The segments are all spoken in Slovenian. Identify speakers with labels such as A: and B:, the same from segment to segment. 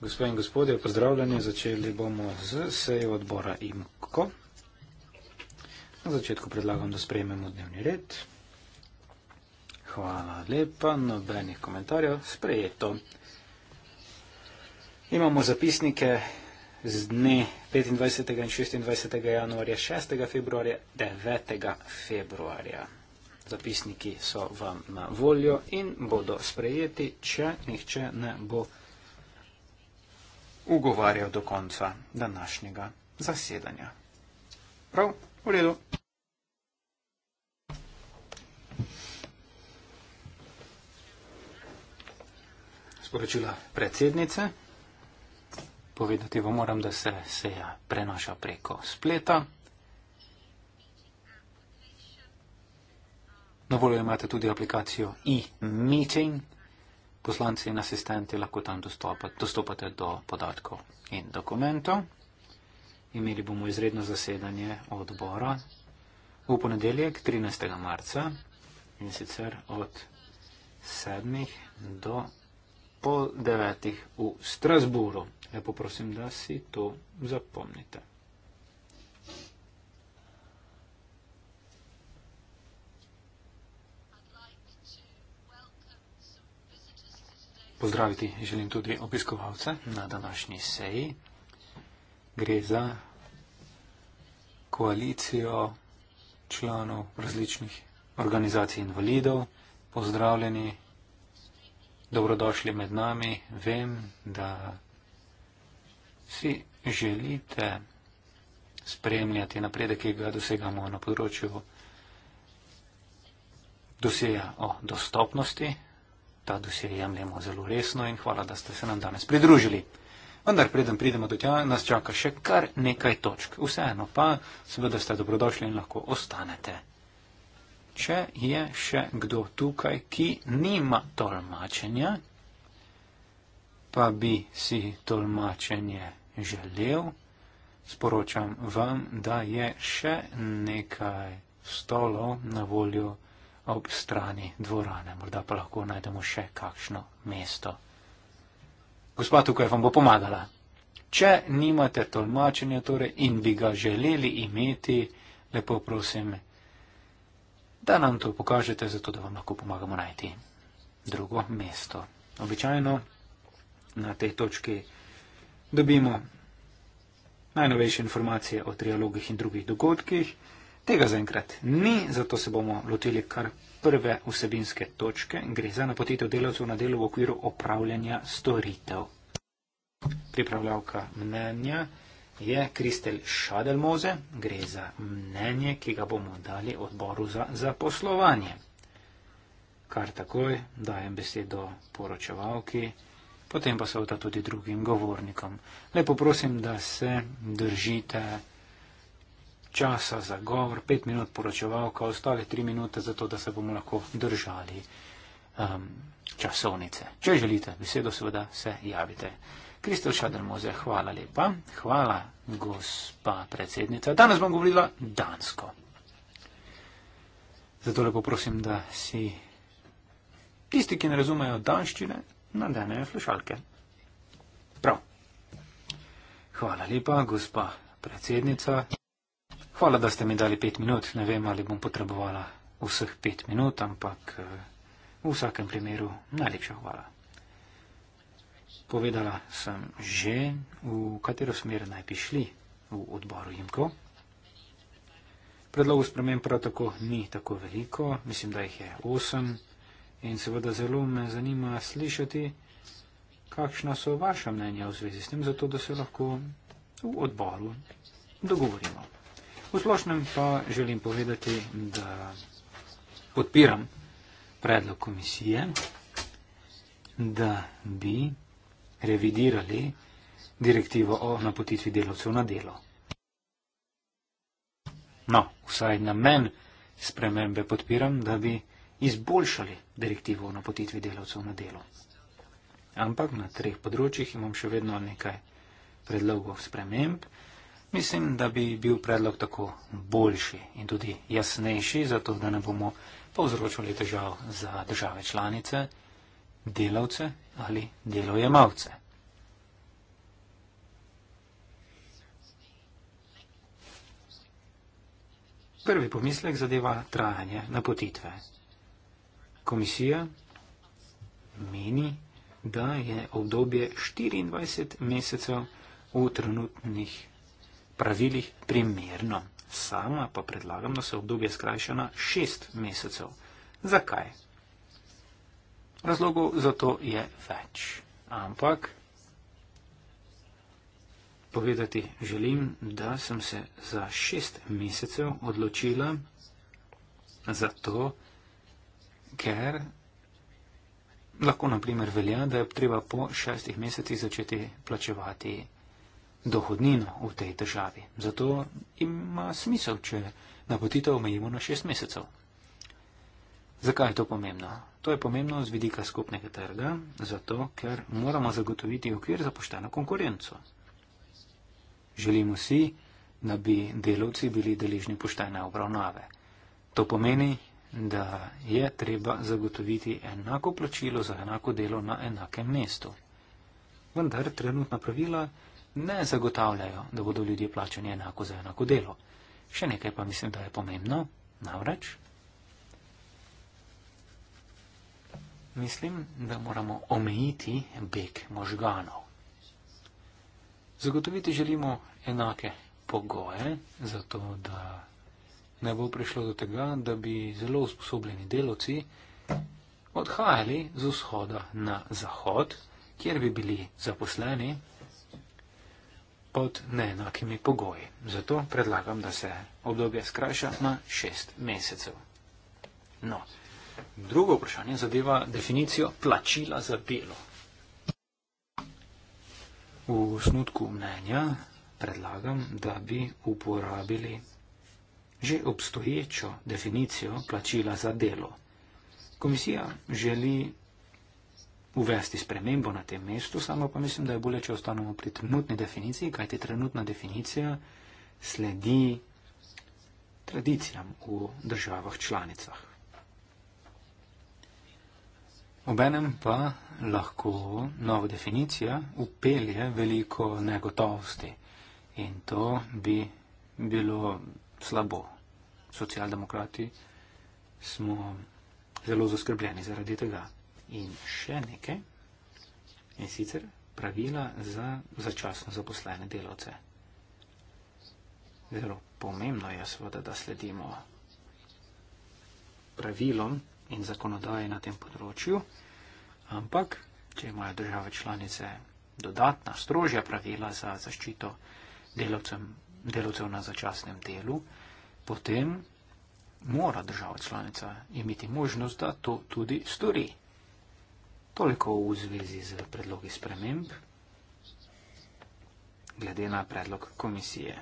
A: Gospe in gospodje, pozdravljeni. Začeli bomo z sejo odbora IMKO. Na začetku predlagam, da sprejmemo dnevni red. Hvala lepa. Nobenih komentarjev. Sprejeto. Imamo zapisnike z dne 25. in 26. januarja, 6. februarja, 9. februarja zapisniki so vam na voljo in bodo sprejeti, če nihče ne bo ugovarjal do konca današnjega zasedanja.
B: Prav, v redu.
A: Sporočila predsednice. Povedati vam moram, da se seja prenaša preko spleta. Na voljo imate tudi aplikacijo e-meeting. Poslanci in asistenti lahko tam dostopate, dostopate do podatkov in dokumentov. Imeli bomo izredno zasedanje odbora v ponedeljek 13. marca in sicer od 7. do pol 9. v Strasburu. Lepo prosim, da si to zapomnite. Pozdraviti želim tudi obiskovalce na današnji seji. Gre za koalicijo članov različnih organizacij invalidov. Pozdravljeni, dobrodošli med nami. Vem, da si želite spremljati napredek, ki ga dosegamo na področju dosega o dostopnosti ta dosej jemljemo zelo resno in hvala, da ste se nam danes pridružili. Vendar preden pridemo do tja, nas čaka še kar nekaj točk. Vseeno pa, seveda ste dobrodošli in lahko ostanete. Če je še kdo tukaj, ki nima tolmačenja, pa bi si tolmačenje želel, sporočam vam, da je še nekaj stolov na voljo ob strani dvorane, morda pa lahko najdemo še kakšno mesto. Gospa tukaj vam bo pomagala. Če nimate tolmačenja torej in bi ga želeli imeti, lepo prosim, da nam to pokažete, zato da vam lahko pomagamo najti drugo mesto. Običajno na tej točki dobimo najnovejše informacije o trialogih in drugih dogodkih. Tega zaenkrat ni, zato se bomo lotili kar prve vsebinske točke. Gre za napotitev delavcev na delo v okviru opravljanja storitev. Pripravljavka mnenja je Kristel Šadelmoze. Gre za mnenje, ki ga bomo dali odboru za zaposlovanje. Kar takoj dajem besedo poročevalki, potem pa seveda tudi drugim govornikom. Lepo prosim, da se držite časa za govor, pet minut poročevalka, ostale tri minute za to, da se bomo lahko držali um, časovnice. Če želite besedo, seveda se javite. Kristel Šadrmoze, hvala lepa. Hvala, gospa predsednica. Danes bom govorila dansko. Zato lepo prosim, da si tisti, ki ne razumejo danščine, nadenejo flešalke. Prav. Hvala lepa, gospa predsednica. Hvala, da ste mi dali pet minut. Ne vem, ali bom potrebovala vseh pet minut, ampak eh, v vsakem primeru najlepša hvala. Povedala sem že, v katero smer naj bi šli v odboru Jimko. Predlogov sprememb prav tako ni tako veliko, mislim, da jih je osem in seveda zelo me zanima slišati, kakšna so vaša mnenja v zvezi s tem, zato da se lahko v odboru dogovorimo. V splošnem pa želim povedati, da podpiram predlog komisije, da bi revidirali direktivo o napotitvi delavcev na delo. No, vsaj namen spremembe podpiram, da bi izboljšali direktivo o napotitvi delavcev na delo. Ampak na treh področjih imam še vedno nekaj predlogov sprememb. Mislim, da bi bil predlog tako boljši in tudi jasnejši, zato da ne bomo povzročali težav za države članice, delavce ali delojemalce. Prvi pomislek zadeva trajanje napotitve. Komisija meni, da je obdobje 24 mesecev v trenutnih pravilih primerno. Sama pa predlagam, da se obdobje skrajša na šest mesecev. Zakaj? Razlogov za to je več. Ampak povedati želim, da sem se za šest mesecev odločila za to, ker lahko naprimer velja, da je treba po šestih mesecih začeti plačevati dohodnino v tej državi. Zato ima smisel, če napotitev omejimo na šest mesecev. Zakaj je to pomembno? To je pomembno z vidika skupnega trga, zato ker moramo zagotoviti okvir za pošteno konkurenco. Želimo si, da bi delovci bili deležni poštene obravnave. To pomeni, da je treba zagotoviti enako plačilo za enako delo na enakem mestu. Vendar trenutna pravila ne zagotavljajo, da bodo ljudje plačani enako za enako delo. Še nekaj pa mislim, da je pomembno, namreč mislim, da moramo omejiti beg možganov. Zagotoviti želimo enake pogoje, zato da ne bo prišlo do tega, da bi zelo usposobljeni deloci odhajali z vzhoda na zahod, kjer bi bili zaposleni pod neenakimi pogoji. Zato predlagam, da se obdobje skrajša na šest mesecev. No, drugo vprašanje zadeva definicijo plačila za delo. V osnutku mnenja predlagam, da bi uporabili že obstoječo definicijo plačila za delo. Komisija želi uvesti spremembo na tem mestu, samo pa mislim, da je bolje, če ostanemo pri trenutni definiciji, kajti trenutna definicija sledi tradicijam v državah članicah. Obenem pa lahko nova definicija upelje veliko negotovosti in to bi bilo slabo. Socialdemokrati smo zelo zaskrbljeni zaradi tega. In še nekaj, in sicer pravila za začasno zaposlene delavce. Zelo pomembno je seveda, da sledimo pravilom in zakonodaji na tem področju, ampak če imajo države članice dodatna, strožja pravila za zaščito delavcem, delavcev na začasnem delu, potem mora država članica imeti možnost, da to tudi stori. Toliko v zvezi z predlogi sprememb, glede na predlog komisije.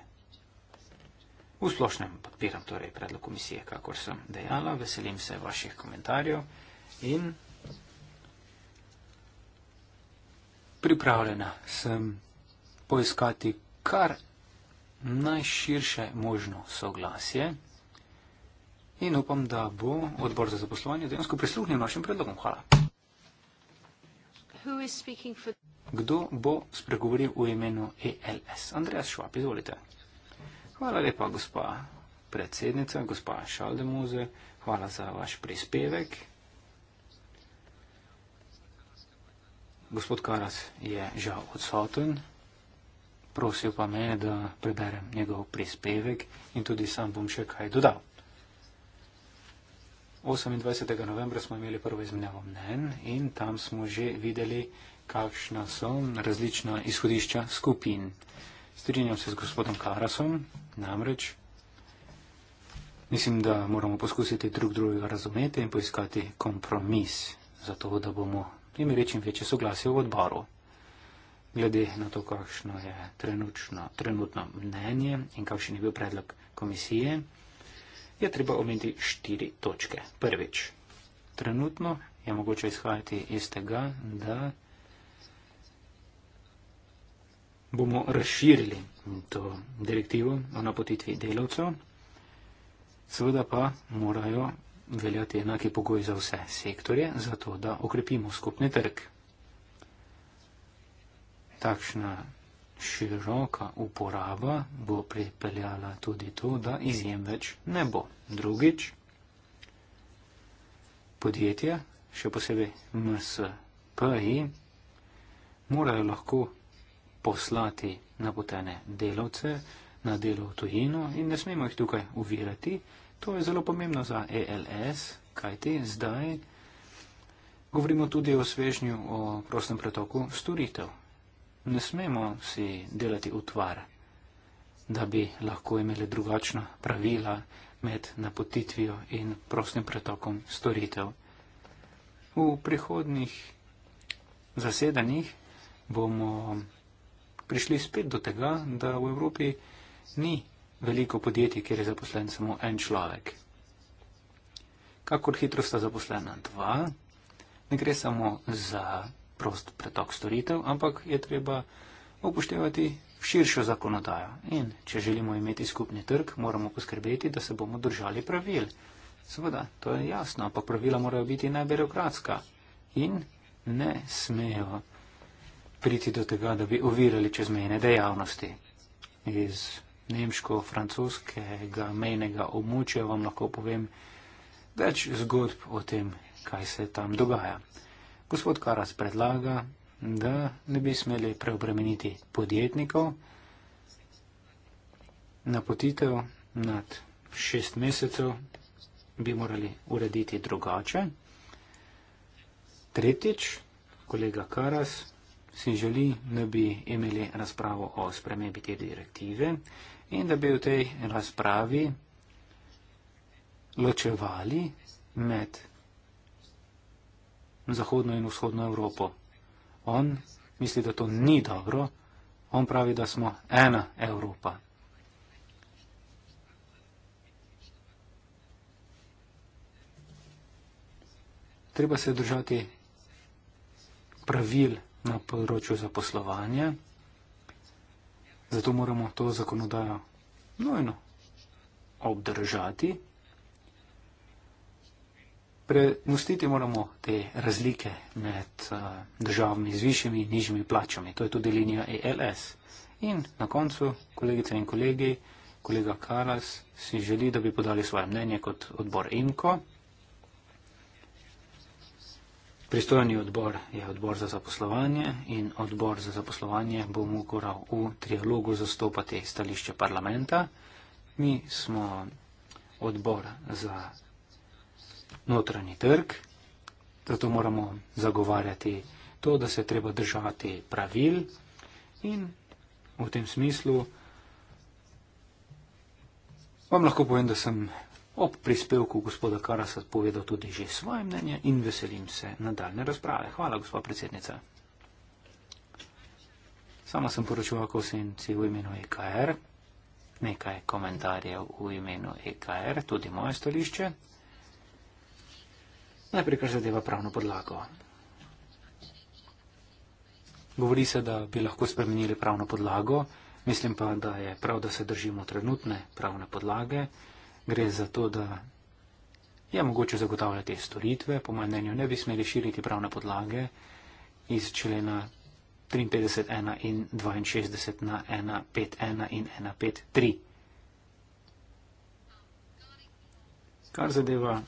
A: V splošnem podpiram torej predlog komisije, kakor sem dejala. Veselim se vaših komentarjev in pripravljena sem poiskati kar najširše možno soglasje in upam, da bo odbor za zaposlovanje dejansko prisluhnil našim predlogom. Hvala. Kdo bo spregovoril v imenu ELS? Andreas Švab, izvolite. Hvala lepa, gospa predsednica, gospa Šaldemuze. Hvala za vaš prispevek. Gospod Karas je žal odsoten. Prosil pa me, da preberem njegov prispevek in tudi sam bom še kaj dodal. 28. novembra smo imeli prvo izmenjavo mnen in tam smo že videli, kakšna so različna izhodišča skupin. Strinjam se z gospodom Karasom, namreč mislim, da moramo poskusiti drug drugega razumeti in poiskati kompromis za to, da bomo imeli več in večje soglasje v odboru. Glede na to, kakšno je trenutno, trenutno mnenje in kakšen je bil predlog komisije je treba omeniti štiri točke. Prvič, trenutno je mogoče izhajati iz tega, da bomo razširili to direktivo o napotitvi delavcev, seveda pa morajo veljati enaki pogoji za vse sektorje, zato da okrepimo skupni trg. Takšna široka uporaba bo pripeljala tudi to, da izjem več ne bo. Drugič, podjetja, še posebej MSP-ji, morajo lahko poslati napotene delavce na delo v tujino in ne smemo jih tukaj uvirati. To je zelo pomembno za ELS, kajti zdaj govorimo tudi o svežnju o prostem pretoku storitev. Ne smemo si delati utvar, da bi lahko imeli drugačna pravila med napotitvijo in prostim pretokom storitev. V prihodnih zasedanjih bomo prišli spet do tega, da v Evropi ni veliko podjetij, kjer je zaposlen samo en človek. Kakor hitro sta zaposlena dva, ne gre samo za prost pretok storitev, ampak je treba upoštevati širšo zakonodajo. In če želimo imeti skupni trg, moramo poskrbeti, da se bomo držali pravil. Seveda, to je jasno, ampak pravila morajo biti najbirokratska in ne smejo priti do tega, da bi ovirali čezmejne dejavnosti. Iz nemško-francoskega mejnega območja vam lahko povem več zgodb o tem, kaj se tam dogaja. Gospod Karas predlaga, da ne bi smeli preobremeniti podjetnikov na potitev nad šest mesecev bi morali urediti drugače. Tretjič, kolega Karas si želi, da bi imeli razpravo o spremembi te direktive in da bi v tej razpravi ločevali med Zahodno in Vzhodno Evropo. On misli, da to ni dobro, on pravi, da smo ena Evropa. Treba se držati pravil na področju zaposlovanja, zato moramo to zakonodajo nujno obdržati premustiti moramo te razlike med eh, državami z višjimi in nižjimi plačami. To je tudi linija ALS. E in na koncu, kolegice in kolegi, kolega Karas si želi, da bi podali svoje mnenje kot odbor IMKO. Pristojni odbor je odbor za zaposlovanje in odbor za zaposlovanje bo moral v trialogu zastopati stališče parlamenta. Mi smo odbor za notranji trg, zato moramo zagovarjati to, da se treba držati pravil in v tem smislu vam lahko povem, da sem ob prispevku gospoda Karasa povedal tudi že svoje mnenje in veselim se nadaljne razprave. Hvala, gospa predsednica. Sama sem poročival, ko sem si v imenu EKR, nekaj komentarjev v imenu EKR, tudi moje stališče najprej kar zadeva pravno podlago. Govori se, da bi lahko spremenili pravno podlago, mislim pa, da je prav, da se držimo trenutne pravne podlage. Gre za to, da je mogoče zagotavljati storitve, po mojem mnenju ne bi smeli širiti pravne podlage iz člena 53, 1 in 62 na 1, 5, 1 in 1, 5, 3. Kar zadeva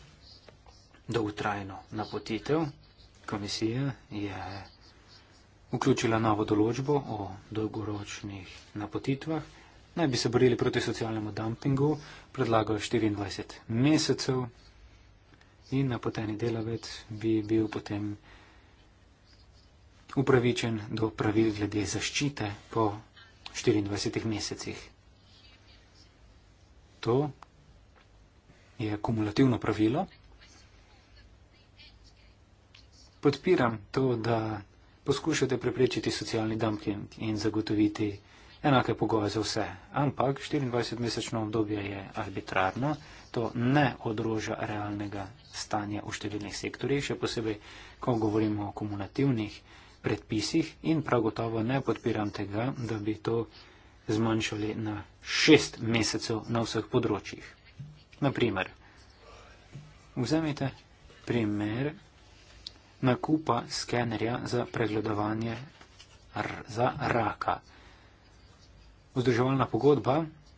A: dolgotrajno napotitev. Komisija je vključila novo določbo o dolgoročnih napotitvah. Naj bi se borili proti socialnemu dumpingu, predlagajo 24 mesecev in napoteni delavec bi bil potem upravičen do pravil glede zaščite po 24 mesecih. To je kumulativno pravilo podpiram to, da poskušate preprečiti socialni dumping in zagotoviti enake pogoje za vse. Ampak 24-mesečno obdobje je arbitrarno, to ne odroža realnega stanja v številnih sektorjih, še posebej, ko govorimo o kumulativnih predpisih in prav gotovo ne podpiram tega, da bi to zmanjšali na šest mesecev na vseh področjih. Naprimer, vzemite primer nakupa skenerja za pregledovanje za raka. Vzdrževalna pogodba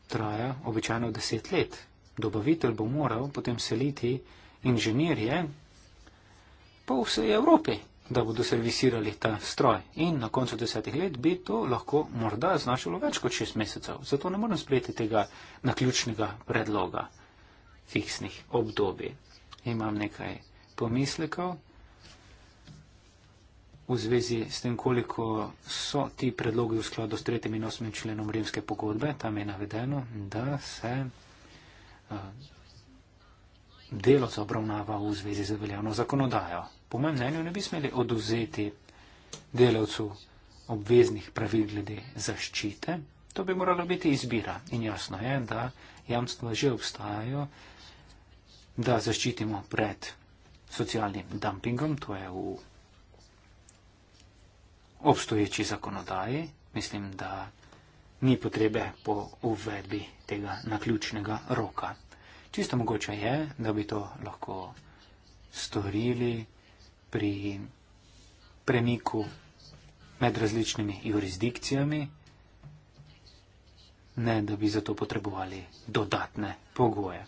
A: traja običajno deset let. Dobavitelj bo moral potem seliti inženirje po vsej Evropi, da bodo servisirali ta stroj. In na koncu desetih let bi to lahko morda znašalo več kot šest mesecev. Zato ne morem sprejeti tega naključnega predloga fiksnih obdobij. Imam nekaj pomislekov v zvezi s tem, koliko so ti predlogi v skladu s 3. in 8. členom rimske pogodbe. Tam je navedeno, da se delovca obravnava v zvezi z veljavno zakonodajo. Po mojem mnenju ne bi smeli oduzeti delovcu obveznih pravil glede zaščite. To bi morala biti izbira. In jasno je, da jamstva že obstajajo, da zaščitimo pred socialnim dumpingom, to je v obstoječi zakonodaji, mislim, da ni potrebe po uvedbi tega naključnega roka. Čisto mogoče je, da bi to lahko storili pri premiku med različnimi jurisdikcijami, ne da bi za to potrebovali dodatne pogoje.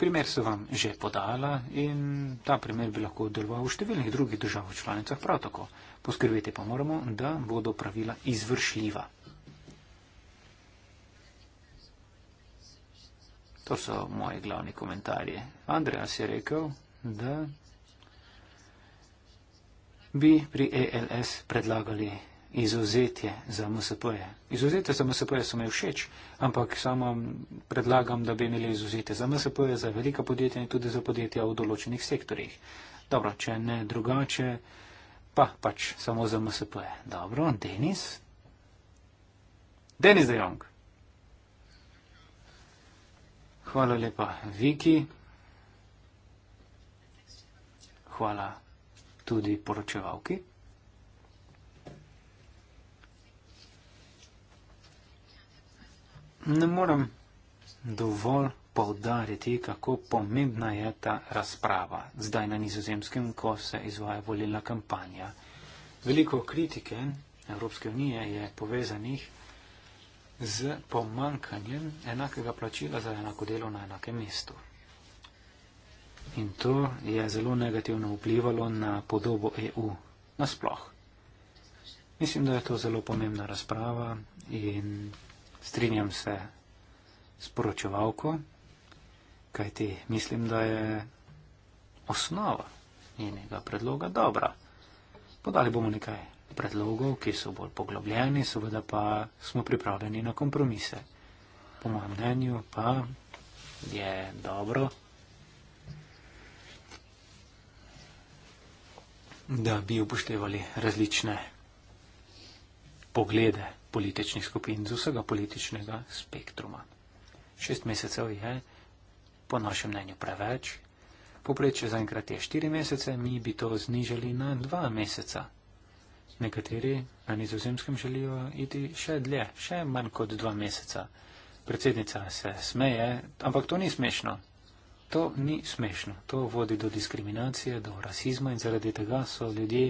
A: Primer so vam že podala in ta primer bi lahko deloval v številnih drugih državah članicah prav tako. Poskrbeti pa moramo, da bodo pravila izvršljiva. To so moje glavni komentarje. Andreas je rekel, da bi pri ELS predlagali pravila izuzetje za MSP-je. Izuzetje za MSP-je so mi všeč, ampak samo predlagam, da bi imeli izuzetje za MSP-je, za velika podjetja in tudi za podjetja v določenih sektorjih. Dobro, če ne drugače, pa pač samo za MSP-je. Dobro, Denis. Denis de Jong. Hvala lepa, Viki. Hvala tudi poročevalki. ne morem dovolj povdariti, kako pomembna je ta razprava zdaj na nizozemskem, ko se izvaja volilna kampanja. Veliko kritike Evropske unije je povezanih z pomankanjem enakega plačila za enako delo na enakem mestu. In to je zelo negativno vplivalo na podobo EU nasploh. Mislim, da je to zelo pomembna razprava in strinjam se s poročevalko, kajti mislim, da je osnova njenega predloga dobra. Podali bomo nekaj predlogov, ki so bolj poglobljeni, seveda pa smo pripravljeni na kompromise. Po mojem mnenju pa je dobro, da bi upoštevali različne poglede političnih skupin, z vsega političnega spektruma. Šest mesecev je, po našem mnenju, preveč. Poprečje zaenkrat je štiri mesece, mi bi to znižali na dva meseca. Nekateri na nizozemskem želijo iti še dlje, še manj kot dva meseca. Predsednica se smeje, ampak to ni smešno. To ni smešno. To vodi do diskriminacije, do rasizma in zaradi tega so ljudje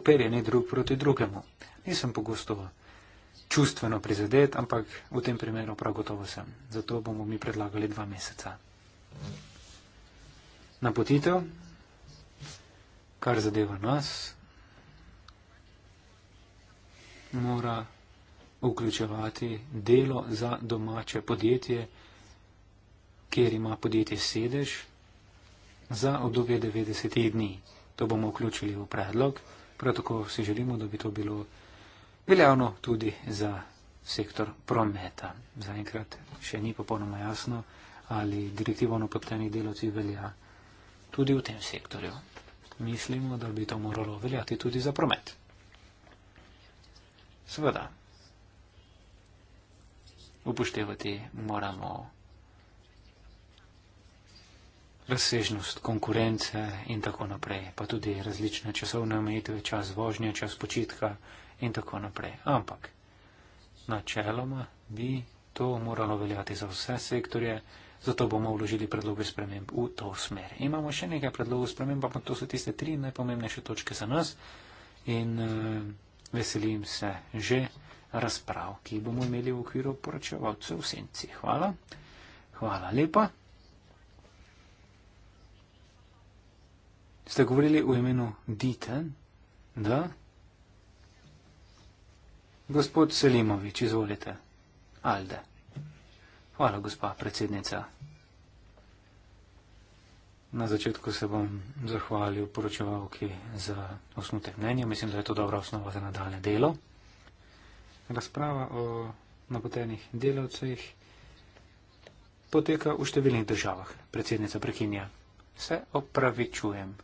A: uperjeni drug proti drugemu. Nisem pogosto čustveno prizadet, ampak v tem primeru prav gotovo sem. Zato bomo mi predlagali dva meseca. Napotitev, kar zadeva nas, mora vključevati delo za domače podjetje, kjer ima podjetje sedež za obdobje 90 dni. To bomo vključili v predlog, prav tako si želimo, da bi to bilo veljavno tudi za sektor prometa. Zaenkrat še ni popolnoma jasno, ali direktivo o napotenih delovci velja tudi v tem sektorju. Mislimo, da bi to moralo veljati tudi za promet. Seveda, upoštevati moramo razsežnost konkurence in tako naprej, pa tudi različne časovne omejitve, čas vožnje, čas počitka in tako naprej. Ampak načeloma bi to moralo veljati za vse sektorje, zato bomo vložili predloge sprememb v to smer. Imamo še nekaj predlogov sprememb, ampak to so tiste tri najpomembnejše točke za nas in uh, veselim se že razprav, ki jih bomo imeli v okviru poročevalcev v senci. Hvala. Hvala lepa. Ste govorili v imenu Dite, da? Gospod Selimovič, izvolite. Alde. Hvala, gospa predsednica. Na začetku se bom zahvalil poročevalki za osnutek mnenja. Mislim, da je to dobra osnova za nadaljne delo. Razprava o napotenih delavcih poteka v številnih državah. Predsednica prekinja. Se opravičujem.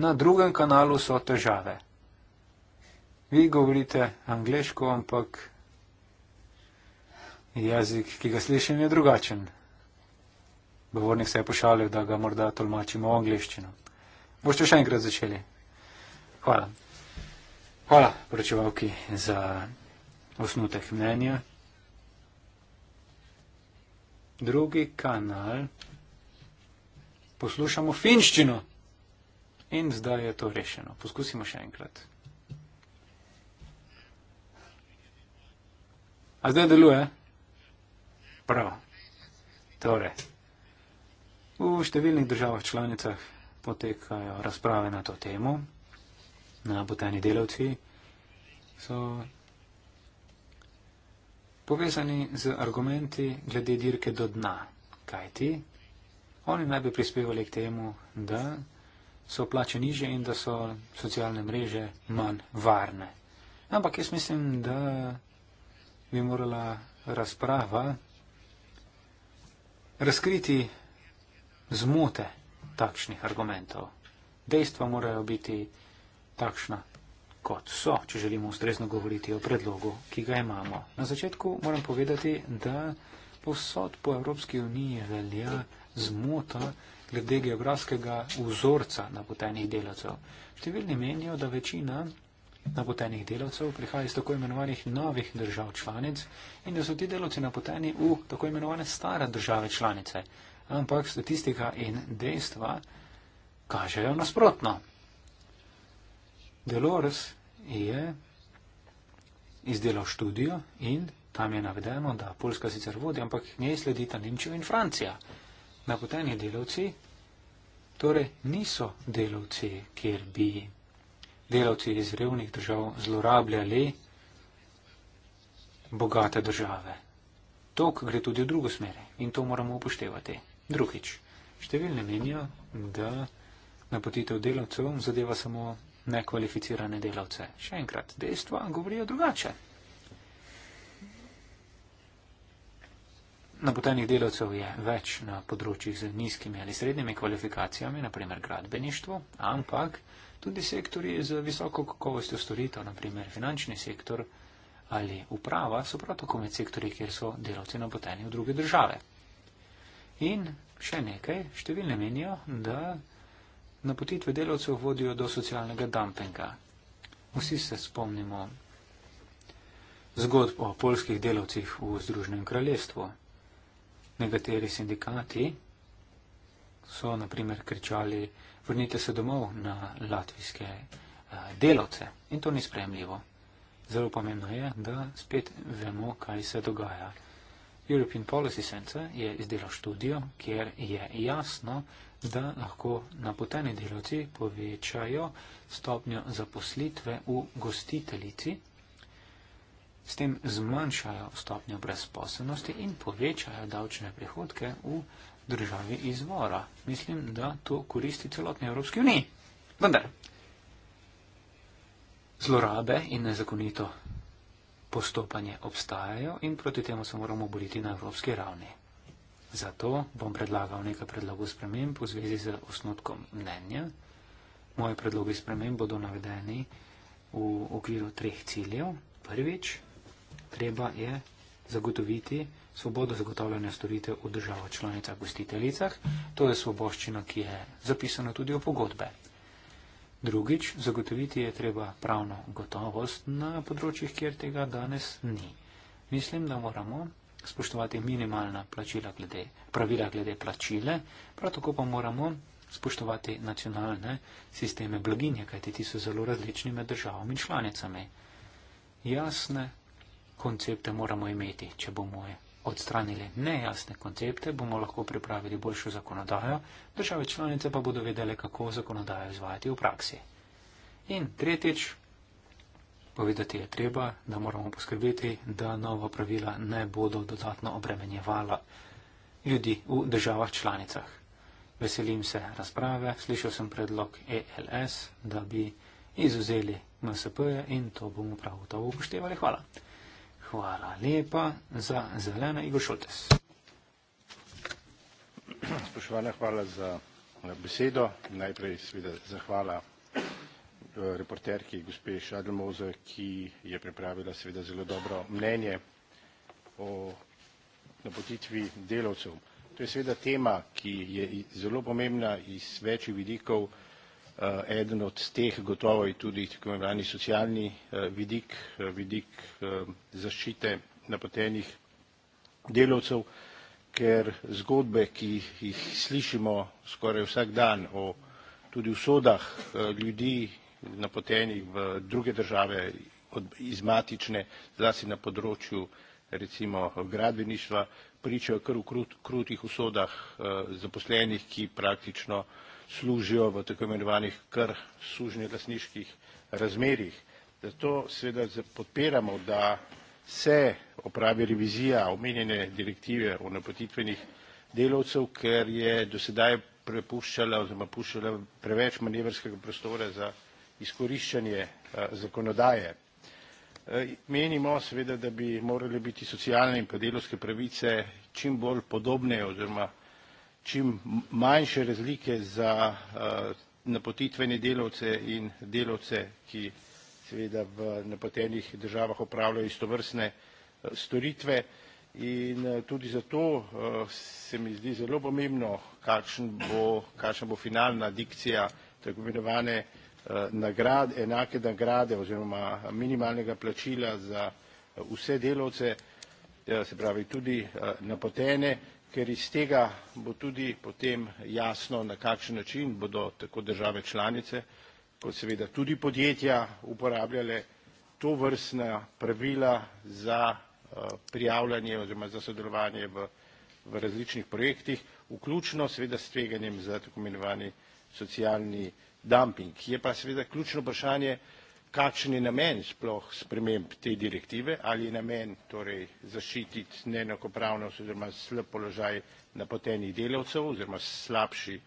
A: Na drugem kanalu so težave. Vi govorite angliško, ampak jezik, ki ga slišim, je drugačen. Govornik se je pošalil, da ga morda tolmačimo v angliščino. Boste še enkrat začeli. Hvala. Hvala, poročevalki, za osnutek mnenja. Drugi kanal. Poslušamo finščino. In zdaj je to rešeno. Poskusimo še enkrat. A zdaj deluje? Prav. Torej, v številnih državah članicah potekajo razprave na to temo. Napoteni delavci so povezani z argumenti glede dirke do dna. Kaj ti? Oni naj bi prispevali k temu, da so plače niže in da so socialne mreže manj varne. Ampak jaz mislim, da bi morala razprava razkriti zmote takšnih argumentov. Dejstva morajo biti takšna, kot so, če želimo ustrezno govoriti o predlogu, ki ga imamo. Na začetku moram povedati, da posod po Evropski uniji velja zmota glede geografskega vzorca napotenih delavcev. Številni menijo, da večina napotenih delavcev prihaja iz tako imenovanih novih držav članic in da so ti delavci napoteni v tako imenovane stare države članice. Ampak statistika in dejstva kažejo nasprotno. Delors je izdelal študijo in tam je navedeno, da Poljska sicer vodi, ampak nje sledita Nemčijo in Francija. Napoteni delavci torej niso delavci, kjer bi delavci iz revnih držav zlorabljali bogate države. Tok gre tudi v drugo smer in to moramo upoštevati. Drugič, številne menijo, da napotitev delavcev zadeva samo nekvalificirane delavce. Še enkrat, dejstva govorijo drugače. Napotenih delavcev je več na področjih z nizkimi ali srednjimi kvalifikacijami, naprimer gradbeništvo, ampak tudi sektori z visoko kakovostjo storitev, naprimer finančni sektor ali uprava, so prav tako med sektori, kjer so delavci napoteni v druge države. In še nekaj, številne menijo, da napotitve delavcev vodijo do socialnega dumpinga. Vsi se spomnimo zgodb o polskih delavcih v Združenem kraljestvu. Negateri sindikati so naprimer kričali, vrnite se domov na latvijske eh, delavce. In to ni sprejemljivo. Zelo pomembno je, da spet vemo, kaj se dogaja. European Policy Center je izdelal študijo, kjer je jasno, da lahko napoteni delavci povečajo stopnjo zaposlitve v gostiteljici, s tem zmanjšajo stopnjo brezposobnosti in povečajo davčne prihodke v državi izvora. Mislim, da to koristi celotni Evropski uniji. Vendar, zlorabe in nezakonito postopanje obstajajo in proti temu se moramo boriti na evropski ravni. Zato bom predlagal nekaj predlogov sprememb v zvezi z osnutkom mnenja. Moje predloge sprememb bodo navedeni v okviru treh ciljev. Prvič, treba je zagotoviti svobodo zagotavljanja storitev v državah članicah gostiteljicah. To je svoboščina, ki je zapisana tudi v pogodbe. Drugič, zagotoviti je treba pravno gotovost na področjih, kjer tega danes ni. Mislim, da moramo spoštovati minimalna glede, pravila glede plačile, prav tako pa moramo spoštovati nacionalne sisteme blaginje, kajti ti so zelo različni med državami in članicami. Jasne koncepte moramo imeti, če bomo odstranili nejasne koncepte, bomo lahko pripravili boljšo zakonodajo, države članice pa bodo vedele, kako zakonodajo izvajati v praksi. In tretjič, povedati je treba, da moramo poskrbeti, da nova pravila ne bodo dodatno obremenjevala ljudi v državah članicah. Veselim se razprave, slišal sem predlog ELS, da bi izuzeli MSP-je in to bomo prav gotovo upoštevali. Hvala. Hvala lepa za zelena Igor Šoltes.
B: Spoštovana, hvala za besedo. Najprej seveda zahvala eh, reporterki gospe Šadlmoze, ki je pripravila seveda zelo dobro mnenje o napotitvi delavcev. To je seveda tema, ki je zelo pomembna iz več vidikov. Eh, eden od teh gotovo je tudi tako imenovani socialni eh, vidik, eh, vidik zaščite napotenih delovcev, ker zgodbe, ki jih slišimo skoraj vsak dan o tudi usodah ljudi napotenih v druge države iz matične, zlasti na področju recimo gradbeništva, pričajo kar o krutih usodah zaposlenih, ki praktično služijo v tako imenovanih kar sužnje lasniških razmerjih. Zato seveda podpiramo, da se opravi revizija omenjene direktive o napotitvenih delovcev, ker je do sedaj prepuščala oziroma puščala preveč manevrskega prostora za izkoriščanje eh, zakonodaje. Eh, menimo seveda, da bi morali biti socialne in pa delovske pravice čim bolj podobne oziroma čim manjše razlike za eh, napotitvene delavce in delavce, ki seveda v napotenih državah opravljajo istovrstne eh, storitve. In eh, tudi zato se mi zdi zelo pomembno, kakšna bo finalna dikcija tako imenovane nagrade, enake nagrade oziroma minimalnega plačila za vse delavce, se pravi tudi napotene, ker iz tega bo tudi potem jasno, na kakšen način bodo tako države članice, kot seveda tudi podjetja, uporabljale to vrstna pravila za eh, prijavljanje oziroma za sodelovanje v, v različnih projektih, vključno seveda s tveganjem za tako imenovani socialni dumping. Je pa seveda ključno vprašanje, kakšen je namen sploh sprememb te direktive, ali je namen torej zaščititi neenakopravnost oziroma slab položaj napotenih delavcev oziroma slabši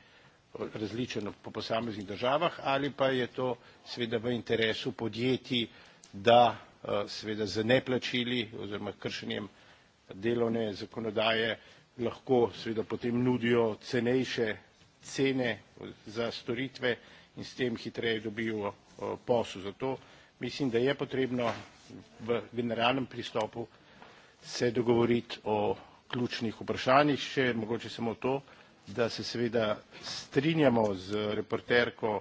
B: različen po posameznih državah, ali pa je to seveda v interesu podjetij, da eh, seveda z neplačili oziroma kršenjem delovne zakonodaje lahko seveda potem nudijo cenejše cene za storitve in s tem hitreje dobijo Eh, posel. Zato mislim, da je potrebno v generalnem pristopu se dogovoriti o ključnih vprašanjih, še mogoče samo to, da se seveda strinjamo z reporterko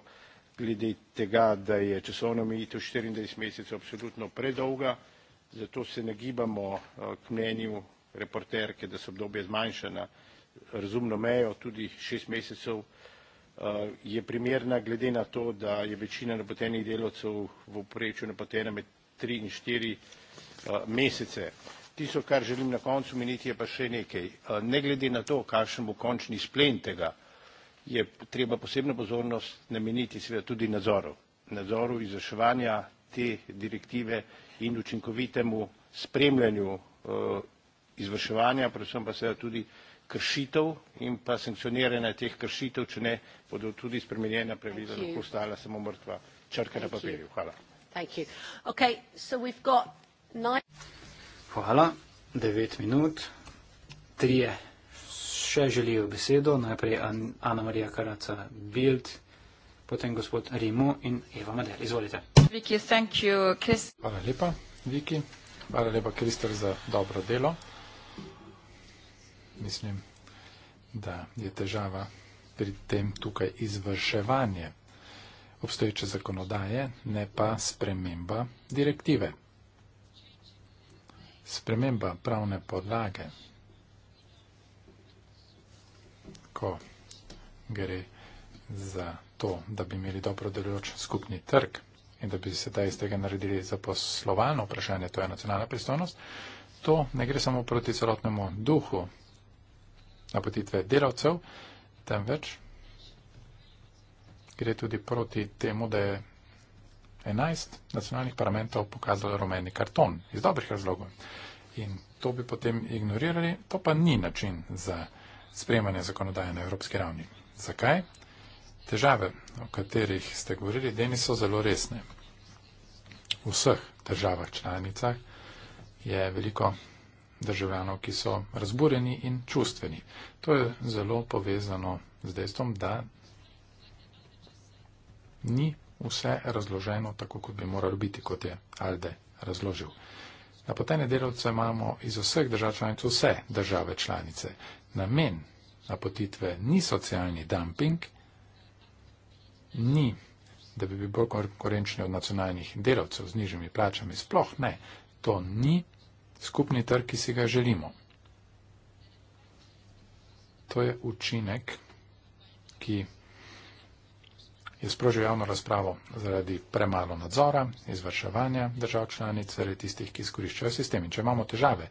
B: glede tega, da je časovno omejitev 24 mesecev absolutno predolga, zato se ne gibamo eh, k mnenju reporterke, da so obdobje zmanjšana razumno mejo, tudi šest mesecev uh, Eh, je primerna glede na to, da je večina napotenih delavcev v uporečju napotena med tri in štiri eh, mesece. Tisto, kar želim na koncu meniti, je pa še nekaj. Eh, ne glede na to, kakšen bo končni splen tega, je treba posebno pozornost nameniti seveda tudi nadzoru. Nadzoru izraševanja te direktive in učinkovitemu spremljanju izvrševanja, predvsem pa seveda tudi kršitev in pa sankcioniranja teh kršitev, če ne bodo tudi spremenjena pravila lahko ostala samo mrtva črka na papirju. Hvala.
A: Hvala. Devet minut. Trije še želijo besedo. Najprej Ana Marija Karaca Bild, potem gospod Rimu in Eva Madel. Izvolite.
C: Viki, thank you, Chris.
A: Hvala lepa, Viki. Hvala lepa,
D: Krister, za dobro delo mislim, da je težava pri tem tukaj izvrševanje obstoječe zakonodaje, ne pa sprememba direktive. Sprememba pravne podlage, ko gre za to, da bi imeli dobro delujoč skupni trg in da bi se ta iz tega naredili za poslovalno vprašanje, to je nacionalna pristojnost, to ne gre samo proti celotnemu duhu napotitve delavcev, temveč gre tudi proti temu, da je 11 nacionalnih parlamentov pokazalo rumeni karton iz dobrih razlogov. In to bi potem ignorirali, to pa ni način za sprejemanje zakonodaje na evropski ravni. Zakaj? Težave, o katerih ste govorili, deni so zelo resne. V vseh državah članicah je veliko državljanov, ki so razburjeni in čustveni. To je zelo povezano z dejstvom, da ni vse razloženo tako, kot bi moralo biti, kot je Alde razložil. Napotene delavce imamo iz vseh držav članic, vse države članice. Namen napotitve ni socialni dumping, ni, da bi bili bolj konkurenčni od nacionalnih delavcev z nižjimi plačami, sploh ne. To ni skupni trg, ki si ga želimo. To je učinek, ki je sprožil javno razpravo zaradi premalo nadzora, izvrševanja držav članic, zaradi tistih, ki izkoriščajo sistem. In če imamo težave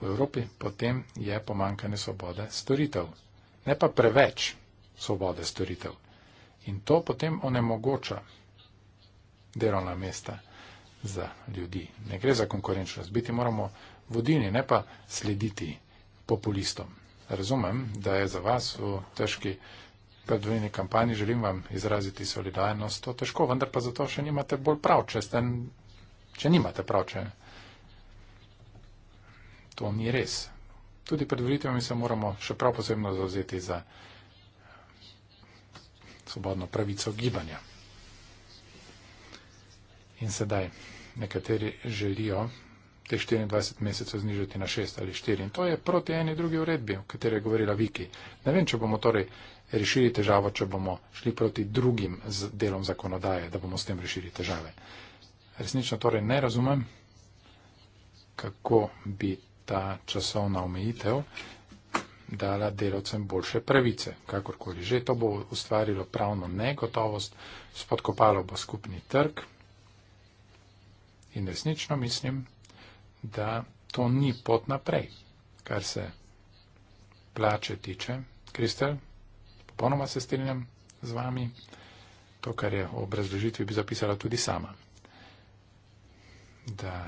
D: v Evropi, potem je pomankanje svobode storitev. Ne pa preveč svobode storitev. In to potem onemogoča delovna mesta za ljudi. Ne gre za konkurenčnost. Biti moramo vodilni, ne pa slediti populistom. Razumem, da je za vas v težki predvoljeni kampanji, želim vam izraziti solidarnost, to težko, vendar pa zato še nimate bolj prav, če, ste, če nimate prav, če to ni res. Tudi pred volitvami se moramo še prav posebno zauzeti za svobodno pravico gibanja. In sedaj nekateri želijo te 24 mesecev znižati na 6 ali 4. In to je proti eni drugi uredbi, o kateri je govorila Viki. Ne vem, če bomo torej rešili težavo, če bomo šli proti drugim z delom zakonodaje, da bomo s tem rešili težave. Resnično torej ne razumem, kako bi ta časovna omejitev dala delovcem boljše pravice, kakorkoli že. To bo ustvarilo pravno negotovost, spodkopalo bo skupni trg. In resnično mislim, da to ni pot naprej, kar se plače tiče. Kristel, popolnoma se strinjam z vami, to, kar je o obrazložitvi bi zapisala tudi sama, da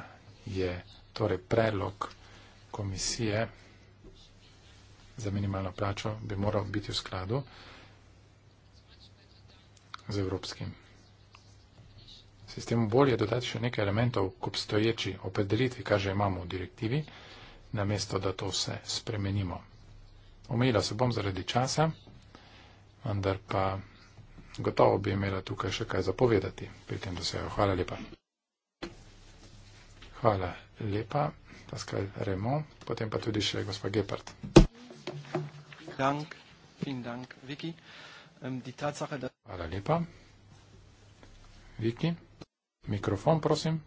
D: je torej predlog komisije za minimalno plačo bi moral biti v skladu z evropskim sistemu bolje dodati še nekaj elementov, ko obstoječi opredelitvi, kar že imamo v direktivi, namesto da to vse spremenimo. Omejila se bom zaradi časa, vendar pa gotovo bi imela tukaj še kaj zapovedati pri tem dosegu. Hvala lepa. Hvala lepa, Paskal Remo, potem pa tudi še gospod Gepard.
B: Ähm, Hvala lepa.
D: Viki. Mikrofon, prosim.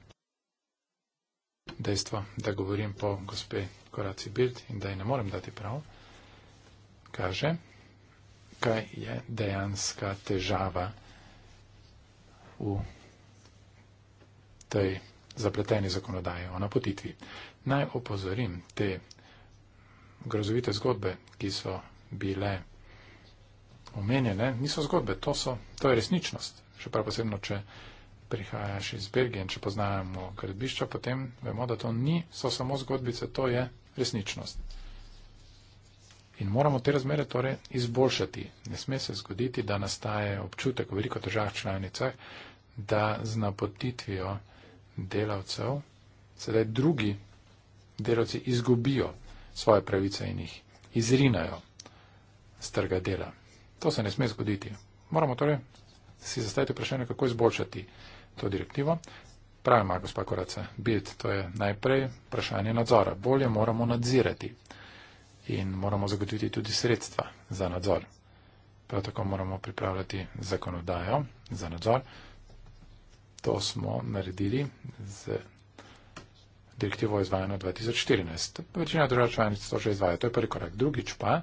D: Dejstvo, da govorim po gospe Koraci Bild in da ji ne morem dati prav, kaže, kaj je dejanska težava v tej zapleteni zakonodaji o napotitvi. Naj opozorim te grozovite zgodbe, ki so bile omenjene, niso zgodbe, to, so, to je resničnost, še prav posebno, če prihajaš iz Belgije in če poznamo gradbišča, potem vemo, da to ni, so samo zgodbice, to je resničnost. In moramo te razmere torej izboljšati. Ne sme se zgoditi, da nastaje občutek v veliko državah članicah, da z napotitvijo delavcev sedaj drugi delavci izgubijo svoje pravice in jih izrinajo z trga dela. To se ne sme zgoditi. Moramo torej si zastaviti vprašanje, kako izboljšati to direktivo. Pravi ima gospod Korace, bit, to je najprej vprašanje nadzora. Bolje moramo nadzirati in moramo zagotoviti tudi sredstva za nadzor. Prav tako moramo pripravljati zakonodajo za nadzor. To smo naredili z direktivo o izvajanju 2014. Večina držav članic to že izvaja. To je prvi korak. Drugič pa,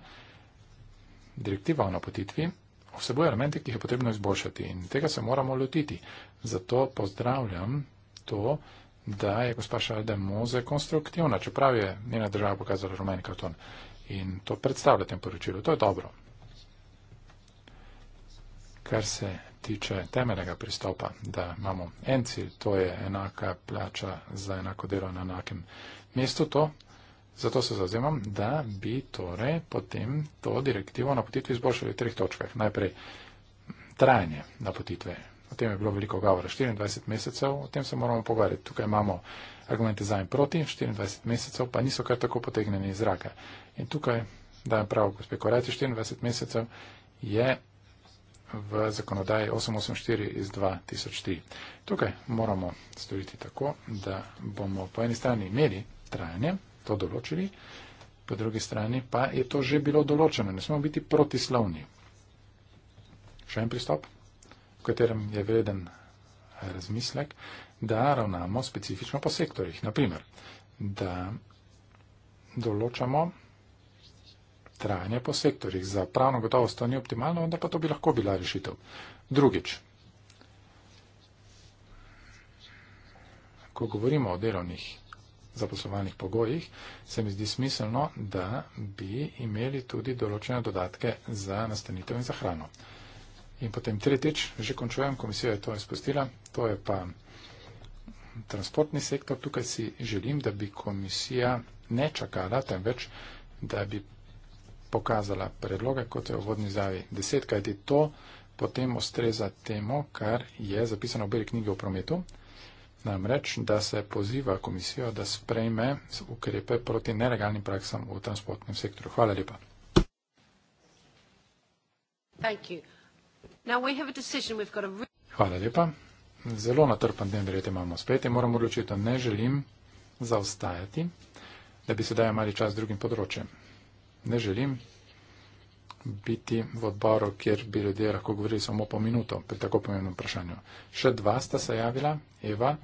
D: direktiva o napotitvi vsebuje elemente, ki jih je potrebno izboljšati in tega se moramo lotiti. Zato pozdravljam to, da je gospa Šalde Moze konstruktivna, čeprav je njena država pokazala rumeni karton. In to predstavlja tem poročilu. To je dobro. Kar se tiče temeljnega pristopa, da imamo en cilj, to je enaka plača za enako delo na enakem mestu, to, zato se zazemam, da bi torej potem to direktivo napotitvi izboljšali v treh točkah. Najprej trajanje napotitve, O tem je bilo veliko govora. 24 mesecev, o tem se moramo pogovarjati. Tukaj imamo argumente za in proti, 24 mesecev pa niso kar tako potegnjeni iz zraka. In tukaj, da je prav, gospod Koreci, 24 mesecev je v zakonodaji 884 iz 2003. Tukaj moramo storiti tako, da bomo po eni strani imeli trajanje, to določili, po drugi strani pa je to že bilo določeno. Ne smemo biti protislovni. Še en pristop katerem je vreden razmislek, da ravnamo specifično po sektorjih. Naprimer, da določamo trajanje po sektorjih. Za pravno gotovost to ni optimalno, onda pa to bi lahko bila rešitev. Drugič, ko govorimo o delovnih zaposlovanih pogojih, se mi zdi smiselno, da bi imeli tudi določene dodatke za nastanitev in za hrano. In potem tretjič, že končujem, komisija je to izpustila, to je pa transportni sektor. Tukaj si želim, da bi komisija ne čakala, temveč, da bi pokazala predloge, kot je v vodni zavi deset, kajti to potem ustreza temu, kar je zapisano v beli knjigi o prometu. Namreč, da se poziva komisijo, da sprejme ukrepe proti nelegalnim praksam v transportnem sektorju. Hvala lepa.
C: Thank you. Hvala
D: lepa. Zelo natrpan dan, verjete, imamo spet in moram odločiti, da ne želim zaostajati, da bi se dajal mali čas drugim področjem. Ne želim biti v odboru, kjer bi ljudje lahko govorili samo po minuto pri tako pomembnem vprašanju. Še dva sta se javila, Eva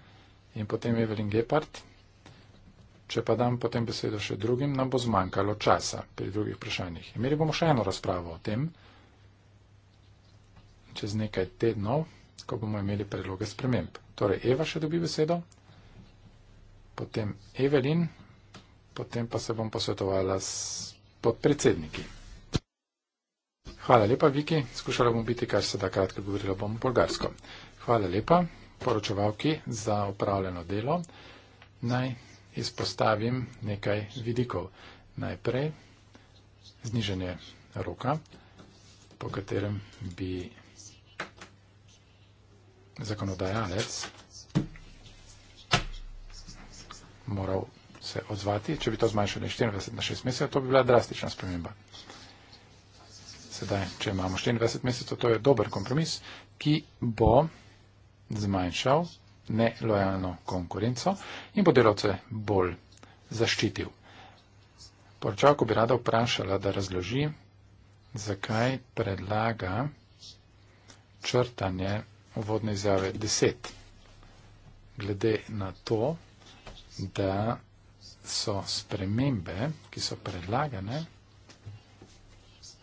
D: in potem Evelin Gepard. Če pa dam potem besedo še drugim, nam bo zmanjkalo časa pri drugih vprašanjih. Imeli bomo še eno razpravo o tem, čez nekaj tednov, ko bomo imeli predloge sprememb. Torej, Eva še dobi besedo, potem Evelin, potem pa se bom posvetovala s podpredsedniki. Hvala lepa, Viki. Skušala bom biti, kar se da kratko govorila bom bolgarsko. Hvala lepa poročevalki za upravljeno delo. Naj izpostavim nekaj vidikov. Najprej zniženje roka, po katerem bi zakonodajalec moral se odzvati, če bi to zmanjšali 24 na 6 mesecev, to bi bila drastična sprememba. Sedaj, če imamo 24 mesecev, to je dober kompromis, ki bo zmanjšal nelojalno konkurenco in bo delavce bolj zaščitil. Poročavko bi rada vprašala, da razloži, zakaj predlaga črtanje uvodne izjave 10. Glede na to, da so spremembe, ki so predlagane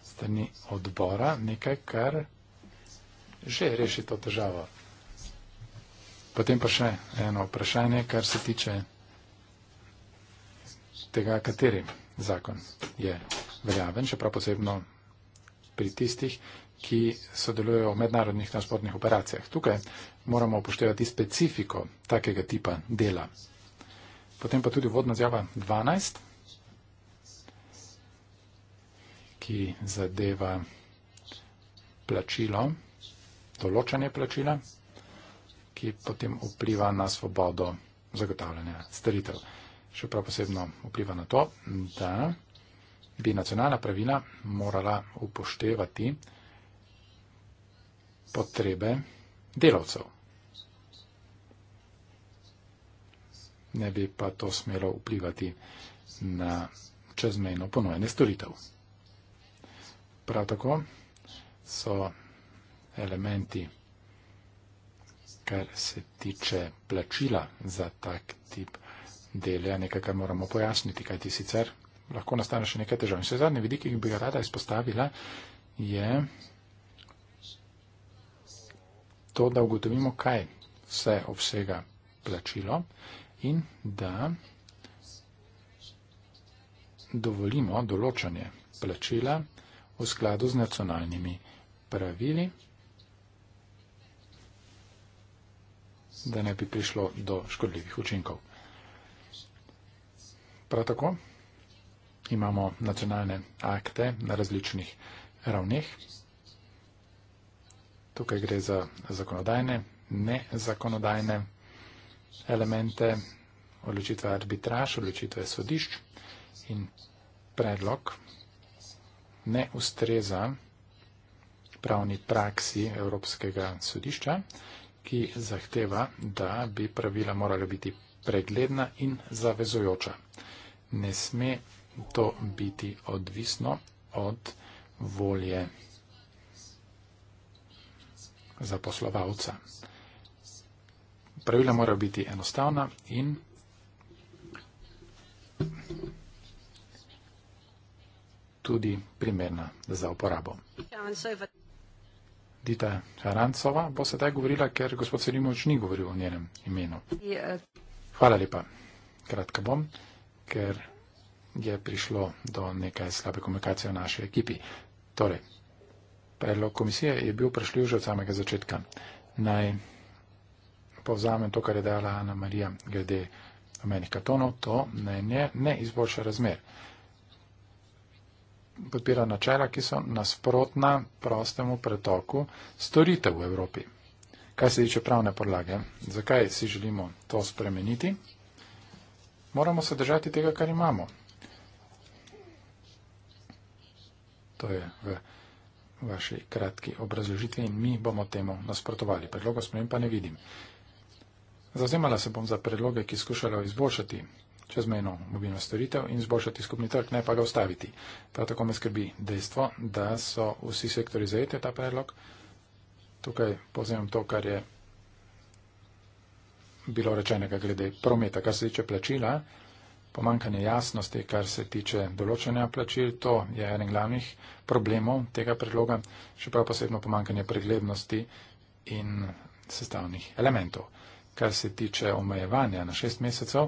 D: strani odbora, nekaj, kar že reši to težavo. Potem pa še eno vprašanje, kar se tiče tega, kateri zakon je veljaven, še prav posebno pri tistih, ki sodelujejo v mednarodnih transportnih operacijah. Tukaj moramo upoštevati specifiko takega tipa dela. Potem pa tudi vodna zjava 12, ki zadeva plačilo, določanje plačila, ki potem vpliva na svobodo zagotavljanja staritev. Še prav posebno vpliva na to, da bi nacionalna pravila morala upoštevati, potrebe delavcev. Ne bi pa to smelo vplivati na čezmejno ponujene storitev. Prav tako so elementi, kar se tiče plačila za tak tip dela, nekaj, kar moramo pojasniti, kaj ti sicer lahko nastane še nekaj težav. In še zadnji vidik, ki bi ga rada izpostavila, je to, da ugotovimo, kaj se obsega plačilo in da dovolimo določanje plačila v skladu z nacionalnimi pravili, da ne bi prišlo do škodljivih učinkov. Prav tako imamo nacionalne akte na različnih ravneh, Tukaj gre za zakonodajne, nezakonodajne elemente, odločitve arbitraž, odločitve sodišč in predlog ne ustreza pravni praksi Evropskega sodišča, ki zahteva, da bi pravila morala biti pregledna in zavezojoča. Ne sme to biti odvisno od volje zaposlovalca. Pravila morajo biti enostavna in tudi primerna za uporabo. Dita Arancova bo sedaj govorila, ker gospod Selimovič ni govoril o njenem imenu. Hvala lepa. Kratka bom, ker je prišlo do nekaj slabe komunikacije v naši ekipi. Torej, predlog komisije je bil prešljiv že od samega začetka. Naj povzamem to, kar je dala Ana Marija glede omenih katonov, to naj ne, ne izboljša razmer. Podpira načela, ki so nasprotna prostemu pretoku storitev v Evropi. Kaj se tiče pravne podlage, zakaj si želimo to spremeniti? Moramo se držati tega, kar imamo. To je v vaši kratki obrazložitvi in mi bomo temu nasprotovali. Predlogov sprem pa ne vidim. Zazemala se bom za predloge, ki skušajo izboljšati čezmejno mobilno storitev in izboljšati skupni trg, ne pa ga ustaviti. Prav tako me skrbi dejstvo, da so vsi sektori zajete ta predlog. Tukaj povzemam to, kar je bilo rečenega glede prometa, kar se tiče plačila pomankanje jasnosti, kar se tiče določanja plačil, to je eden glavnih problemov tega predloga, še prav posebno pomankanje preglednosti in sestavnih elementov. Kar se tiče omejevanja na šest mesecev,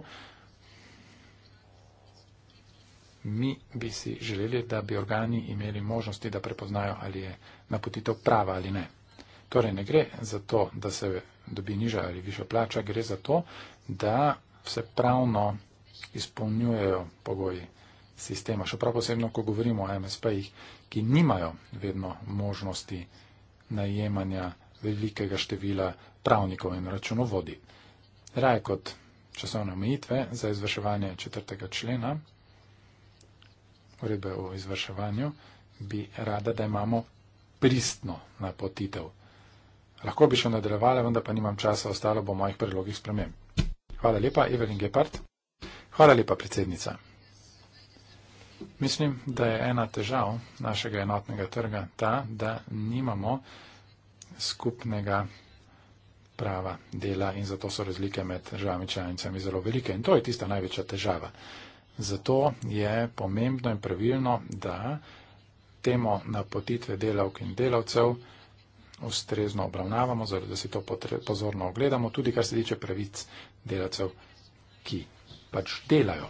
D: mi bi si želeli, da bi organi imeli možnosti, da prepoznajo, ali je napotitev prava ali ne. Torej ne gre za to, da se dobi niža ali višja plača, gre za to, da se pravno izpolnjujejo pogoji sistema. Še prav posebno, ko govorimo o MSP-jih, ki nimajo vedno možnosti najemanja velikega števila pravnikov in računovodi. Raje kot časovne omejitve za izvrševanje četrtega člena, uredbe o izvrševanju, bi rada, da imamo pristno napotitev. Lahko bi še nadaljevala, vendar pa nimam časa, ostalo bo mojih predlogih sprememb. Hvala lepa, Evelyn Gepard. Hvala lepa, predsednica. Mislim, da je ena težav našega enotnega trga ta, da nimamo skupnega prava dela in zato so razlike med državami članicami zelo velike. In to je tista največja težava. Zato je pomembno in pravilno, da temo napotitve delavk in delavcev ustrezno obravnavamo, zato da si to pozorno ogledamo, tudi kar se tiče pravic delavcev, ki pač delajo.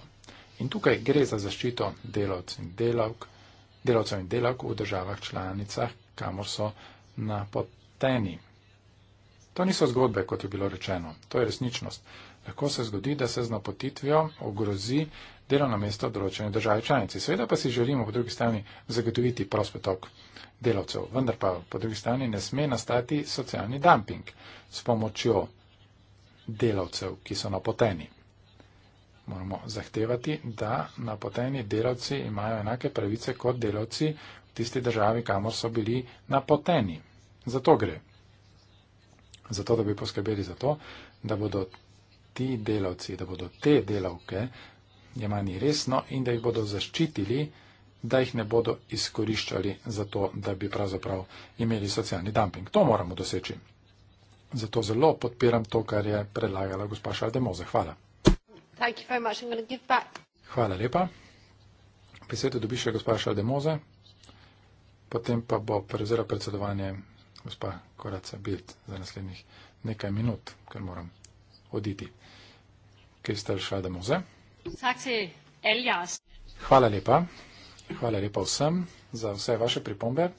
D: In tukaj gre za zaščito delavcev in delavk v državah članicah, kamor so napoteni. To niso zgodbe, kot je bilo rečeno, to je resničnost. Lahko se zgodi, da se z napotitvijo ogrozi delovno mesto določene države članice. Seveda pa si želimo po drugi strani zagotoviti prost potok delavcev, vendar pa po drugi strani ne sme nastati socialni dumping s pomočjo delavcev, ki so napoteni moramo zahtevati, da napoteni delavci imajo enake pravice kot delavci v tisti državi, kamor so bili napoteni. Zato gre. Zato, da bi poskrbeli za to, da bodo ti delavci, da bodo te delavke jemani resno in da jih bodo zaščitili, da jih ne bodo izkoriščali za to, da bi pravzaprav imeli socialni dumping. To moramo doseči. Zato zelo podpiram to, kar je predlagala gospa Šaldemoze. Hvala.
C: Thank you very much. I'm going to give back.
D: Hvala lepa. Besedo dobi še gospa Šalde Moze, potem pa bo prevzela predsedovanje gospa Koraca Bild za naslednjih nekaj minut, ker moram oditi. Kristel Šalde Moze. Hvala lepa. Hvala lepa vsem za vse vaše pripombe.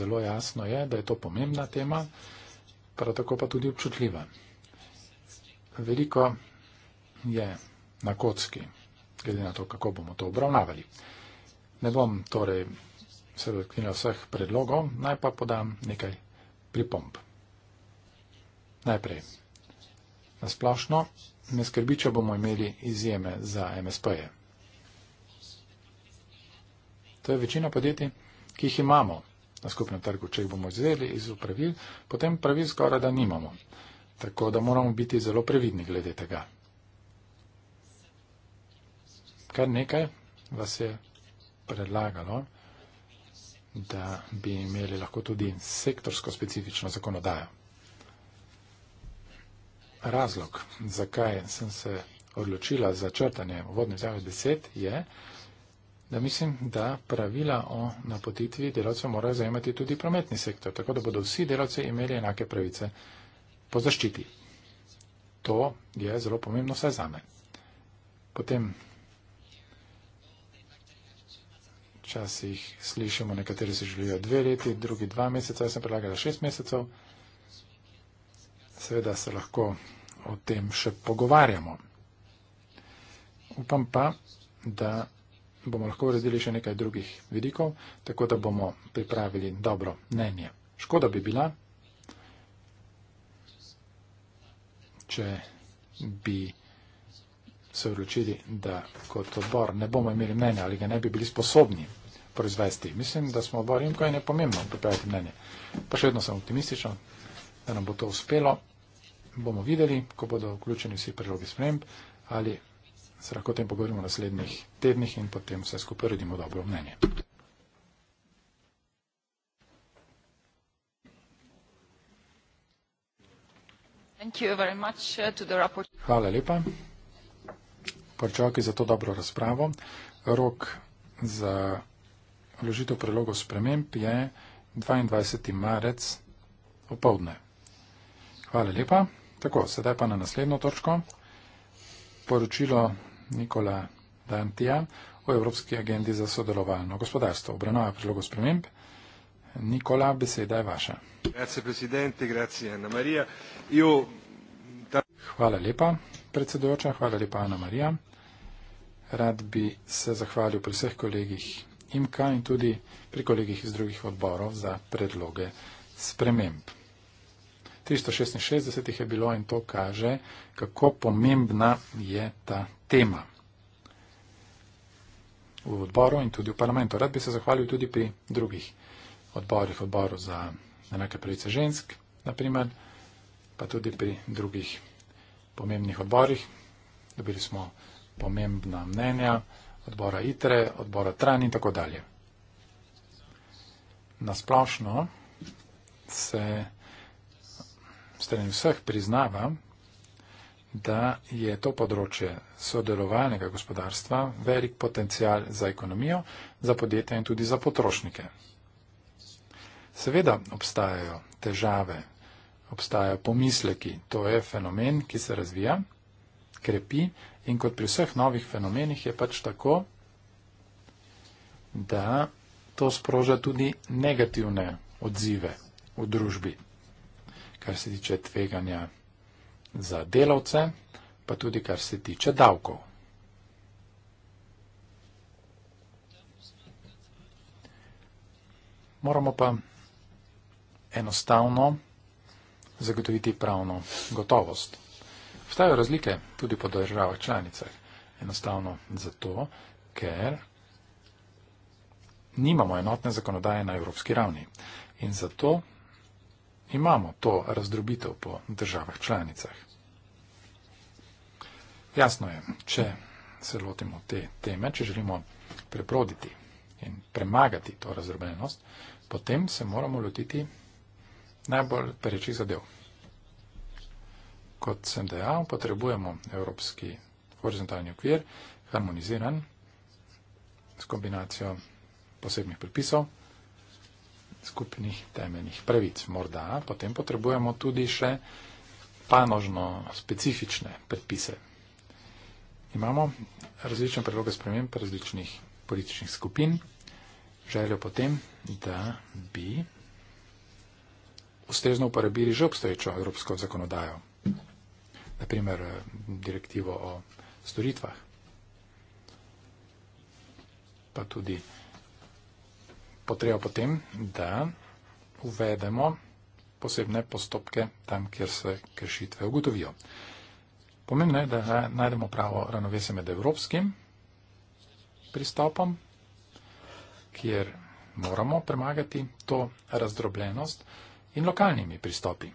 D: Zelo jasno je, da je to pomembna tema, prav tako pa tudi občutljiva veliko je na kocki, glede na to, kako bomo to obravnavali. Ne bom torej se dotknila vseh predlogov, naj pa podam nekaj pripomb. Najprej, nasplošno, ne skrbi, če bomo imeli izjeme za MSP-je. To je večina podjetij, ki jih imamo na skupnem trgu. Če jih bomo izvedli iz upravil, potem pravil skoraj da nimamo. Tako da moramo biti zelo previdni glede tega. Kar nekaj vas je predlagalo, da bi imeli lahko tudi sektorsko specifično zakonodajo. Razlog, zakaj sem se odločila za črtanje vodnih zavez 10, je, da mislim, da pravila o napotitvi delavcev morajo zajemati tudi prometni sektor, tako da bodo vsi delavci imeli enake pravice po zaščiti. To je zelo pomembno vse za me. Potem včasih slišimo, nekateri si želijo dve leti, drugi dva meseca, jaz sem predlagala šest mesecev. Seveda se lahko o tem še pogovarjamo. Upam pa, da bomo lahko uredili še nekaj drugih vidikov, tako da bomo pripravili dobro mnenje. Škoda bi bila, če bi se odločili, da kot odbor ne bomo imeli mnenja ali ga ne bi bili sposobni proizvesti. Mislim, da smo odbor in kaj ne pomembno pripraviti mnenje. Pa še vedno sem optimističen, da nam bo to uspelo. Bomo videli, ko bodo vključeni vsi predlogi sprememb ali se lahko o tem pogovorimo v naslednjih tednih in potem vse skupaj redimo dobro mnenje.
C: Uh,
D: Hvala lepa. Prčaki za to dobro razpravo. Rok za vložitev prelogov sprememb je 22. marec opovdne. Hvala lepa. Tako, sedaj pa na naslednjo točko. Poročilo Nikola Dantija o Evropski agendi za sodelovalno gospodarstvo. Obrenava prelogov sprememb. Nikola, beseda je vaša. Hvala lepa, predsedujoča, hvala lepa, Ana Marija. Rad bi se zahvalil pri vseh kolegih IMKA in tudi pri kolegih iz drugih odborov za predloge sprememb. 366 jih je bilo in to kaže, kako pomembna je ta tema v odboru in tudi v parlamentu. Rad bi se zahvalil tudi pri drugih odborih, odboru za enake pravice žensk, naprimer, pa tudi pri drugih pomembnih odborih. Dobili smo pomembna mnenja odbora ITRE, odbora TRAN in tako dalje. Nasplošno se strani vseh priznava, da je to področje sodelovalnega gospodarstva velik potencial za ekonomijo, za podjetja in tudi za potrošnike. Seveda obstajajo težave, obstajajo pomisleki. To je fenomen, ki se razvija, krepi in kot pri vseh novih fenomenih je pač tako, da to sproža tudi negativne odzive v družbi, kar se tiče tveganja za delavce, pa tudi kar se tiče davkov. Moramo pa enostavno zagotoviti pravno gotovost. Vstajajo razlike tudi po državah članicah. Enostavno zato, ker nimamo enotne zakonodaje na evropski ravni. In zato imamo to razdrobitev po državah članicah. Jasno je, če se lotimo te teme, če želimo preproditi in premagati to razdrobljenost, potem se moramo lotiti najbolj pereči zadev. Kot sem dejal, potrebujemo evropski horizontalni okvir, harmoniziran s kombinacijo posebnih pripisov, skupnih temeljnih pravic. Morda potem potrebujemo tudi še panožno specifične predpise. Imamo različne predloge sprememb različnih političnih skupin, željo potem, da bi ustrezno uporabili že obstoječo evropsko zakonodajo, naprimer eh, direktivo o storitvah, pa tudi potrebo potem, da uvedemo posebne postopke tam, kjer se kršitve ugotovijo. Pomembno je, da eh, najdemo pravo ravnovesje med evropskim pristopom, kjer moramo premagati to razdrobljenost, in lokalnimi pristopi.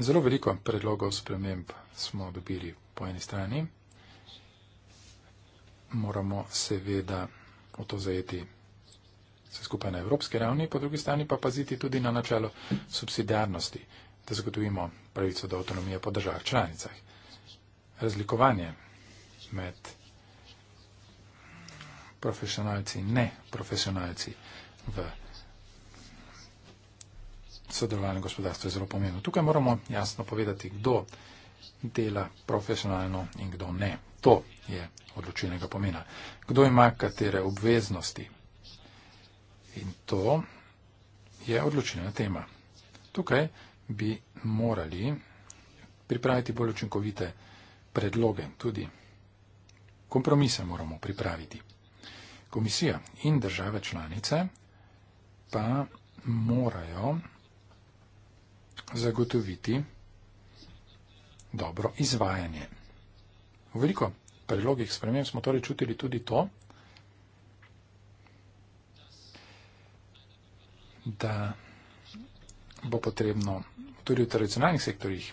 D: Zelo veliko predlogov sprememb smo dobili po eni strani. Moramo seveda v to zajeti vse skupaj na evropski ravni, po drugi strani pa paziti tudi na načelo subsidiarnosti, da zagotovimo pravico do avtonomije po državah članicah. Razlikovanje med profesionalci in neprofesionalci v sodelovalnem gospodarstvu je zelo pomembno. Tukaj moramo jasno povedati, kdo dela profesionalno in kdo ne. To je odločilnega pomena. Kdo ima katere obveznosti. In to je odločilna tema. Tukaj bi morali pripraviti bolj učinkovite predloge. Tudi kompromise moramo pripraviti. Komisija in države članice pa morajo zagotoviti dobro izvajanje. V veliko predlogih sprememb smo torej čutili tudi to, da bo potrebno tudi v tradicionalnih sektorjih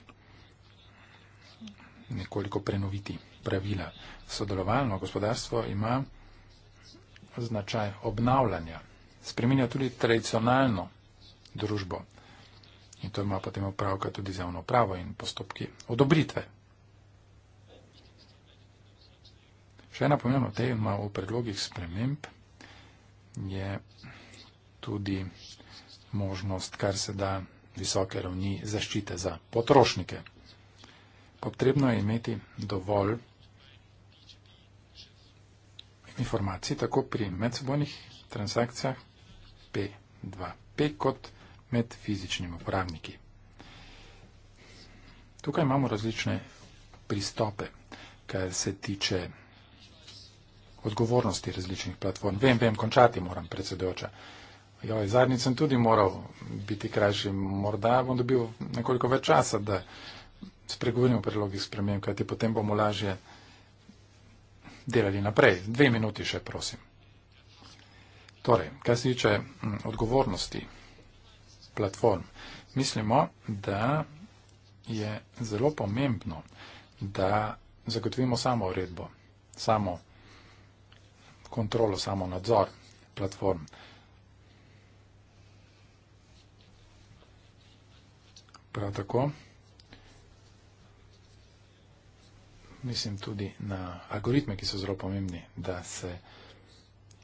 D: nekoliko prenoviti pravila. Sodelovalno gospodarstvo ima značaj obnavljanja spreminja tudi tradicionalno družbo. In to ima potem upravka tudi z javno pravo in postopki odobritve. Še ena pomembna tema v predlogih sprememb je tudi možnost, kar se da visoke ravni zaščite za potrošnike. Potrebno je imeti dovolj informacij tako pri medsebojnih transakcijah, P2P kot med fizičnimi uporabniki. Tukaj imamo različne pristope, kar se tiče odgovornosti različnih platform. Vem, vem, končati moram predsedoča. Joj, zadnji sem tudi moral biti krajši. Morda bom dobil nekoliko več časa, da spregovorim o predlogih sprememb, kajti potem bomo lažje delali naprej. Dve minuti še, prosim. Torej, kar se tiče mm, odgovornosti platform, mislimo, da je zelo pomembno, da zagotovimo samo uredbo, samo kontrolo, samo nadzor platform. Prav tako mislim tudi na algoritme, ki so zelo pomembni, da se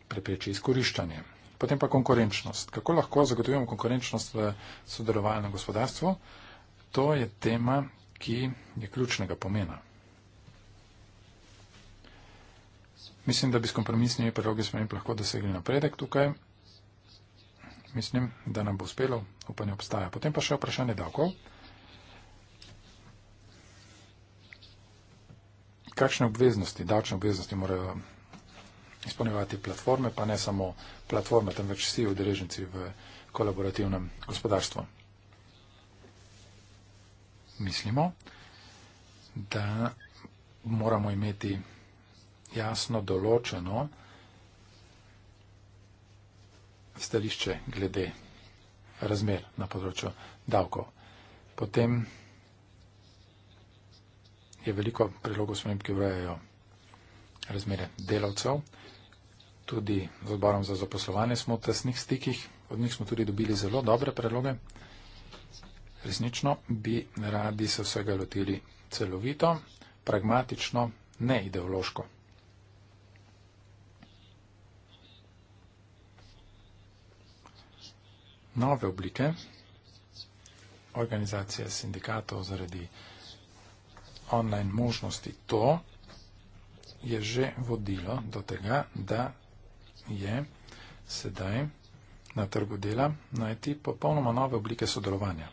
D: prepreči izkoriščanje. Potem pa konkurenčnost. Kako lahko zagotovimo konkurenčnost v sodelovalnem gospodarstvu? To je tema, ki je ključnega pomena. Mislim, da bi s kompromisnimi predlogi smo jim lahko dosegli napredek tukaj. Mislim, da nam bo uspelo, upanje obstaja. Potem pa še vprašanje davkov. Kakšne obveznosti, davčne obveznosti morajo izpolnjevati platforme, pa ne samo platforme, temveč vsi udeleženci v kolaborativnem gospodarstvu. Mislimo, da moramo imeti jasno določeno stališče glede razmer na področju davkov. Potem je veliko prilogov sprememb, ki urejajo razmere delavcev tudi z odborom za zaposlovanje smo v tesnih stikih, od njih smo tudi dobili zelo dobre predloge. Resnično bi radi se vsega lotili celovito, pragmatično, ne ideološko. Nove oblike organizacije sindikatov zaradi online možnosti to je že vodilo do tega, da je sedaj na trgu dela najti popolnoma nove oblike sodelovanja.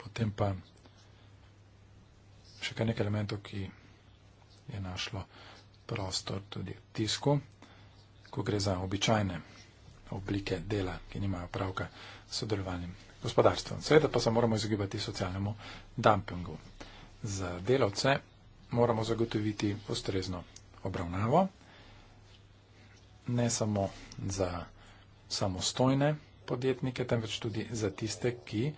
D: Potem pa še kar nekaj elementov, ki je našlo prostor tudi v tisku, ko gre za običajne oblike dela, ki nimajo pravka s sodelovanjem gospodarstva. Seveda pa se moramo izogibati socialnemu dumpingu. Za delavce moramo zagotoviti ustrezno obravnavo, ne samo za samostojne podjetnike, temveč tudi za tiste, ki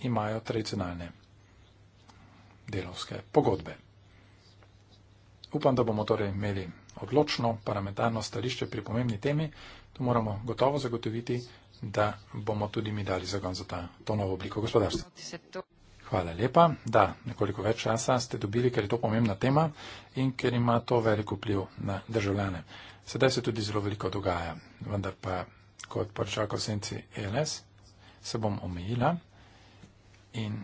D: imajo tradicionalne delovske pogodbe. Upam, da bomo torej imeli odločno parlamentarno stališče pri pomembni temi, to moramo gotovo zagotoviti, da bomo tudi mi dali zagon za ta, to novo obliko gospodarstva. Hvala lepa, da nekoliko več časa ste dobili, ker je to pomembna tema in ker ima to veliko vpliv na državljane. Sedaj se tudi zelo veliko dogaja, vendar pa kot poročako senci ELS se bom omejila in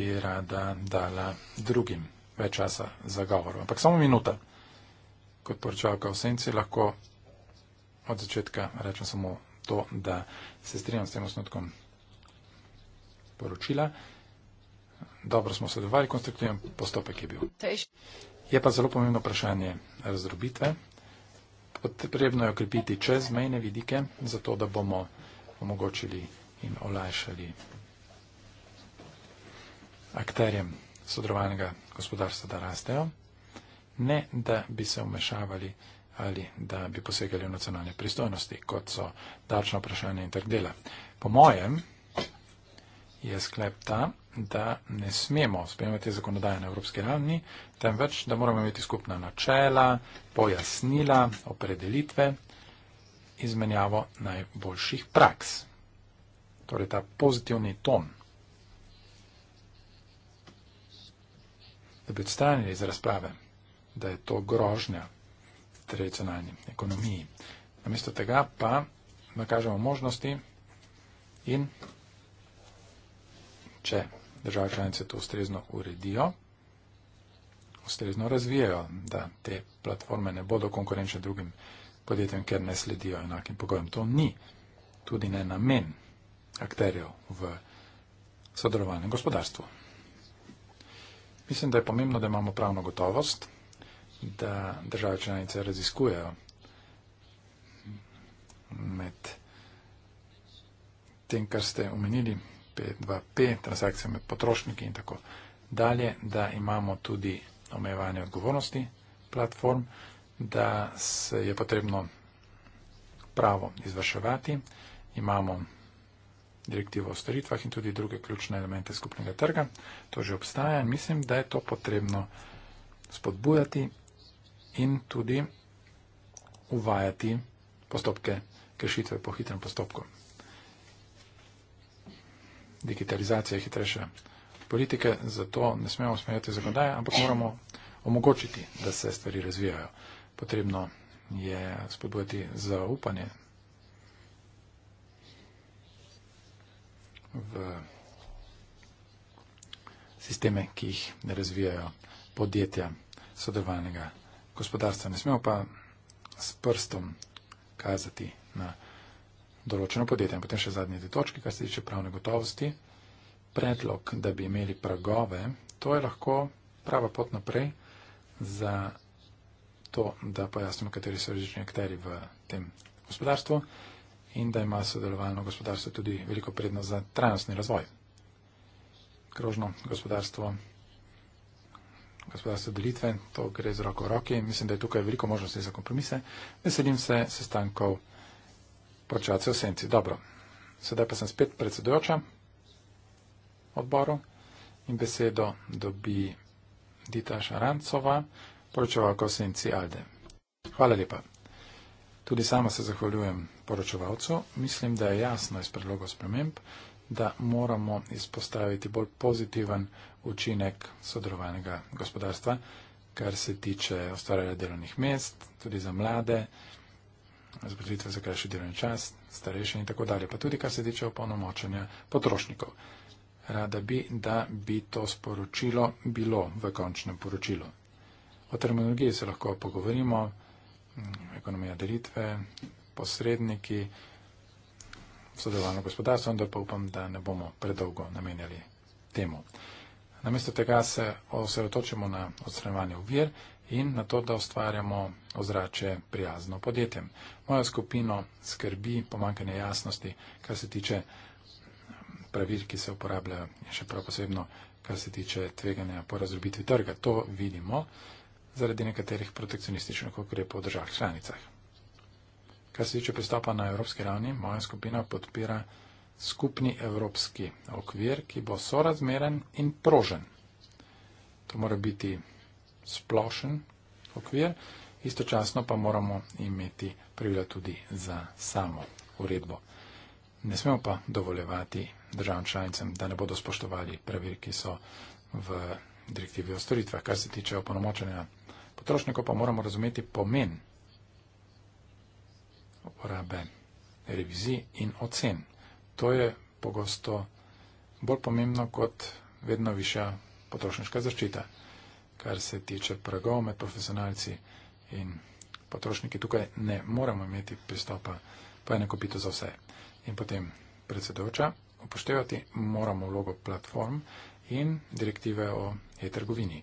D: bi rada dala drugim več časa za govor. Ampak samo minuta. Kot poročavka v senci lahko od začetka rečem samo to, da se strinjam s tem osnotkom poročila dobro smo sodelovali, konstruktiven postopek je bil. Je pa zelo pomembno vprašanje razdrobitve. Potrebno je okrepiti čezmejne vidike, zato da bomo omogočili in olajšali akterjem sodelovanega gospodarstva, da rastejo, ne da bi se vmešavali ali da bi posegali v nacionalne pristojnosti, kot so davčna vprašanja in trg dela. Po mojem je sklep ta, da ne smemo spremljati zakonodaje na evropski ravni, temveč, da moramo imeti skupna načela, pojasnila, opredelitve, izmenjavo najboljših praks. Torej ta pozitivni ton. Da bi odstranili iz razprave, da je to grožnja tradicionalni ekonomiji. Namesto tega pa nakažemo možnosti in Če države članice to ustrezno uredijo, ustrezno razvijajo, da te platforme ne bodo konkurenčne drugim podjetjem, ker ne sledijo enakim pogojem. To ni tudi ne namen akterjev v sodelovanem gospodarstvu. Mislim, da je pomembno, da imamo pravno gotovost, da države članice raziskujejo med tem, kar ste omenili, P2P, transakcije med potrošniki in tako dalje, da imamo tudi omejevanje odgovornosti platform, da se je potrebno pravo izvrševati, imamo direktivo o storitvah in tudi druge ključne elemente skupnega trga, to že obstaja in mislim, da je to potrebno spodbujati in tudi uvajati postopke kršitve po hitrem postopku digitalizacija je hitrejša. Politike zato ne smemo smejati zakonodaje, ampak moramo omogočiti, da se stvari razvijajo. Potrebno je spodbujati zaupanje v sisteme, ki jih ne razvijajo podjetja sodelovalnega gospodarstva. Ne smemo pa s prstom kazati na določeno podjetje. In potem še zadnje dve točke, kar se tiče pravne gotovosti. Predlog, da bi imeli pragove, to je lahko prava pot naprej za to, da pojasnimo, kateri so različni akteri v tem gospodarstvu in da ima sodelovalno gospodarstvo tudi veliko prednost za trajnostni razvoj. Krožno gospodarstvo, gospodarstvo delitve, to gre z roko v roki. Mislim, da je tukaj veliko možnosti za kompromise. Veselim se sestankov počasi v senci. Dobro. Sedaj pa sem spet predsedujoča odboru in besedo dobi Dita Šarancova, poročevalka v senci Alde. Hvala lepa. Tudi sama se zahvaljujem poročevalcu. Mislim, da je jasno iz predlogov sprememb, da moramo izpostaviti bolj pozitiven učinek sodelovanega gospodarstva, kar se tiče ustvarjanja delovnih mest, tudi za mlade zbuditve za krajši delovni čas, starejše in tako dalje. Pa tudi, kar se tiče opolnomočenja potrošnikov. Rada bi, da bi to sporočilo bilo v končnem poročilu. O terminologiji se lahko pogovorimo, mm, ekonomija delitve, posredniki, sodelovalno gospodarstvo, vendar pa upam, da ne bomo predolgo namenjali temu. Namesto tega se osredotočimo na odstranjevanje uvir in na to, da ustvarjamo ozračje prijazno podjetjem. Moja skupina skrbi pomankanje jasnosti, kar se tiče pravil, ki se uporabljajo, še prav posebno, kar se tiče tveganja po razrobitvi trga. To vidimo zaradi nekaterih protekcionističnih okrepov v državah članicah. Kar se tiče pristopa na evropski ravni, moja skupina podpira skupni evropski okvir, ki bo sorazmeren in prožen. To mora biti splošen okvir, istočasno pa moramo imeti pravila tudi za samo uredbo. Ne smemo pa dovoljevati državam članicam, da ne bodo spoštovali pravil, ki so v direktivi o storitvah. Kar se tiče opolnomočenja potrošnikov, pa moramo razumeti pomen uporabe revizij in ocen. To je pogosto bolj pomembno kot vedno višja potrošniška zaščita kar se tiče pragov med profesionalci in potrošniki. Tukaj ne moramo imeti pristopa po eno kopito za vse. In potem predsedujoča, upoštevati moramo vlogo platform in direktive o e-trgovini.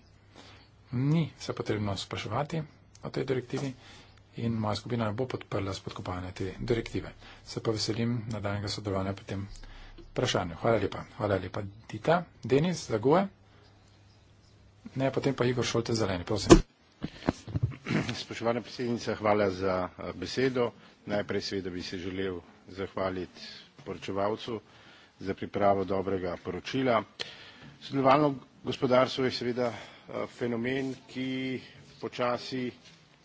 D: Ni se potrebno spraševati o tej direktivi in moja skupina bo podprla spodkopane te direktive. Se pa veselim nadaljnega sodelovanja pri tem vprašanju. Hvala lepa. Hvala lepa, Dita. Denis, zaguje. Ne, potem pa Igor Šolte zeleni, prosim.
B: Spoštovana predsednica, hvala za eh, besedo. Najprej seveda bi se želel zahvaliti poročevalcu za pripravo dobrega poročila. Sodelovalno gospodarstvo je seveda eh, fenomen, ki počasi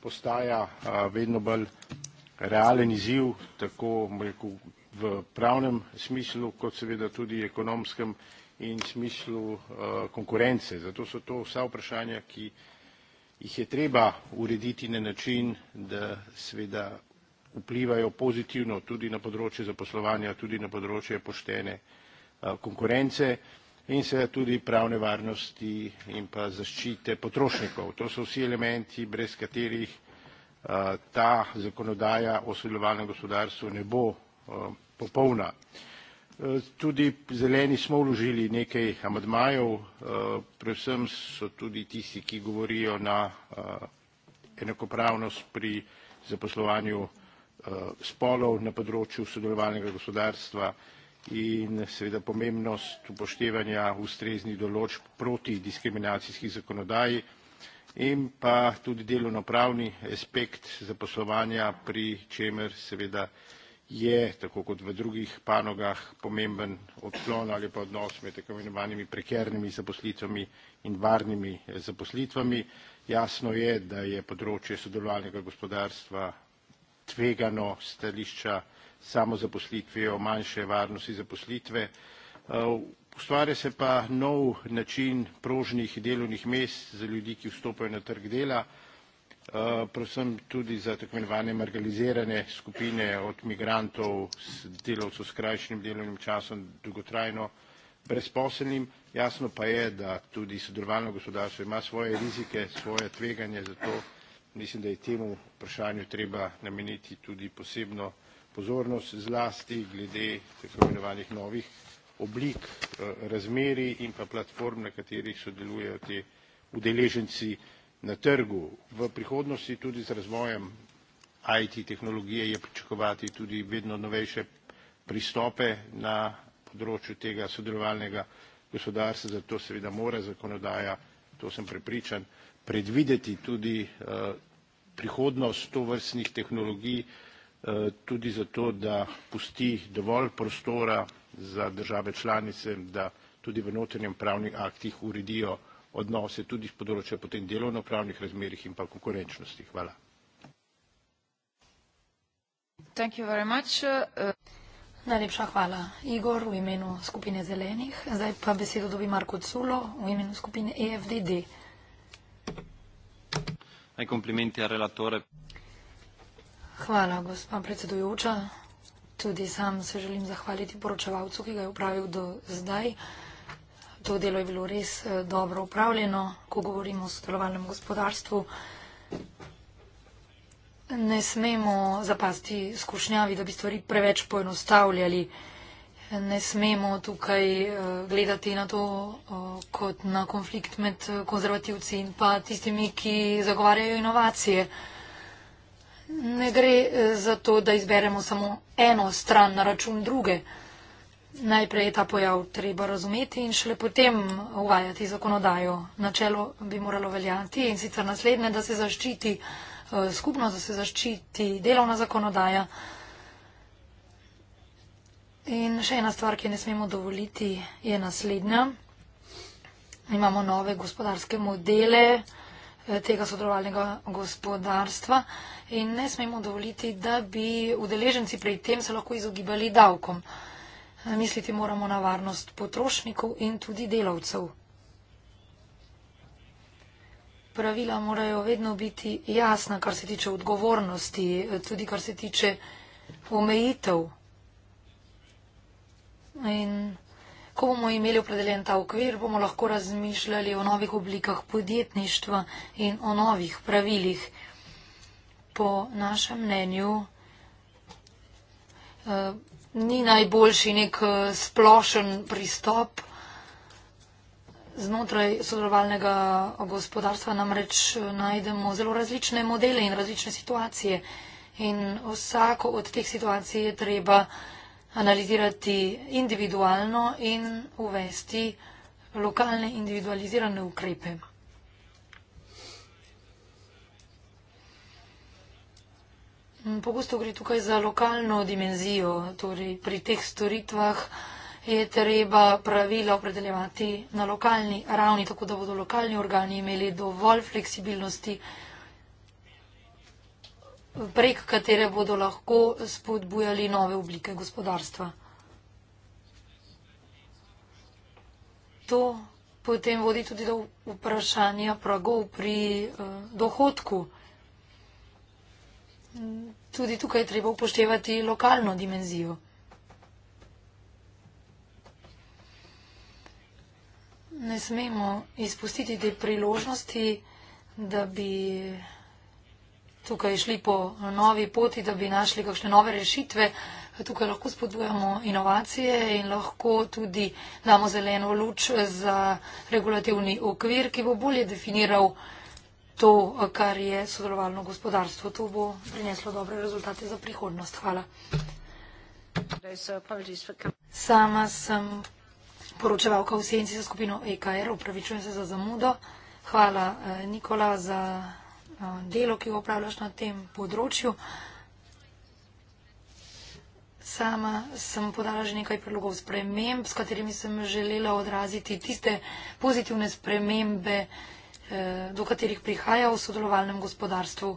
B: postaja eh, vedno bolj realen izziv, tako rekel, v pravnem smislu, kot seveda tudi ekonomskem in smislu eh, konkurence. Zato so to vsa vprašanja, ki jih je treba urediti na način, da seveda vplivajo pozitivno tudi na področje zaposlovanja, tudi na področje poštene eh, konkurence in seveda tudi pravne varnosti in pa zaščite potrošnikov. To so vsi elementi, brez katerih eh, ta zakonodaja o sodelovalnem gospodarstvu ne bo popolna tudi zeleni smo vložili nekaj amandmajev, eh, predvsem so tudi tisti, ki govorijo na eh, enakopravnost pri zaposlovanju eh, spolov na področju sodelovalnega gospodarstva in seveda pomembnost upoštevanja ustreznih določb proti diskriminacijski zakonodaji in pa tudi delovnopravni aspekt zaposlovanja, pri čemer seveda je tako kot v drugih panogah pomemben odklon ali pa odnos med tako imenovanimi prekernimi zaposlitvami in varnimi zaposlitvami. Jasno je, da je področje sodelovalnega gospodarstva tvegano stališča samozaposlitvijo manjše varnosti zaposlitve. Eh, ustvarja se pa nov način prožnih delovnih mest za ljudi, ki vstopajo na trg dela. Eh, predvsem tudi za tako imenovane marginalizirane skupine od migrantov, delavcev s krajšnim delovnim časom, dolgotrajno brezposelnim. Jasno pa je, da tudi sodelovalno gospodarstvo ima svoje rizike, svoje tveganje, zato mislim, da je temu vprašanju treba nameniti tudi posebno pozornost zlasti glede tako imenovanih novih oblik, eh, razmeri in pa platform, na katerih sodelujejo ti udeleženci na trgu. V prihodnosti tudi z razvojem IT tehnologije je pričakovati tudi vedno novejše pristope na področju tega sodelovalnega gospodarstva, zato seveda mora zakonodaja, to sem prepričan, predvideti tudi eh, prihodnost tovrstnih tehnologij, eh, tudi zato, da pusti dovolj prostora za države članice, da tudi v notranjem pravnih aktih uredijo odnose tudi z področja potem delovnopravnih razmerjih in pa konkurenčnosti. Hvala.
C: Thank you very much. Uh, uh. Najlepša hvala, Igor, v imenu skupine zelenih. Zdaj pa besedo dobi Marko Culo v imenu skupine EFDD.
A: Naj komplimenti relatore.
C: Hvala, gospa predsedujoča. Tudi sam se želim zahvaliti poročevalcu, ki ga je upravil do zdaj to delo je bilo res eh, dobro upravljeno, ko govorimo o sodelovalnem gospodarstvu. Ne smemo zapasti skušnjavi, da bi stvari preveč poenostavljali. Ne smemo tukaj eh, gledati na to eh, kot na konflikt med konzervativci in pa tistimi, ki zagovarjajo inovacije. Ne gre za to, da izberemo samo eno stran na račun druge najprej je ta pojav treba razumeti in šele potem uvajati zakonodajo. Načelo bi moralo veljati in sicer naslednje, da se zaščiti eh, skupnost, da se zaščiti delovna zakonodaja. In še ena stvar, ki ne smemo dovoliti, je naslednja. Imamo nove gospodarske modele eh, tega sodelovalnega gospodarstva in ne smemo dovoliti, da bi udeleženci pri tem se lahko izogibali davkom. Misliti moramo na varnost potrošnikov in tudi delavcev. Pravila morajo vedno biti jasna, kar se tiče odgovornosti, tudi kar se tiče omejitev. In ko bomo imeli opredeljen ta okvir, bomo lahko razmišljali o novih oblikah podjetništva in o novih pravilih. Po našem mnenju eh, ni najboljši nek eh, splošen pristop znotraj sodelovalnega eh, gospodarstva. Namreč eh, najdemo zelo različne modele in različne situacije in vsako od teh situacij je treba analizirati individualno in uvesti lokalne individualizirane ukrepe. Mm, pogosto gre tukaj za lokalno dimenzijo, torej pri teh storitvah je treba pravila opredeljevati na lokalni ravni, tako da bodo lokalni organi imeli dovolj fleksibilnosti, prek katere bodo lahko spodbujali nove oblike gospodarstva. To potem vodi tudi do vprašanja pragov pri eh, dohodku tudi tukaj je treba upoštevati lokalno dimenzijo. Ne smemo izpustiti te priložnosti, da bi tukaj šli po novi poti, da bi našli kakšne nove rešitve. Tukaj lahko spodbujamo inovacije in lahko tudi damo zeleno luč za regulativni okvir, ki bo bolje definiral to, kar je sodelovalno gospodarstvo. To bo prineslo dobre rezultate za prihodnost. Hvala. Sama sem poročevalka v senci za skupino EKR, upravičujem se za zamudo. Hvala eh, Nikola za eh, delo, ki ga upravljaš na tem področju. Sama sem podala že nekaj predlogov sprememb, s katerimi sem želela odraziti tiste pozitivne spremembe, Eh, do katerih prihaja v sodelovalnem gospodarstvu.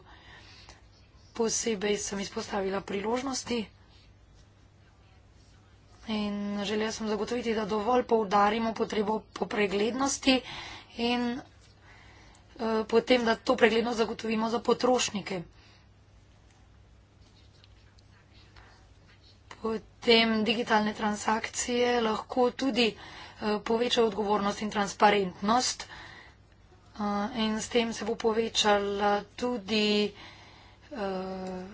C: Posebej sem izpostavila priložnosti in želela sem zagotoviti, da dovolj poudarimo potrebo po preglednosti in eh, potem, da to preglednost zagotovimo za potrošnike. Potem digitalne transakcije lahko tudi eh, povečajo odgovornost in transparentnost in Eh, in s tem se bo povečala tudi eh,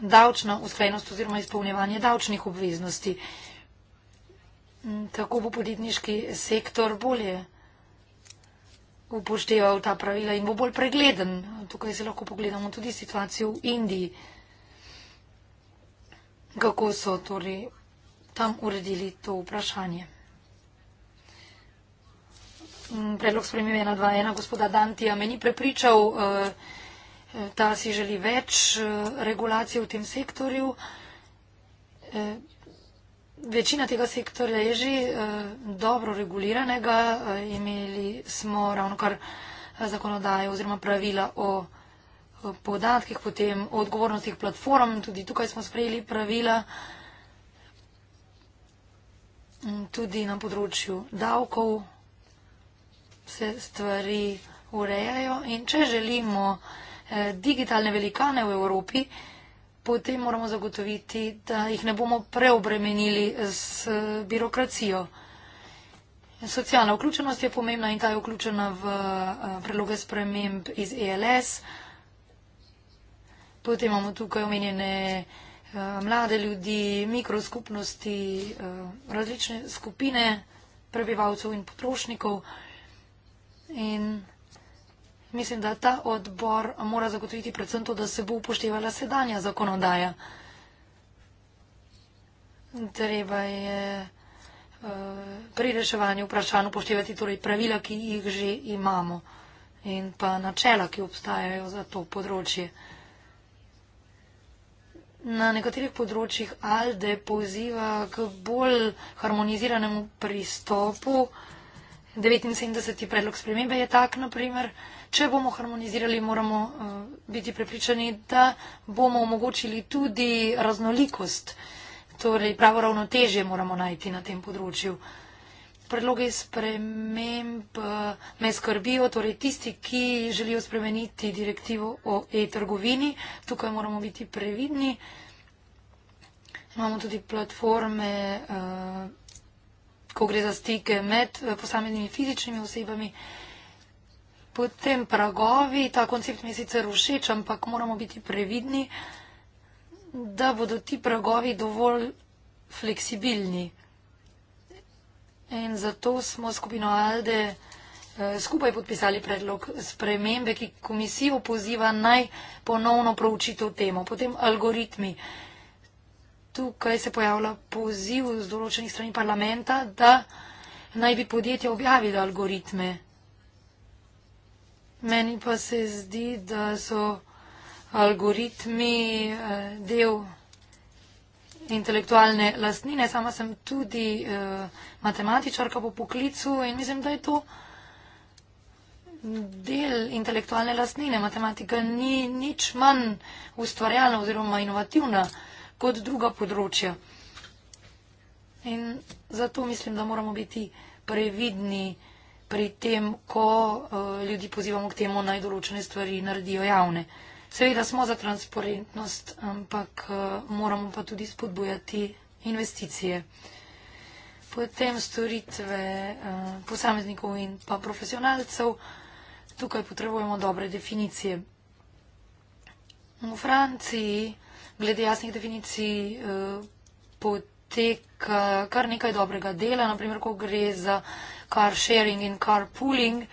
C: davčna usklajenost oziroma izpolnjevanje davčnih obveznosti. Mm, tako bo podjetniški sektor bolje upošteval ta pravila in bo bolj pregleden. Tukaj se lahko pogledamo tudi situacijo v Indiji, kako so torej tam uredili to vprašanje. Mm, predlog spremljiva 121, gospoda Dantija, me ni prepričal, eh, eh, ta si želi več eh, regulacije v tem sektorju. Večina tega sektorja je že dobro reguliranega, imeli smo ravno kar zakonodaje oziroma pravila o podatkih, potem o odgovornostih platform, tudi tukaj smo sprejeli pravila mm, tudi na področju davkov, se stvari urejajo. In če želimo eh, digitalne velikane v Evropi, potem moramo zagotoviti, da jih ne bomo preobremenili z eh, birokracijo. Socialna vključenost je pomembna in ta je vključena v eh, predloge sprememb iz ELS. Potem imamo tukaj omenjene mlade ljudi, mikroskupnosti, različne skupine prebivalcev in potrošnikov. In mislim, da ta odbor mora zagotoviti predvsem to, da se bo upoštevala sedanja zakonodaja. Treba je eh, pri reševanju vprašanj upoštevati torej pravila, ki jih že imamo in pa načela, ki obstajajo za to področje. Na nekaterih področjih ALDE poziva k bolj harmoniziranemu pristopu, 79. predlog spremembe je tak, naprimer, če bomo harmonizirali, moramo eh, biti prepričani, da bomo omogočili tudi raznolikost, torej pravo ravnotežje moramo najti na tem področju. Predloge sprememb eh, me skrbijo, torej tisti, ki želijo spremeniti direktivo o e-trgovini, tukaj moramo biti previdni. Imamo tudi platforme. Uh, ko gre za stike med eh, posameznimi fizičnimi osebami. Potem pragovi, ta koncept mi je sicer všeč, ampak moramo biti previdni, da bodo ti pragovi dovolj fleksibilni. In zato smo skupino Alde eh, skupaj podpisali predlog spremembe, ki komisijo poziva naj ponovno proučitev temo. Potem algoritmi tukaj se pojavlja poziv z določenih strani parlamenta, da naj bi podjetja objavila algoritme. Meni pa se zdi, da so algoritmi eh, del intelektualne lastnine. Sama sem tudi eh, matematičarka po poklicu in mislim, da je to del intelektualne lastnine. Matematika ni nič manj ustvarjalna oziroma inovativna kot druga področja. In zato mislim, da moramo biti previdni pri tem, ko uh, ljudi pozivamo k temu najdoločene stvari naredijo javne. Seveda smo za transparentnost, ampak uh, moramo pa tudi spodbujati investicije. Potem storitve uh, posameznikov in pa profesionalcev. Tukaj potrebujemo dobre definicije. V Franciji glede jasnih definicij eh, poteka kar nekaj dobrega dela, naprimer, ko gre za car sharing in car pooling.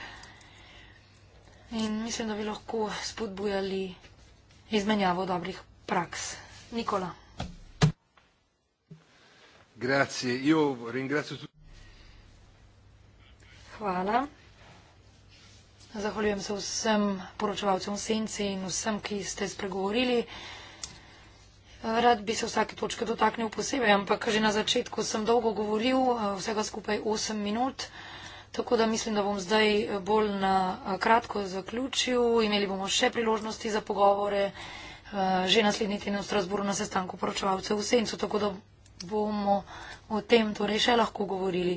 C: In mislim, da bi lahko spodbujali izmenjavo dobrih praks. Nikola. Hvala. Zahvaljujem se vsem poročevalcem v senci in vsem, ki ste spregovorili. Rad bi se vsake točke dotaknil posebej, ampak že na začetku sem dolgo govoril, eh, vsega skupaj 8 minut, tako da mislim, da bom zdaj eh, bolj na eh, kratko zaključil. Imeli bomo še priložnosti za pogovore že naslednji teden v Strasburu na sestanku poročevalcev v Sencu, tako da bomo o tem torej še lahko govorili.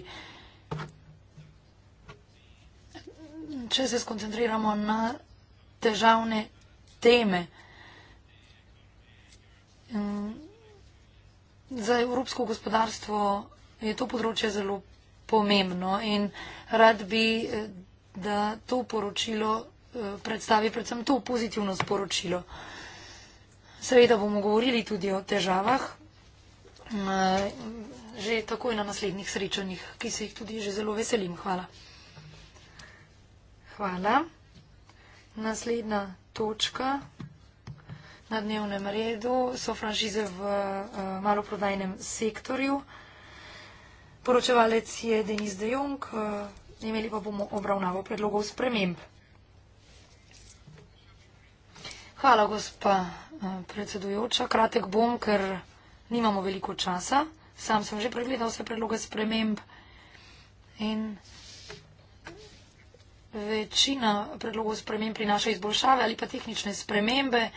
C: Če se skoncentriramo na težavne teme, Ehm, za evropsko gospodarstvo je to področje zelo pomembno in rad bi, eh, da to poročilo eh, predstavi predvsem to pozitivno sporočilo. Seveda bomo govorili tudi o težavah, eh, že takoj na naslednjih srečanjih, ki se jih tudi že zelo veselim. Hvala. Hvala. Naslednja točka na dnevnem redu so franšize v eh, maloprodajnem sektorju. Poročevalec je Denis De Jong, eh, imeli pa bomo obravnavo predlogov sprememb. Hvala, gospa eh, predsedujoča. Kratek bom, ker nimamo veliko časa. Sam sem že pregledal vse predloge sprememb in večina predlogov sprememb prinaša izboljšave ali pa tehnične spremembe.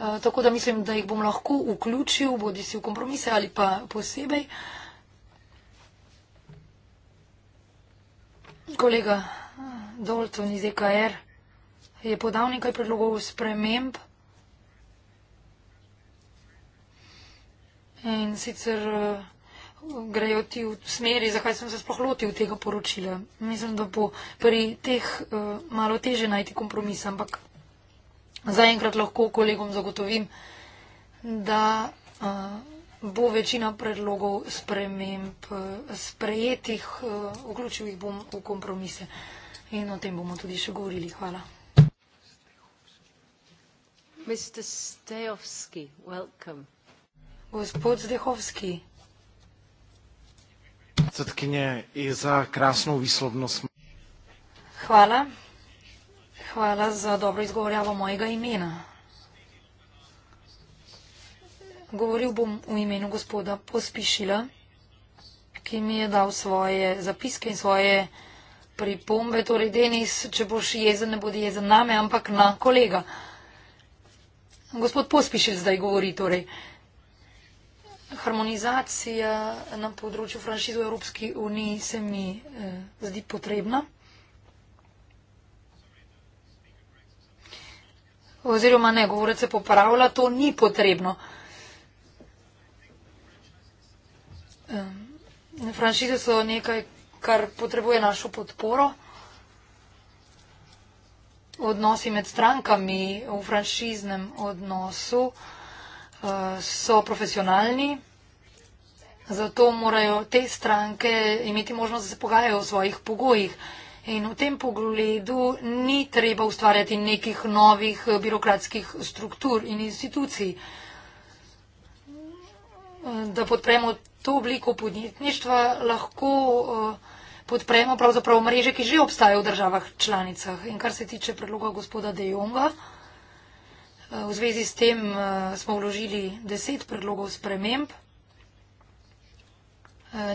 C: Eh, tako da mislim, da jih bom lahko vključil, bodi si v kompromise ali pa posebej. Kolega eh, Dolton iz EKR je podal nekaj predlogov sprememb. In sicer eh, grejo ti v smeri, zakaj sem se sploh lotil tega poročila. Mislim, da bo pri teh uh, malo teže najti kompromis, ampak zaenkrat lahko kolegom zagotovim, da uh, bo večina predlogov sprememb e, sprejetih, uh, vključil jih bom v kompromise. In o tem bomo tudi še govorili. Hvala. Gospod Zdehovski.
B: Cetkinje, za krasno vislobnost.
C: Hvala. Hvala za dobro izgovorjavo mojega imena. Govoril bom v imenu gospoda Pospišila, ki mi je dal svoje zapiske in svoje pripombe. Torej, Denis, če boš jezen, ne bodi jezen name, ampak na kolega. Gospod Pospišil zdaj govori, torej. Harmonizacija na področju franšizo Evropski uniji se mi eh, zdi potrebna. oziroma ne, govorec se popravlja, to ni potrebno. Franšize so nekaj, kar potrebuje našo podporo. Odnosi med strankami v franšiznem odnosu eh, so profesionalni, zato morajo te stranke imeti možnost, da se pogajajo o svojih pogojih. In v tem pogledu ni treba ustvarjati nekih novih eh, birokratskih struktur in institucij, eh, da podpremo to obliko podjetništva, lahko eh, podpremo pravzaprav mreže, ki že obstajajo v državah članicah. In kar se tiče predloga gospoda De Jonga, v zvezi s tem smo vložili deset predlogov sprememb,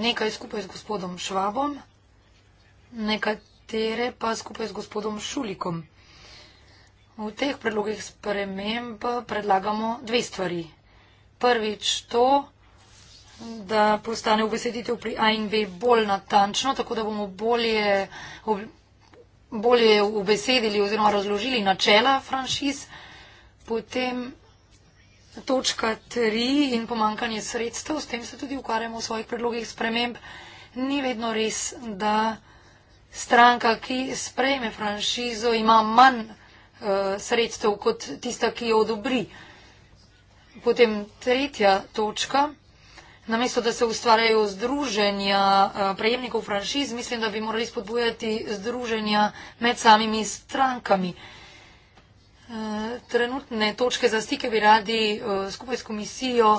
C: nekaj skupaj z gospodom Švabom, nekaj katere pa skupaj z gospodom Šulikom. V teh predlogih sprememb predlagamo dve stvari. Prvič to, da postane obeseditev pri A in B bolj natančno, tako da bomo bolje, ob, bolje obesedili oziroma razložili načela franšiz. Potem točka tri in pomankanje sredstev, s tem se tudi ukvarjamo v svojih predlogih sprememb. Ni vedno res, da stranka, ki sprejme franšizo, ima manj uh, sredstev kot tista, ki jo odobri. Potem tretja točka. Namesto, da se ustvarjajo združenja eh, prejemnikov franšiz, mislim, da bi morali spodbujati združenja med samimi strankami. Eh, trenutne točke za stike bi radi skupaj s komisijo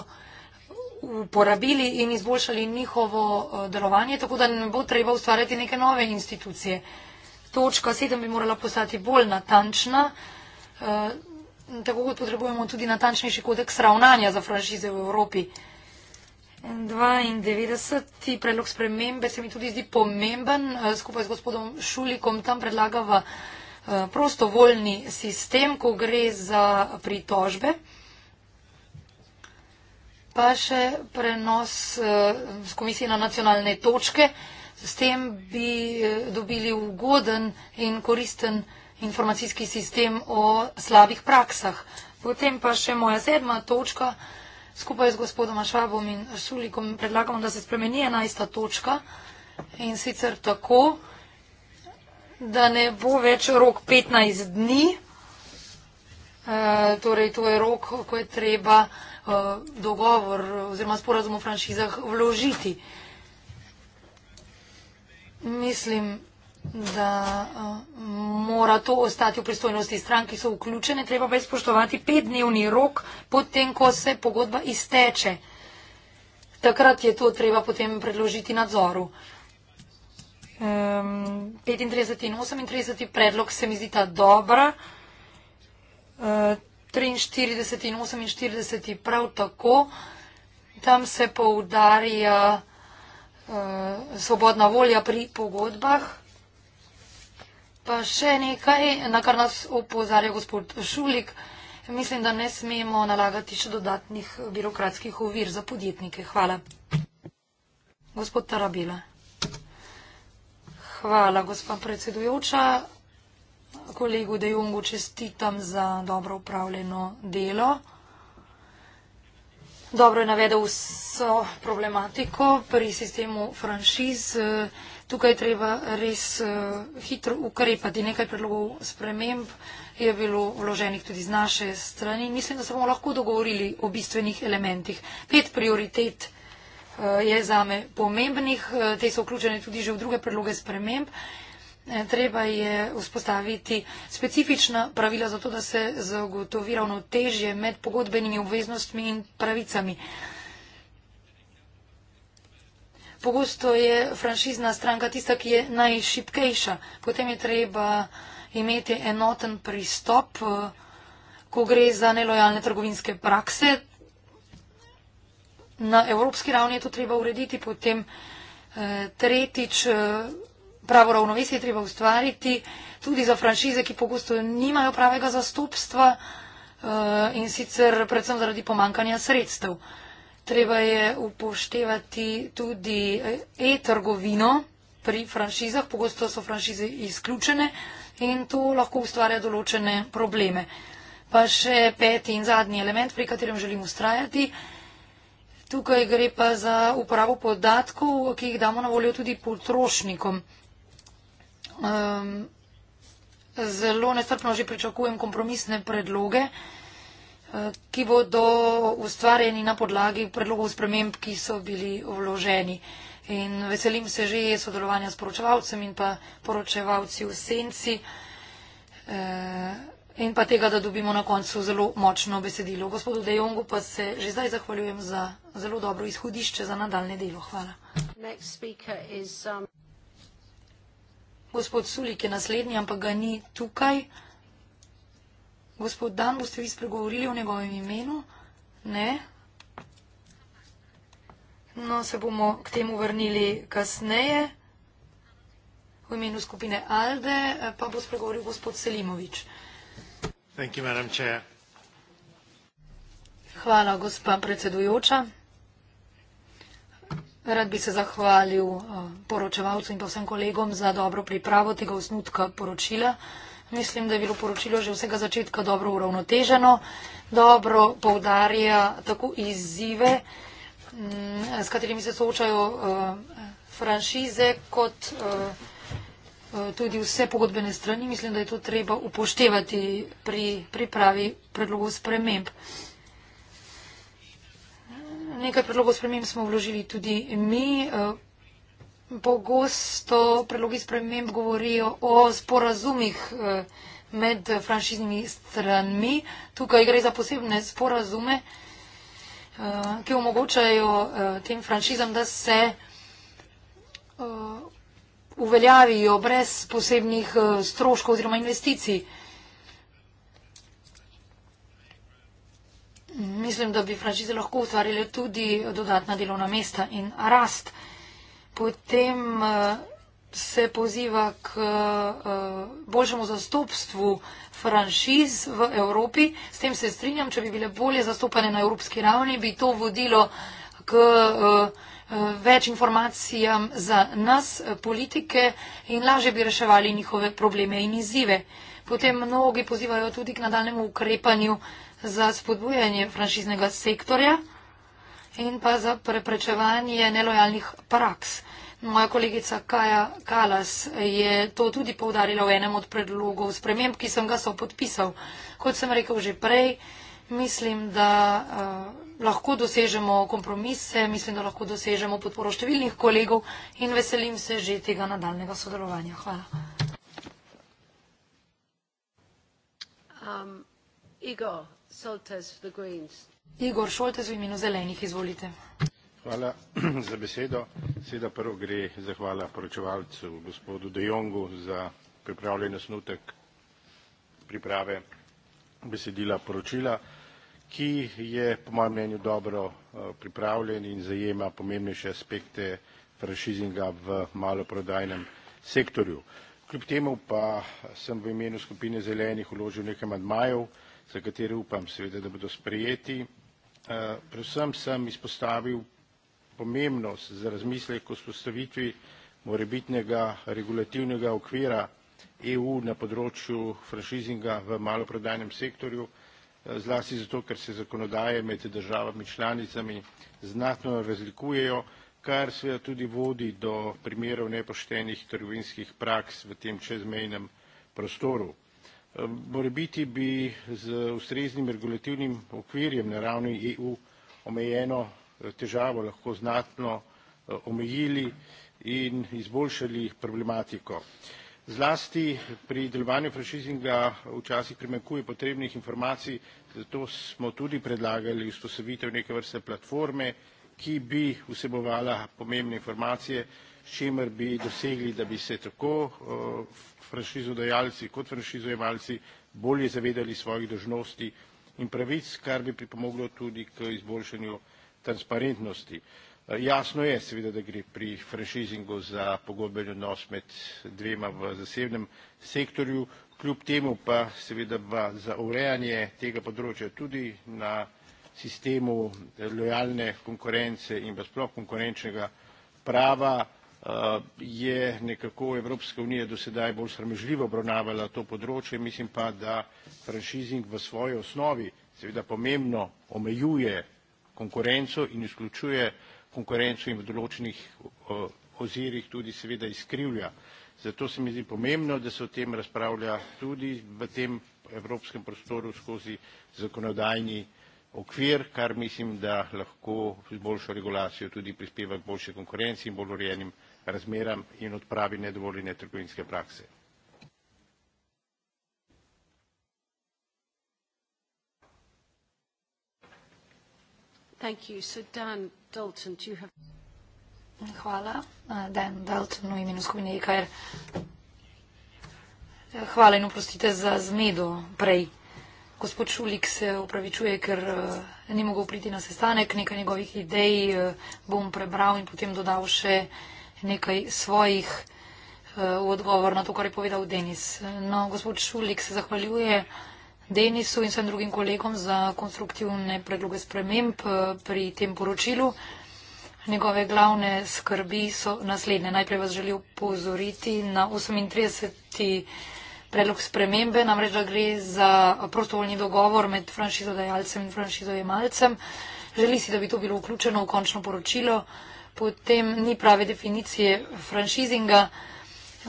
C: uporabili in izboljšali njihovo eh, delovanje, tako da ne bo treba ustvarjati neke nove institucije. Točka sedem bi morala postati bolj natančna, eh, tako kot potrebujemo tudi natančnejši kodeks ravnanja za franšize v Evropi. 92. predlog spremembe se mi tudi zdi pomemben. Eh, skupaj z gospodom Šulikom tam predlagava prostovoljni sistem, ko gre za pritožbe pa še prenos z eh, komisije na nacionalne točke. S tem bi eh, dobili ugoden in koristen informacijski sistem o slabih praksah. Potem pa še moja sedma točka. Skupaj z gospodom Ašabom in Šulikom predlagamo, da se spremeni enajsta točka in sicer tako, da ne bo več rok 15 dni. E, torej, to je rok, ko je treba. Eh, dogovor oziroma sporazum o franšizah vložiti. Mislim, da eh, mora to ostati v pristojnosti stran, ki so vključene. Treba pa izpoštovati petdnevni rok, potem, ko se pogodba izteče. Takrat je to treba potem predložiti nadzoru. 35 ehm, in 38 predlog se mi zdi ta dobra. Eh, 43 in 48 prav tako, tam se poudarja uh, svobodna volja pri pogodbah. Pa še nekaj, na kar nas opozarja gospod Šulik, mislim, da ne smemo nalagati še dodatnih birokratskih uvir za podjetnike. Hvala. Gospod Tarabila. Hvala, gospod predsedujoča kolegu De Jongu čestitam za dobro upravljeno delo. Dobro je navedel vso problematiko pri sistemu franšiz. Tukaj treba res eh, hitro ukrepati. Nekaj predlogov sprememb je bilo vloženih tudi z naše strani. Mislim, da se bomo lahko dogovorili o bistvenih elementih. Pet prioritet eh, je zame pomembnih. Eh, te so vključene tudi že v druge predloge sprememb treba je vzpostaviti specifična pravila za to, da se zagotovi ravnotežje med pogodbenimi obveznostmi in pravicami. Pogosto je franšizna stranka tista, ki je najšipkejša. Potem je treba imeti enoten pristop, ko gre za nelojalne trgovinske prakse. Na evropski ravni je to treba urediti, potem eh, tretjič eh, pravo ravnovesje treba ustvariti tudi za franšize, ki pogosto nimajo pravega zastopstva eh, in sicer predvsem zaradi pomankanja sredstev. Treba je upoštevati tudi eh, e-trgovino pri franšizah, pogosto so franšize izključene in to lahko ustvarja določene probleme. Pa še peti in zadnji element, pri katerem želim ustrajati. Tukaj gre pa za uporabo podatkov, ki jih damo na voljo tudi potrošnikom. Po Um, zelo nestrpno že pričakujem kompromisne predloge, eh, ki bodo ustvarjeni na podlagi predlogov sprememb, ki so bili vloženi. In veselim se že sodelovanja s poročevalcem in pa poročevalci v senci eh, in pa tega, da dobimo na koncu zelo močno besedilo. Gospodu Dejongu pa se že zdaj zahvaljujem za zelo dobro izhodišče za nadaljne delo. Hvala. Gospod Sulik je naslednji, ampak ga ni tukaj. Gospod Dan, boste vi spregovorili o njegovem imenu? Ne. No, se bomo k temu vrnili kasneje. V imenu skupine Alde eh, pa bo spregovoril gospod Selimovič. Thank you, Hvala, gospa predsedujoča. Rad bi se zahvalil eh, poročevalcu in pa vsem kolegom za dobro pripravo tega osnutka poročila. Mislim, da je bilo poročilo že vsega začetka dobro uravnoteženo, dobro povdarja tako izzive, mm, s katerimi se soočajo eh, franšize kot eh, tudi vse pogodbene strani. Mislim, da je to treba upoštevati pri pripravi predlogov sprememb. Nekaj predlogov sprememb smo vložili tudi mi. Eh, pogosto predlogi sprememb govorijo o sporazumih eh, med franšiznimi stranmi. Tukaj gre za posebne sporazume, eh, ki omogočajo tem franšizam, da se uveljavijo brez posebnih stroškov oziroma investicij. Mislim, da bi franšize lahko ustvarile tudi dodatna delovna mesta in rast. Potem eh, se poziva k eh, boljšemu zastopstvu franšiz v Evropi. S tem se strinjam, če bi bile bolje zastopane na evropski ravni, bi to vodilo k eh, več informacijam za nas, politike, in lažje bi reševali njihove probleme in izzive. Potem mnogi pozivajo tudi k nadaljemu ukrepanju za spodbujanje franšiznega sektorja in pa za preprečevanje nelojalnih praks. Moja kolegica Kaja Kalas je to tudi povdarila v enem od predlogov sprememb, ki sem ga so podpisal. Kot sem rekel že prej, mislim, da uh, lahko dosežemo kompromise, mislim, da lahko dosežemo podporo številnih kolegov in veselim se že tega nadaljnega sodelovanja. Hvala. Um, Igor
B: hvala za besedo seveda prvo gre zahvala poročevalcu gospodu de jongu za pripravljen osnutek priprave besedila poročila ki je po mojem mnenju dobro eh, pripravljen in zajema pomembnejše aspekte franšizinga v maloprodajnem sektorju kljub temu pa sem v imenu skupine zelenih vložil nekaj amandmajev za katere upam seveda, da bodo sprejeti. Eh, predvsem sem izpostavil pomembnost za razmislek o spostavitvi morebitnega regulativnega okvira EU na področju franšizinga v maloprodajnem sektorju, eh, zlasti zato, ker se zakonodaje med državami članicami znatno razlikujejo, kar seveda tudi vodi do primerov nepoštenih trgovinskih praks v tem čezmejnem prostoru morebiti bi z ustreznim regulativnim okvirjem na ravni EU omejeno eh, težavo lahko znatno eh, omejili in izboljšali problematiko. Zlasti pri delovanju franšizinga včasih primankuje potrebnih informacij, zato smo tudi predlagali vzpostavitev neke vrste platforme, ki bi vsebovala pomembne informacije s čimer bi dosegli, da bi se tako franšizodajalci kot franšizojemalci bolje zavedali svojih dožnosti in pravic, kar bi pripomoglo tudi k izboljšanju transparentnosti. E, jasno je seveda, da gre pri franšizingu za pogodbeni odnos med dvema v zasebnem sektorju, kljub temu pa seveda za urejanje tega področja tudi na sistemu lojalne konkurence in pa sploh konkurenčnega prava Eh, je nekako Evropska unija do sedaj bolj sramežljivo obravnavala to področje, mislim pa, da franšizing v svoji osnovi seveda pomembno omejuje konkurenco in izključuje konkurenco in v določenih eh, ozirih tudi seveda izkrivlja. Zato se mi zdi pomembno, da se o tem razpravlja tudi v tem evropskem prostoru skozi zakonodajni okvir, kar mislim, da lahko z boljšo regulacijo tudi prispeva k boljši konkurenci in bolj urejenim razmeram in odpravi nedovoljene trgovinske prakse.
C: Thank you. So Dan Dalton, do you have... Hvala. Uh, Dan Dalton, v imenu skupine IKR. E Hvala in oprostite za zmedo prej. Gospod Šulik se upravičuje, ker uh, ni mogel priti na sestanek. Nekaj njegovih idej uh, bom prebral in potem dodal še uh, nekaj svojih eh, v odgovor na to, kar je povedal Denis. No, gospod Šulik se zahvaljuje Denisu in vsem drugim kolegom za konstruktivne predloge sprememb eh, pri tem poročilu. Njegove glavne skrbi so naslednje. Najprej vas želim upozoriti na 38. predlog spremembe, namreč da gre za prostovoljni dogovor med franšizodajalcem in franšizojemalcem. Želi si, da bi to bilo vključeno v končno poročilo potem ni prave definicije franšizinga.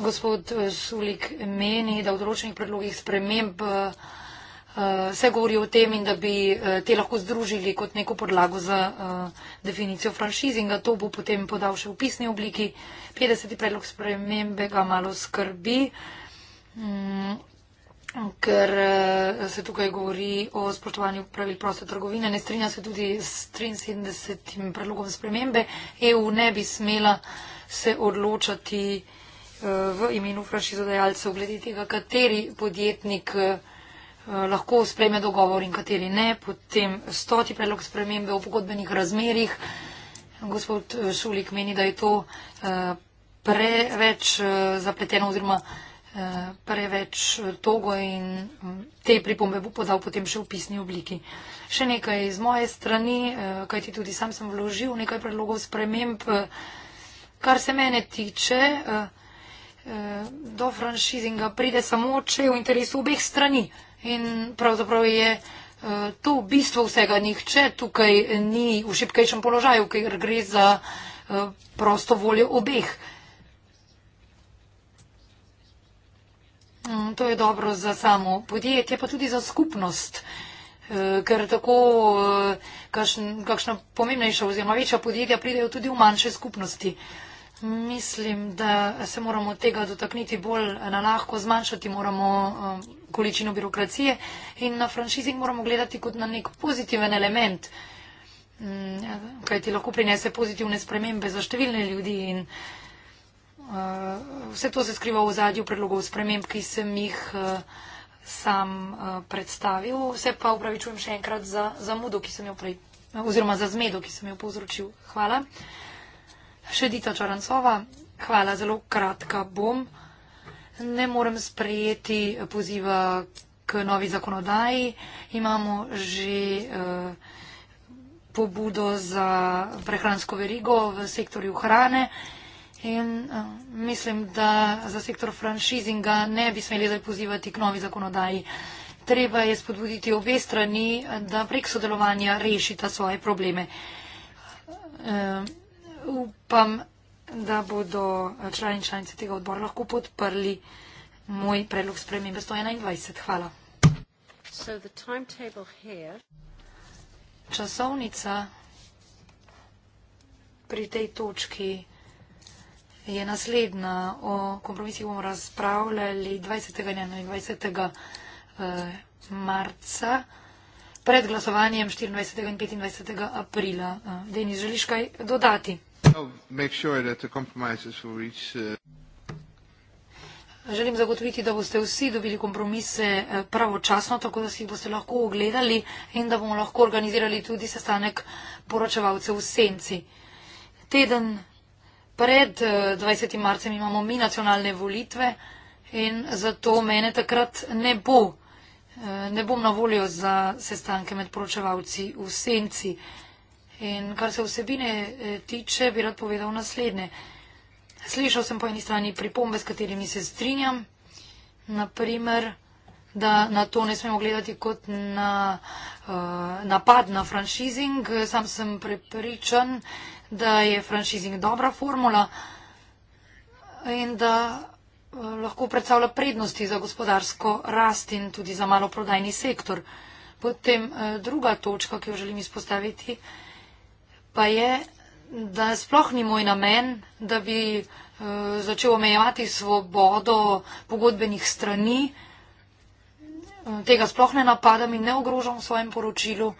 C: Gospod Sulik meni, da v določenih predlogih sprememb eh, eh, se govori o tem in da bi eh, te lahko združili kot neko podlago za definicijo franšizinga. To bo potem podal še v pisni obliki. 50. predlog spremembe ga malo skrbi. Mm, ker eh, se tukaj govori o spoštovanju pravil proste trgovine. Ne strinja se tudi s 73. predlogom spremembe. EU ne bi smela se odločati eh, v imenu franšizodajalcev glede tega, kateri podjetnik eh, lahko spreme dogovor in kateri ne. Potem stoti predlog spremembe o pogodbenih razmerih. Gospod Šulik meni, da je to preveč zapleteno oziroma Eh, preveč togo in te pripombe bo podal potem še v pisni obliki. Še nekaj iz moje strani, eh, kajti tudi sam sem vložil nekaj predlogov sprememb, kar se mene tiče, eh, do franšizinga pride samo, če je v interesu obeh strani. In pravzaprav je to bistvo vsega nihče, tukaj ni v šipkejšem položaju, ker gre za prosto voljo obeh. No, to je dobro za samo podjetje, pa tudi za skupnost, eh, ker tako eh, kakšna pomembnejša oziroma večja podjetja pridejo tudi v manjše skupnosti. Mislim, da se moramo tega dotakniti bolj na lahko, zmanjšati moramo eh, količino birokracije in na franšizing moramo gledati kot na nek pozitiven element, mm, kaj ti lahko prinese pozitivne spremembe za številne ljudi in Eh, vse to se skriva v zadju predlogov sprememb, ki sem jih eh, sam eh, predstavil. Vse pa upravičujem še enkrat za zamudo, ki sem jo prej, oziroma za zmedo, ki sem jo povzročil. Hvala. Še Dita Čarancova. Hvala, zelo kratka bom. Ne morem sprejeti poziva k novi zakonodaji. Imamo že eh, pobudo za prehransko verigo v sektorju hrane. Eh, In, uh, mislim, da za sektor franšizinga ne bi smeli zdaj pozivati k novi zakonodaji. Treba je spodbuditi obe strani, da prek sodelovanja rešita svoje probleme. Uh, upam, da bodo člani članice tega odbora lahko podprli moj predlog spremembe 121. Hvala. So Časovnica pri tej točki je naslednja. O kompromisih bomo razpravljali 20. in 21. Eh, marca pred glasovanjem 24. in 25. aprila. Eh, Denis, želiš kaj dodati?
B: No, eh,
C: Želim zagotoviti, da boste vsi dobili kompromise pravočasno, tako da si jih boste lahko ogledali in da bomo lahko organizirali tudi sestanek poročevalcev v senci. Teden pred 20. Eh, marcem imamo mi nacionalne volitve in zato mene takrat ne bo. Eh, ne bom na voljo za sestanke med poročevalci v senci. In kar se vsebine eh, tiče, bi rad povedal naslednje. Slišal sem po eni strani pripombe, s katerimi se strinjam. Naprimer, da na to ne smemo gledati kot na uh, napad na franšizing. Sam sem prepričan, da je franšizing dobra formula in da eh, lahko predstavlja prednosti za gospodarsko rast in tudi za maloprodajni sektor. Potem eh, druga točka, ki jo želim izpostaviti, pa je, da sploh ni moj namen, da bi eh, začel omejevati svobodo pogodbenih strani. Tega sploh ne napadam in ne ogrožam v svojem poročilu.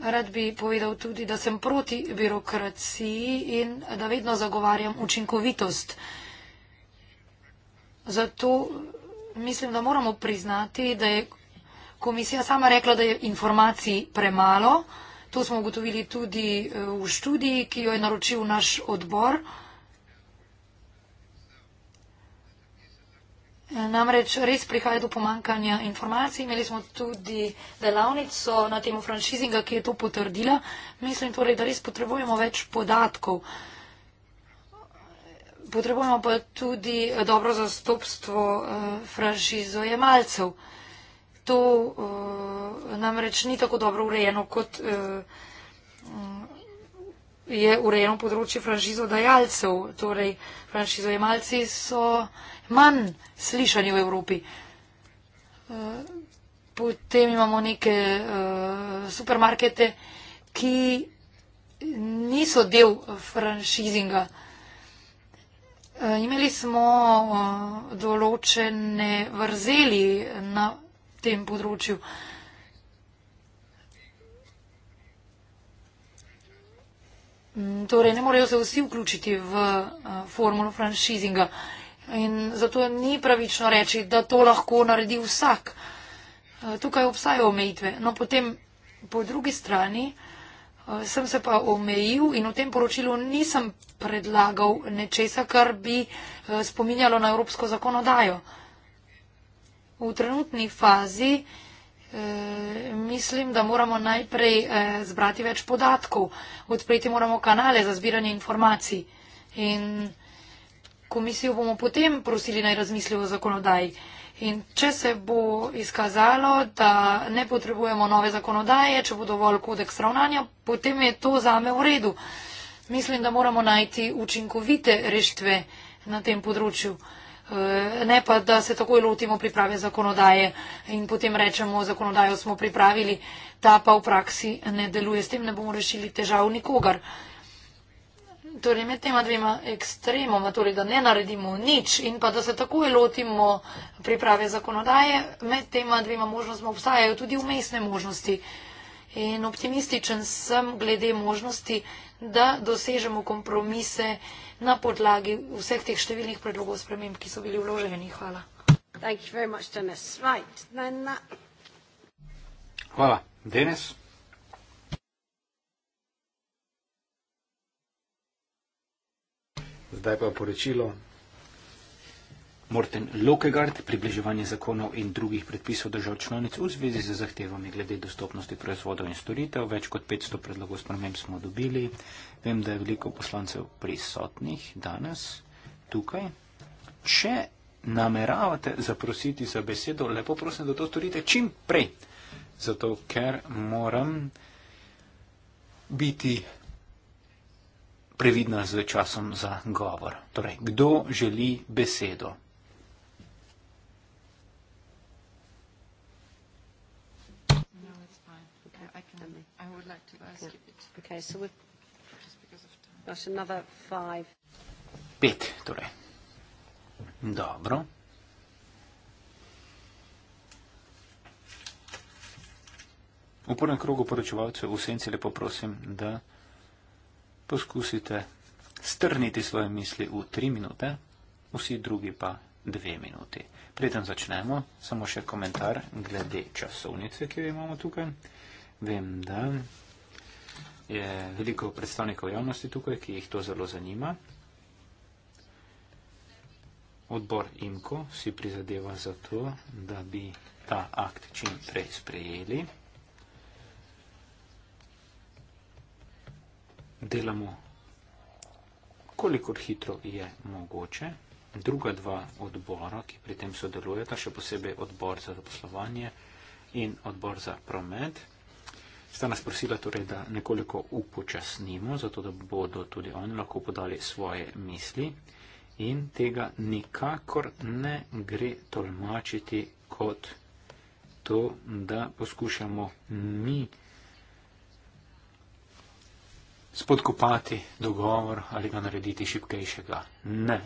C: Rad bi povedal tudi, da sem proti birokraciji in da vedno zagovarjam učinkovitost. Zato mislim, da moramo priznati, da je komisija sama rekla, da je informacij premalo. To smo ugotovili tudi eh, v študiji, ki jo je naročil naš odbor. Namreč res prihaja do pomankanja informacij. Imeli smo tudi delavnico na temo franšizinga, ki je to potrdila. Mislim torej, da res potrebujemo več podatkov. Potrebujemo pa tudi dobro zastopstvo eh, franšizojemalcev. To eh, namreč ni tako dobro urejeno, kot eh, je urejeno področje franšizodajalcev. Torej, franšizojemalci so manj slišani v Evropi. Eh, potem imamo neke eh, supermarkete, ki niso del franšizinga. Eh, imeli smo določene vrzeli na tem področju. Mm, torej, ne morejo se vsi vključiti v formulo franšizinga. In zato ni pravično reči, da to lahko naredi vsak. Eh, tukaj obstajajo omejitve. No, potem po drugi strani eh, sem se pa omejil in v tem poročilu nisem predlagal nečesa, kar bi eh, spominjalo na evropsko zakonodajo. V trenutni fazi mislim, da moramo najprej zbrati več podatkov, odpreti moramo kanale za zbiranje informacij. In komisijo bomo potem prosili naj razmislijo o zakonodaji. In če se bo izkazalo, da ne potrebujemo nove zakonodaje, če bo dovolj kodeks ravnanja, potem je to zame v redu. Mislim, da moramo najti učinkovite rešitve na tem področju. Eh, ne pa, da se takoj lotimo priprave zakonodaje in potem rečemo, zakonodajo smo pripravili, ta pa v praksi ne deluje. S tem ne bomo rešili težav nikogar. Torej, med tema dvema ekstremoma, torej, da ne naredimo nič in pa da se takoj lotimo priprave zakonodaje, med tema dvema možnostma obstajajo tudi umestne možnosti. In optimističen sem glede možnosti, da dosežemo kompromise na podlagi vseh teh številnih predlogov sprememb, ki so bili vloženi. Hvala. Much, right, that...
A: Uh, Hvala. Denis? Zdaj pa poročilo. Morten Lokegard, približevanje zakonov in drugih predpisov držav članic v zvezi z zahtevami glede dostopnosti proizvodov in storitev. Več kot 500 predlogov sprememb smo dobili. Vem, da je veliko poslancev prisotnih danes tukaj. Če nameravate zaprositi za besedo, lepo prosim, da to storite čim prej. Zato, ker moram biti previdna z časom za govor. Torej, kdo želi besedo? Pet, torej. Dobro. V prvem krogu poročevalcev v senci lepo prosim, da poskusite strniti svoje misli v tri minute, vsi drugi pa dve minuti. Preden začnemo, samo še komentar glede časovnice, ki jo imamo tukaj. Vem, da je veliko predstavnikov javnosti tukaj, ki jih to zelo zanima. Odbor IMKO si prizadeva za to, da bi ta akt čim prej sprejeli. delamo kolikor hitro je mogoče. Druga dva odbora, ki pri tem sodelujeta, še posebej odbor za zaposlovanje in odbor za promet, sta nas prosila torej, da nekoliko upočasnimo, zato da bodo tudi oni lahko podali svoje misli in tega nikakor ne gre tolmačiti kot to, da poskušamo mi spodkopati dogovor ali ga narediti šipkejšega. Ne,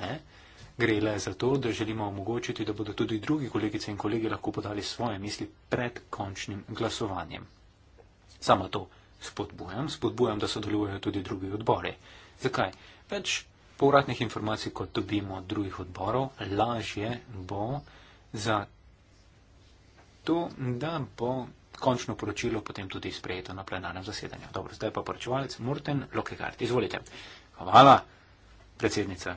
A: gre le za to, da želimo omogočiti, da bodo tudi drugi kolegice in kolegi lahko podali svoje misli pred končnim glasovanjem. Samo to spodbujam, spodbujam, da sodelujejo tudi drugi odbori. Zakaj? Več povratnih informacij, kot dobimo od drugih odborov, lažje bo za to, da bo končno poročilo potem tudi sprejeto na plenarnem zasedanju. Dobro, zdaj pa poročevalec Morten Lokegard. Izvolite. Hvala, predsednica.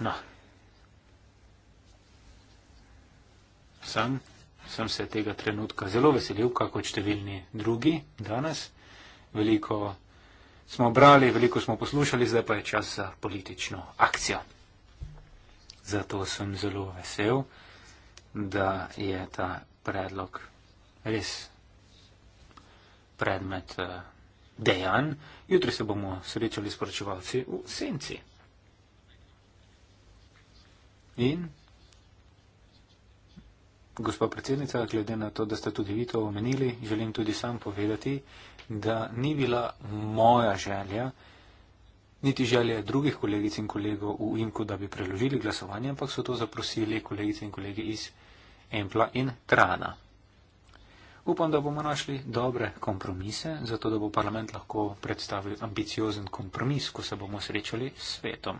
A: No. Sam sem se tega trenutka zelo veselil, kako številni drugi danes. Veliko smo brali, veliko smo poslušali, zdaj pa je čas za politično akcijo. Zato sem zelo vesel da je ta predlog res predmet eh, dejanj. Jutri se bomo srečali s poročevalci v senci. In gospa predsednica, glede na to, da ste tudi vi to omenili, želim tudi sam povedati, da ni bila moja želja, niti želje drugih kolegic in kolegov v imku, da bi preložili glasovanje, ampak so to zaprosili kolegice in kolege iz Empla in Trana. Upam, da bomo našli dobre kompromise, zato da bo parlament lahko predstavil ambiciozen kompromis, ko se bomo srečali s svetom.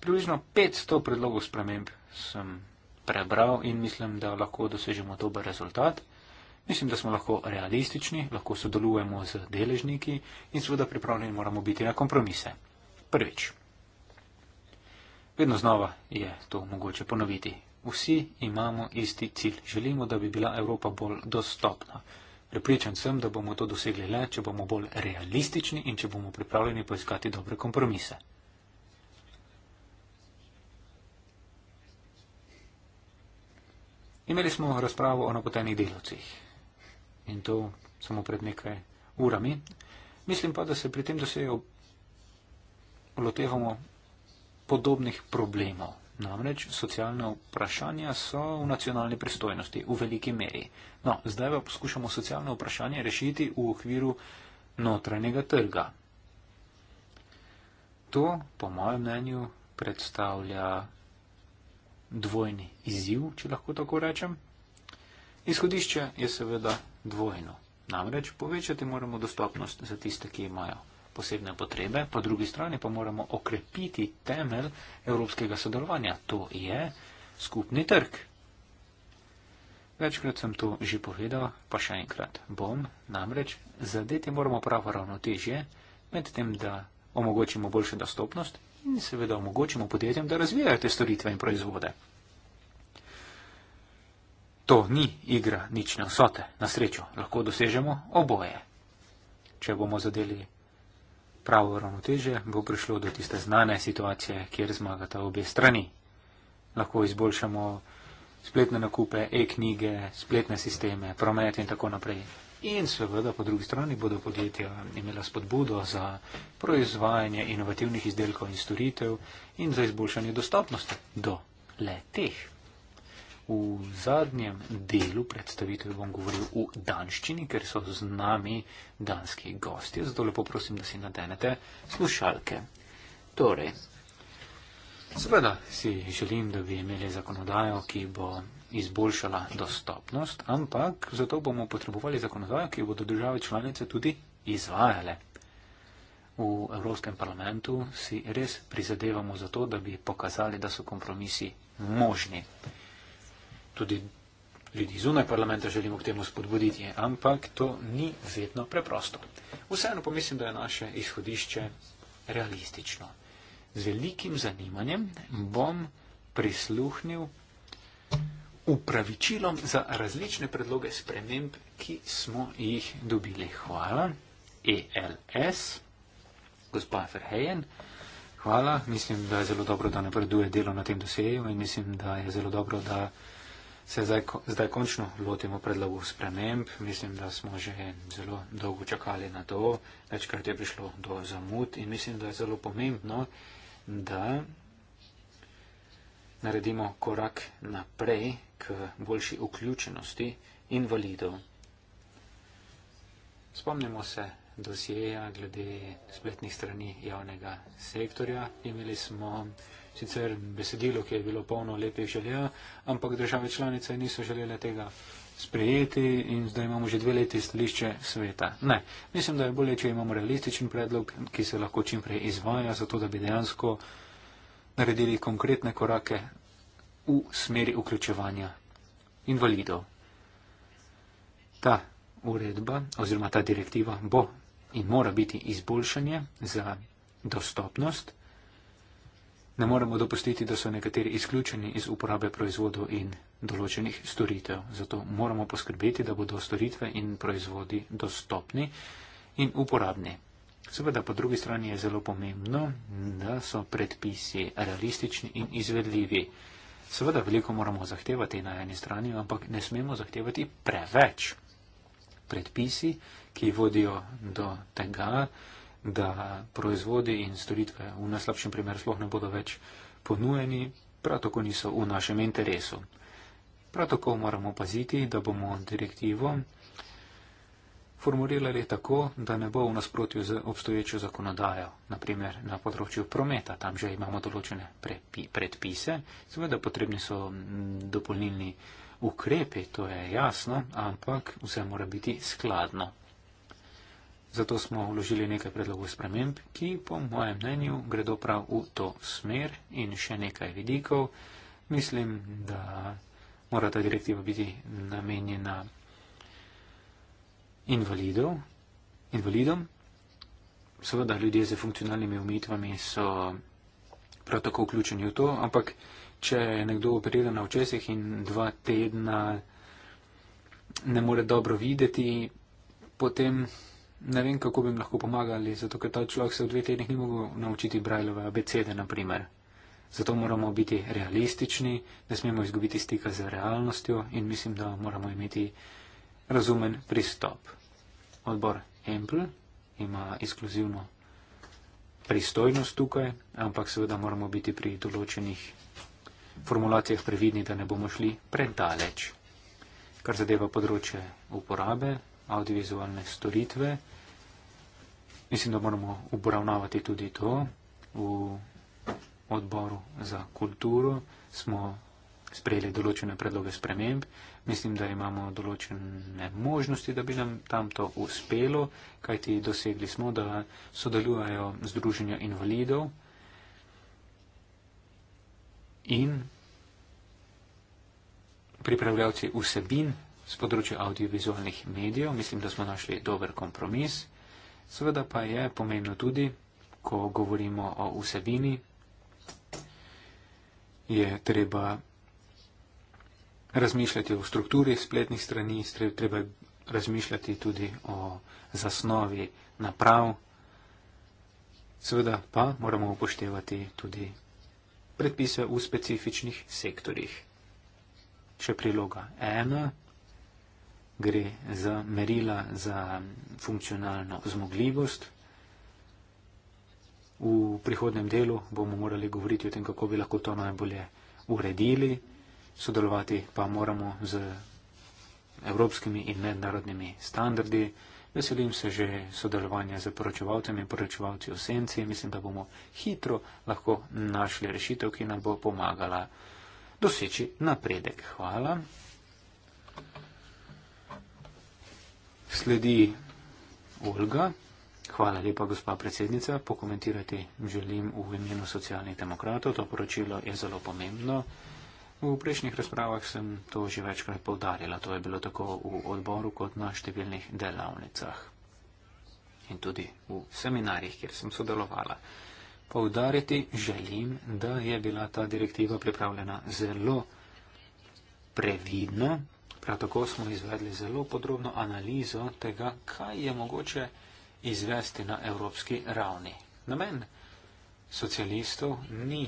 A: Približno 500 predlogov sprememb sem prebral in mislim, da lahko dosežemo dober rezultat. Mislim, da smo lahko realistični, lahko sodelujemo z deležniki in seveda pripravljeni moramo biti na kompromise. Prvič. Vedno znova je to mogoče ponoviti. Vsi imamo isti cilj. Želimo, da bi bila Evropa bolj dostopna. Prepričan sem, da bomo to dosegli le, če bomo bolj realistični in če bomo pripravljeni poiskati dobre kompromise. Imeli smo razpravo o napotenih delovcih in to samo pred nekaj urami. Mislim pa, da se pri tem, da se lotevamo podobnih problemov. Namreč socialne vprašanja so v nacionalni pristojnosti v veliki meri. No, zdaj pa poskušamo socialne vprašanja rešiti v okviru notranjega trga. To, po mojem mnenju, predstavlja dvojni izziv, če lahko tako rečem. Izhodišče je seveda dvojno. Namreč povečati moramo dostopnost za tiste, ki imajo posebne potrebe, po drugi strani pa moramo okrepiti temelj evropskega sodelovanja, to je skupni trg. Večkrat sem to že povedal, pa še enkrat bom, namreč zadeti moramo pravo ravnotežje med tem, da omogočimo boljšo dostopnost in seveda omogočimo podjetjem, da razvijajo te storitve in proizvode. To ni igra nične vsote, na srečo lahko dosežemo oboje. Če bomo zadeli pravo ravnoteže, bo prišlo do tiste znane situacije, kjer zmagata obe strani. Lahko izboljšamo spletne nakupe, e-knjige, spletne sisteme, promet in tako naprej. In seveda po drugi strani bodo podjetja imela spodbudo za proizvajanje inovativnih izdelkov in storitev in za izboljšanje dostopnosti do le teh. V zadnjem delu predstavitve bom govoril v danščini, ker so z nami danski gosti. Zato lepo prosim, da si nadenete slušalke. Torej, seveda si želim, da bi imeli zakonodajo, ki bo izboljšala dostopnost, ampak zato bomo potrebovali zakonodajo, ki bodo države članice tudi izvajale. V Evropskem parlamentu si res prizadevamo za to, da bi pokazali, da so kompromisi možni tudi ljudi zunaj parlamenta želimo k temu spodbuditi, ampak to ni vedno preprosto. Vseeno pa mislim, da je naše izhodišče realistično. Z velikim zanimanjem bom prisluhnil upravičilom za različne predloge sprememb, ki smo jih dobili. Hvala, ELS, gospa Ferhejen. Hvala, mislim, da je zelo dobro, da napreduje delo na tem dosegu in mislim, da je zelo dobro, da se zdaj, zdaj končno lotimo predlogov sprememb. Mislim, da smo že zelo dolgo čakali na to, večkrat je prišlo do zamud in mislim, da je zelo pomembno, da naredimo korak naprej k boljši vključenosti invalidov. Spomnimo se dosjeja glede spletnih strani javnega sektorja. Imeli smo sicer besedilo, ki je bilo polno lepih želja, ampak države članice niso želele tega sprejeti in zdaj imamo že dve leti stališče sveta. Ne, mislim, da je bolje, če imamo realističen predlog, ki se lahko čimprej izvaja, zato da bi dejansko naredili konkretne korake v smeri vključevanja invalidov. Ta uredba oziroma ta direktiva bo in mora biti izboljšanje za dostopnost ne moremo dopustiti, da so nekateri izključeni iz uporabe proizvodov in določenih storitev. Zato moramo poskrbeti, da bodo storitve in proizvodi dostopni in uporabni. Seveda po drugi strani je zelo pomembno, da so predpisi realistični in izvedljivi. Seveda veliko moramo zahtevati na eni strani, ampak ne smemo zahtevati preveč. Predpisi, ki vodijo do tega, da proizvodi in storitve v najslabšem primeru sploh ne bodo več ponujeni, prav tako niso v našem interesu. Prav tako moramo paziti, da bomo direktivo formulirali tako, da ne bo v nasprotju z obstoječo zakonodajo, naprimer na področju prometa, tam že imamo določene predpise, seveda potrebni so mm, dopolnilni ukrepi, to je jasno, ampak vse mora biti skladno. Zato smo vložili nekaj predlogov sprememb, ki po mojem mnenju gredo prav v to smer in še nekaj vidikov. Mislim, da mora ta direktiva biti namenjena invalidov, invalidom. Seveda, ljudje z funkcionalnimi umitvami so prav tako vključeni v to, ampak če je nekdo operiran na očesih in dva tedna ne more dobro videti, potem ne vem, kako bi jim lahko pomagali, zato ker ta človek se v dveh tednih ni mogel naučiti Brajlove abecede, naprimer. Zato moramo biti realistični, ne smemo izgubiti stika z realnostjo in mislim, da moramo imeti razumen pristop. Odbor Ample ima ekskluzivno pristojnost tukaj, ampak seveda moramo biti pri določenih formulacijah previdni, da ne bomo šli predaleč. Kar zadeva področje uporabe, audiovizualne storitve. Mislim, da moramo obravnavati tudi to. V odboru za kulturo smo sprejeli določene predloge sprememb. Mislim, da imamo določene možnosti, da bi nam tam to uspelo, kajti dosegli smo, da sodelujejo združenja invalidov in pripravljavci vsebin z področja audiovizualnih medijev. Mislim, da smo našli dober kompromis. Seveda pa je pomembno tudi, ko govorimo o vsebini, je treba razmišljati o strukturi spletnih strani, treba razmišljati tudi o zasnovi naprav. Seveda pa moramo upoštevati tudi predpise v specifičnih sektorjih. Še priloga ena gre za merila za funkcionalno zmogljivost. V prihodnem delu bomo morali govoriti o tem, kako bi lahko to najbolje uredili, sodelovati pa moramo z evropskimi in mednarodnimi standardi. Veselim se že sodelovanja z poročevalcem in poročevalci v senci. Mislim, da bomo hitro lahko našli rešitev, ki nam bo pomagala doseči napredek. Hvala. Sledi Olga. Hvala lepa, gospa predsednica. Pokomentirati želim v imenu socialnih demokratov. To poročilo je zelo pomembno. V prejšnjih razpravah sem to že večkrat povdarjala. To je bilo tako v odboru kot na številnih delavnicah in tudi v seminarjih, kjer sem sodelovala. Povdariti želim, da je bila ta direktiva pripravljena zelo previdno, Prav tako smo izvedli zelo podrobno analizo tega, kaj je mogoče izvesti na evropski ravni. Namen socialistov ni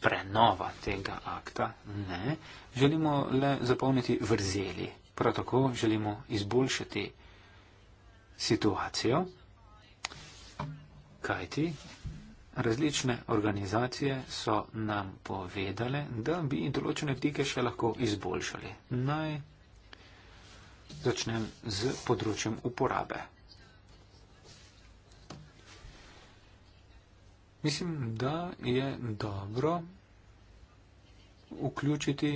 A: prenova tega akta, ne, želimo le zapolniti vrzeli. Prav tako želimo izboljšati situacijo, kajti Različne organizacije so nam povedale, da bi določene vtike še lahko izboljšali. Naj začnem z področjem uporabe. Mislim, da je dobro vključiti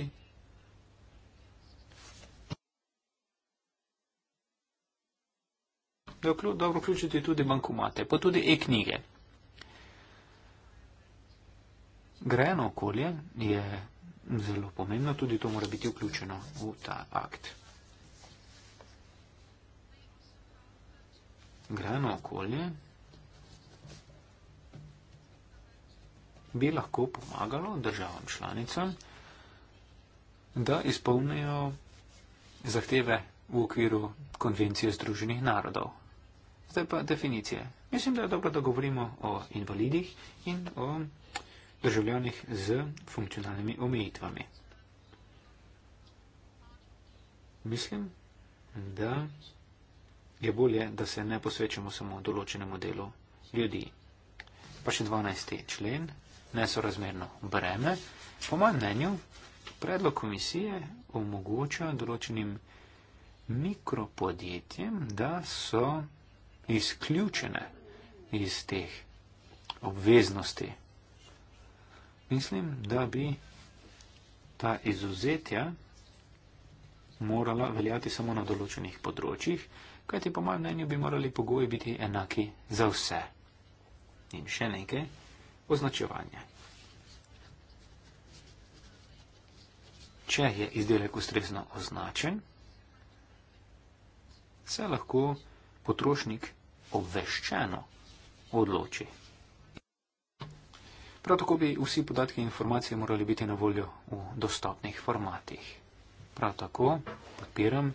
A: Dobro vključiti tudi bankomate, pa tudi e-knjige. Grajeno okolje je zelo pomembno, tudi to mora biti vključeno v ta akt. Grajeno okolje bi lahko pomagalo državam članicam, da izpolnijo zahteve v okviru konvencije Združenih narodov. Zdaj pa definicije. Mislim, da je dobro, da govorimo o invalidih in o državljanih z funkcionalnimi omejitvami. Mislim, da je bolje, da se ne posvečamo samo določenemu delu ljudi. Pa še 12. člen, nesorazmerno breme. Po mojem mnenju, predlog komisije omogoča določenim mikropodjetjem, da so izključene iz teh obveznosti Mislim, da bi ta izuzetja morala veljati samo na določenih področjih, kajti po mojem mnenju bi morali pogoji biti enaki za vse. In še nekaj, označevanje. Če je izdelek ustrezno označen, se lahko potrošnik obveščeno odloči. Prav tako bi vsi podatki in informacije morali biti na voljo v dostopnih formatih. Prav tako podpiram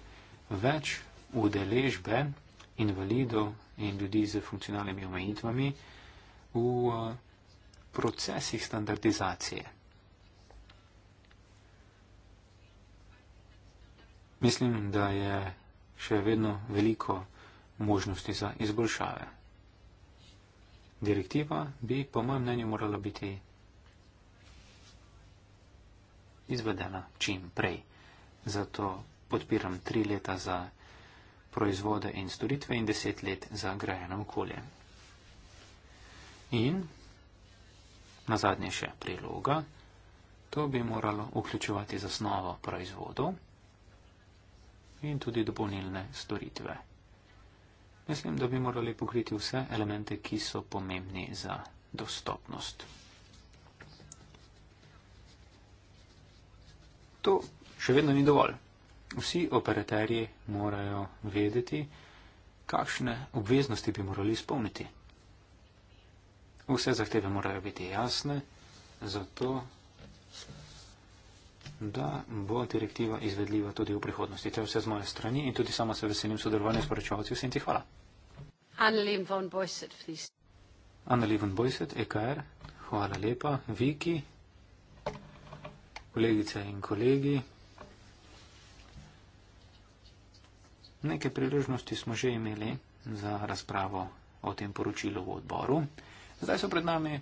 A: več udeležbe invalidov in ljudi z funkcionalnimi omejitvami v eh, procesih standardizacije. Mislim, da je še vedno veliko možnosti za izboljšave direktiva bi, po mojem mnenju, morala biti izvedena čim prej. Zato podpiram tri leta za proizvode in storitve in deset let za grajeno okolje. In na zadnje še priloga, to bi moralo vključevati zasnovo proizvodov in tudi dopolnilne storitve. Mislim, da bi morali pokriti vse elemente, ki so pomembni za dostopnost. To še vedno ni dovolj. Vsi operaterji morajo vedeti, kakšne obveznosti bi morali izpolniti. Vse zahteve morajo biti jasne, zato da bo direktiva izvedljiva tudi v prihodnosti. To je vse z moje strani in tudi sama se veselim sodelovanja s poročevalci. Vsem ti hvala.
C: Annelien
B: von Boyset, please.
A: Annelien von Boyset, EKR. Hvala lepa. Viki, kolegice in kolegi. Neke priložnosti smo že imeli za razpravo o tem poročilu v odboru. Zdaj so pred nami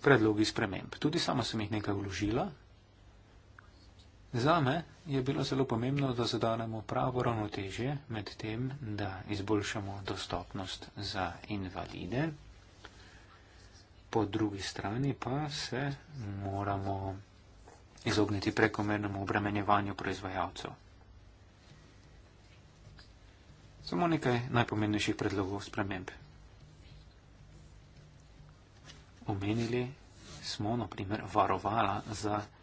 A: predlogi sprememb. Tudi sama sem jih nekaj vložila, Zame je bilo zelo pomembno, da zadanemo pravo ravnotežje med tem, da izboljšamo dostopnost za invalide. Po drugi strani pa se moramo izogniti prekomernemu obremenjevanju proizvajalcev. Samo nekaj najpomembnejših predlogov sprememb. Omenili smo, naprimer, varovala za invalide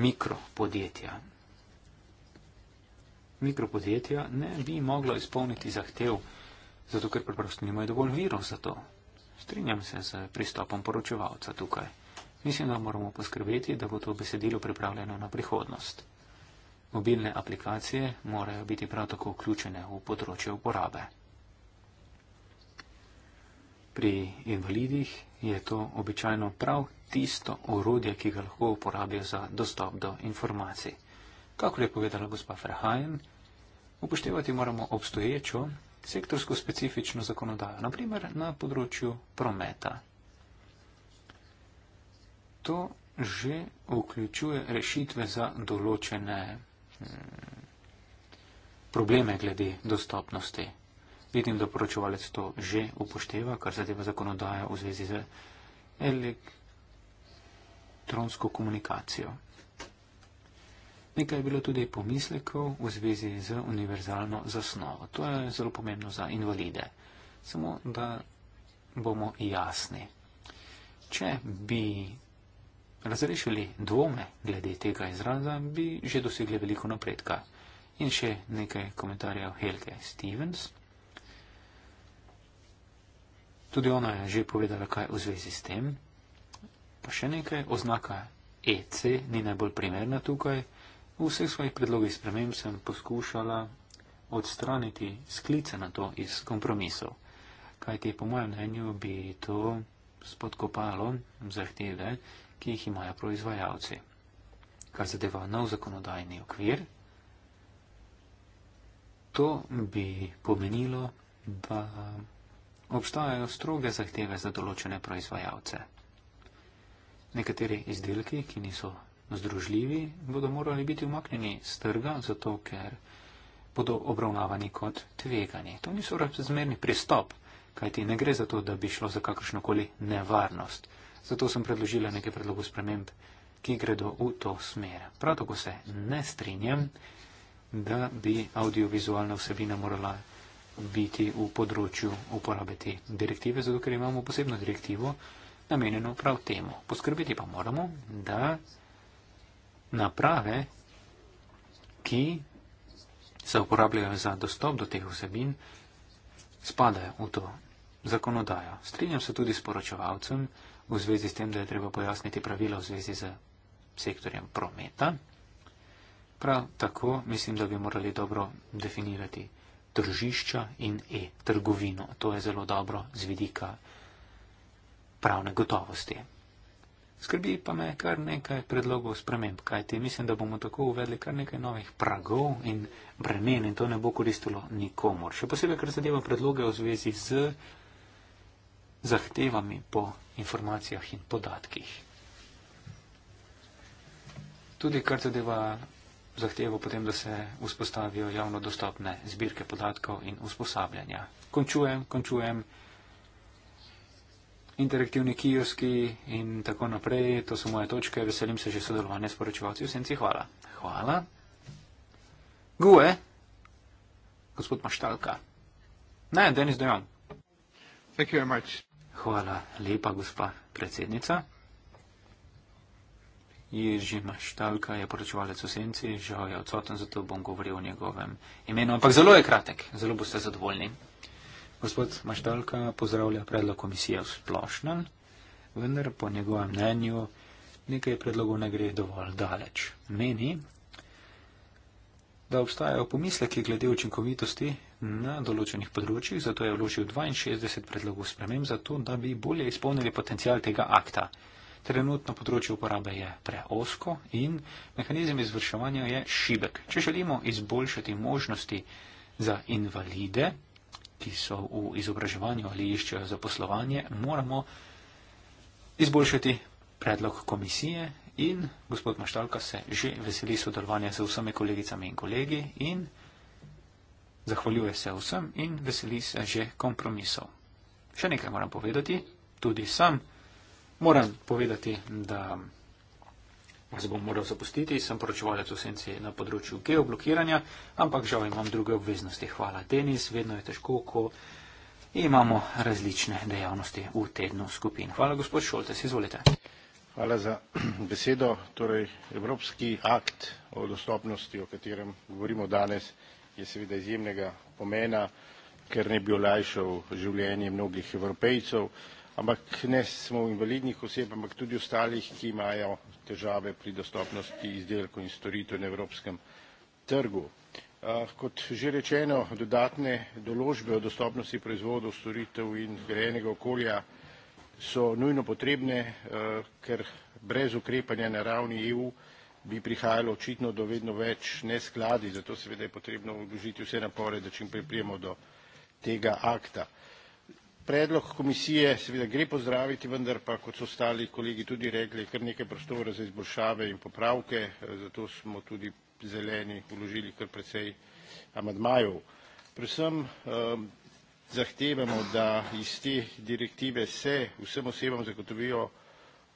A: mikropodjetja. Mikropodjetja ne bi moglo izpolniti zahtev, zato ker preprosto nimajo dovolj virov za to. Strinjam se z pristopom poročevalca tukaj. Mislim, da moramo poskrbeti, da bo to besedilo pripravljeno na prihodnost. Mobilne aplikacije morajo biti prav tako vključene v področje uporabe. Pri invalidih je to običajno prav tisto orodje, ki ga lahko uporabijo za dostop do informacij. Kako je povedala gospa Frehajn, upoštevati moramo obstoječo sektorsko specifično zakonodajo, naprimer na področju prometa. To že vključuje rešitve za določene hmm, probleme glede dostopnosti. Vidim, da poročevalec to že upošteva, kar zadeva zakonodajo v zvezi z elektronikom elektronsko komunikacijo. Nekaj je bilo tudi pomislekov v zvezi z univerzalno zasnovo. To je zelo pomembno za invalide. Samo da bomo jasni. Če bi razrešili dvome glede tega izraza, bi že dosegli veliko napredka. In še nekaj komentarjev Helge Stevens. Tudi ona je že povedala, kaj v zvezi s tem. Pa še nekaj, oznaka EC ni najbolj primerna tukaj. V vseh svojih predlogih sprememb sem poskušala odstraniti sklice na to iz kompromisov, kajti po mojem mnenju bi to spodkopalo zahteve, ki jih imajo proizvajalci. Kar zadeva nov zakonodajni okvir, to bi pomenilo, da obstajajo stroge zahteve za določene proizvajalce. Nekateri izdelki, ki niso združljivi, bodo morali biti umaknjeni z trga, zato ker bodo obravnavani kot tvegani. To ni sorazmerni pristop, kajti ne gre za to, da bi šlo za kakršnokoli nevarnost. Zato sem predložila nekaj predlogov sprememb, ki gredo v to smer. Prav tako se ne strinjam, da bi audiovizualna vsebina morala biti v področju uporabe te direktive, zato ker imamo posebno direktivo, namenjeno prav temu. Poskrbeti pa moramo, da naprave, ki se uporabljajo za dostop do teh vsebin, spadajo v to zakonodajo. Strinjam se tudi s poročevalcem v zvezi s tem, da je treba pojasniti pravila v zvezi z sektorjem prometa. Prav tako mislim, da bi morali dobro definirati tržišča in e-trgovino. To je zelo dobro z vidika pravne gotovosti. Skrbi pa me kar nekaj predlogov sprememb, kajti mislim, da bomo tako uvedli kar nekaj novih pragov in bremen in to ne bo koristilo nikomor. Še posebej, kar zadeva predloge v zvezi z zahtevami po informacijah in podatkih. Tudi kar zadeva zahtevo potem, da se vzpostavijo javno dostopne zbirke podatkov in usposabljanja. Končujem, končujem interaktivni kioski in tako naprej. To so moje točke, veselim se že sodelovanja s poročevalci v senci. Hvala. Hvala. Gue, gospod Maštalka. Ne, Denis Dejon. Hvala lepa, gospa predsednica. Jerži Maštalka je poročevalec v senci, žal je odsoten, zato bom govoril o njegovem imenu, ampak zelo je kratek, zelo boste zadovoljni. Gospod Maštalka pozdravlja predlog komisije v splošnem, vendar po njegovem mnenju nekaj predlogov ne gre dovolj daleč. Meni, da obstajajo pomisleki glede učinkovitosti na določenih področjih, zato je vložil 62 predlogov sprememb, zato da bi bolje izpolnili potencial tega akta. Trenutno področje uporabe je preosko in mehanizem izvrševanja je šibek. Če želimo izboljšati možnosti za invalide, ki so v izobraževanju ali iščejo zaposlovanje, moramo izboljšati predlog komisije in gospod Maštalka se že veseli sodelovanja z vsemi kolegicami in kolegi in zahvaljuje se vsem in veseli se že kompromisov. Še nekaj moram povedati, tudi sam moram povedati, da vas bom moral zapustiti, sem poročevalec v senci na področju geoblokiranja, ampak žal imam druge obveznosti. Hvala, Denis, vedno je težko, ko imamo različne dejavnosti v tednu skupin.
B: Hvala, gospod Šoltes, izvolite. Hvala za besedo. Torej, Evropski akt o dostopnosti, o katerem govorimo danes, je seveda izjemnega pomena, ker ne bi olajšal življenje mnogih evropejcev ampak ne samo invalidnih oseb, ampak tudi ostalih, ki imajo težave pri dostopnosti izdelkov in storitev na evropskem trgu. Eh, kot že rečeno, dodatne določbe o dostopnosti proizvodov, storitev in grejenega okolja so nujno potrebne, eh, ker brez ukrepanja na ravni EU bi prihajalo očitno do vedno več neskladi, zato seveda je potrebno vložiti vse napore, da čim prej prijemo do tega akta predlog komisije seveda gre pozdraviti vendar pa kot so ostali kolegi tudi rekli kar nekaj prostora za izboljšave in popravke eh, zato smo tudi zeleni vložili kar precej amadmajev. Predvsem eh, zahtevamo, da iz te direktive se vsem osebam zagotovijo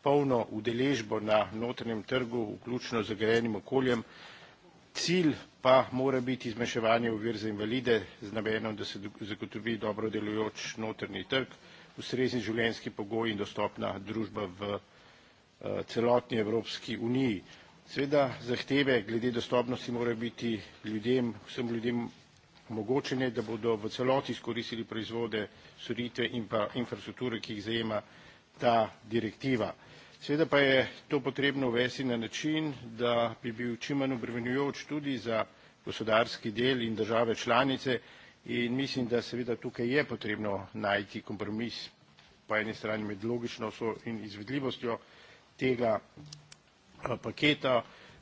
B: polno udeležbo na notranjem trgu, vključno z zagrejenim okoljem, cilj pa mora biti zmanjševanje ovir za invalide z namenom, da se zagotovi dobro delujoč notrni trg, ustrezni življenjski pogoj in dostopna družba v eh, celotni Evropski uniji. Sveda zahteve glede dostopnosti morajo biti ljudem, vsem ljudem omogočene, da bodo v celoti izkoristili proizvode, storitve in pa infrastrukture, ki jih zajema ta direktiva. Seveda pa je to potrebno uvesti na način, da bi bil čim manj obremenjujoč tudi za gospodarski del in države članice in mislim, da seveda tukaj je potrebno najti kompromis po eni strani med logičnostjo in izvedljivostjo tega eh, paketa,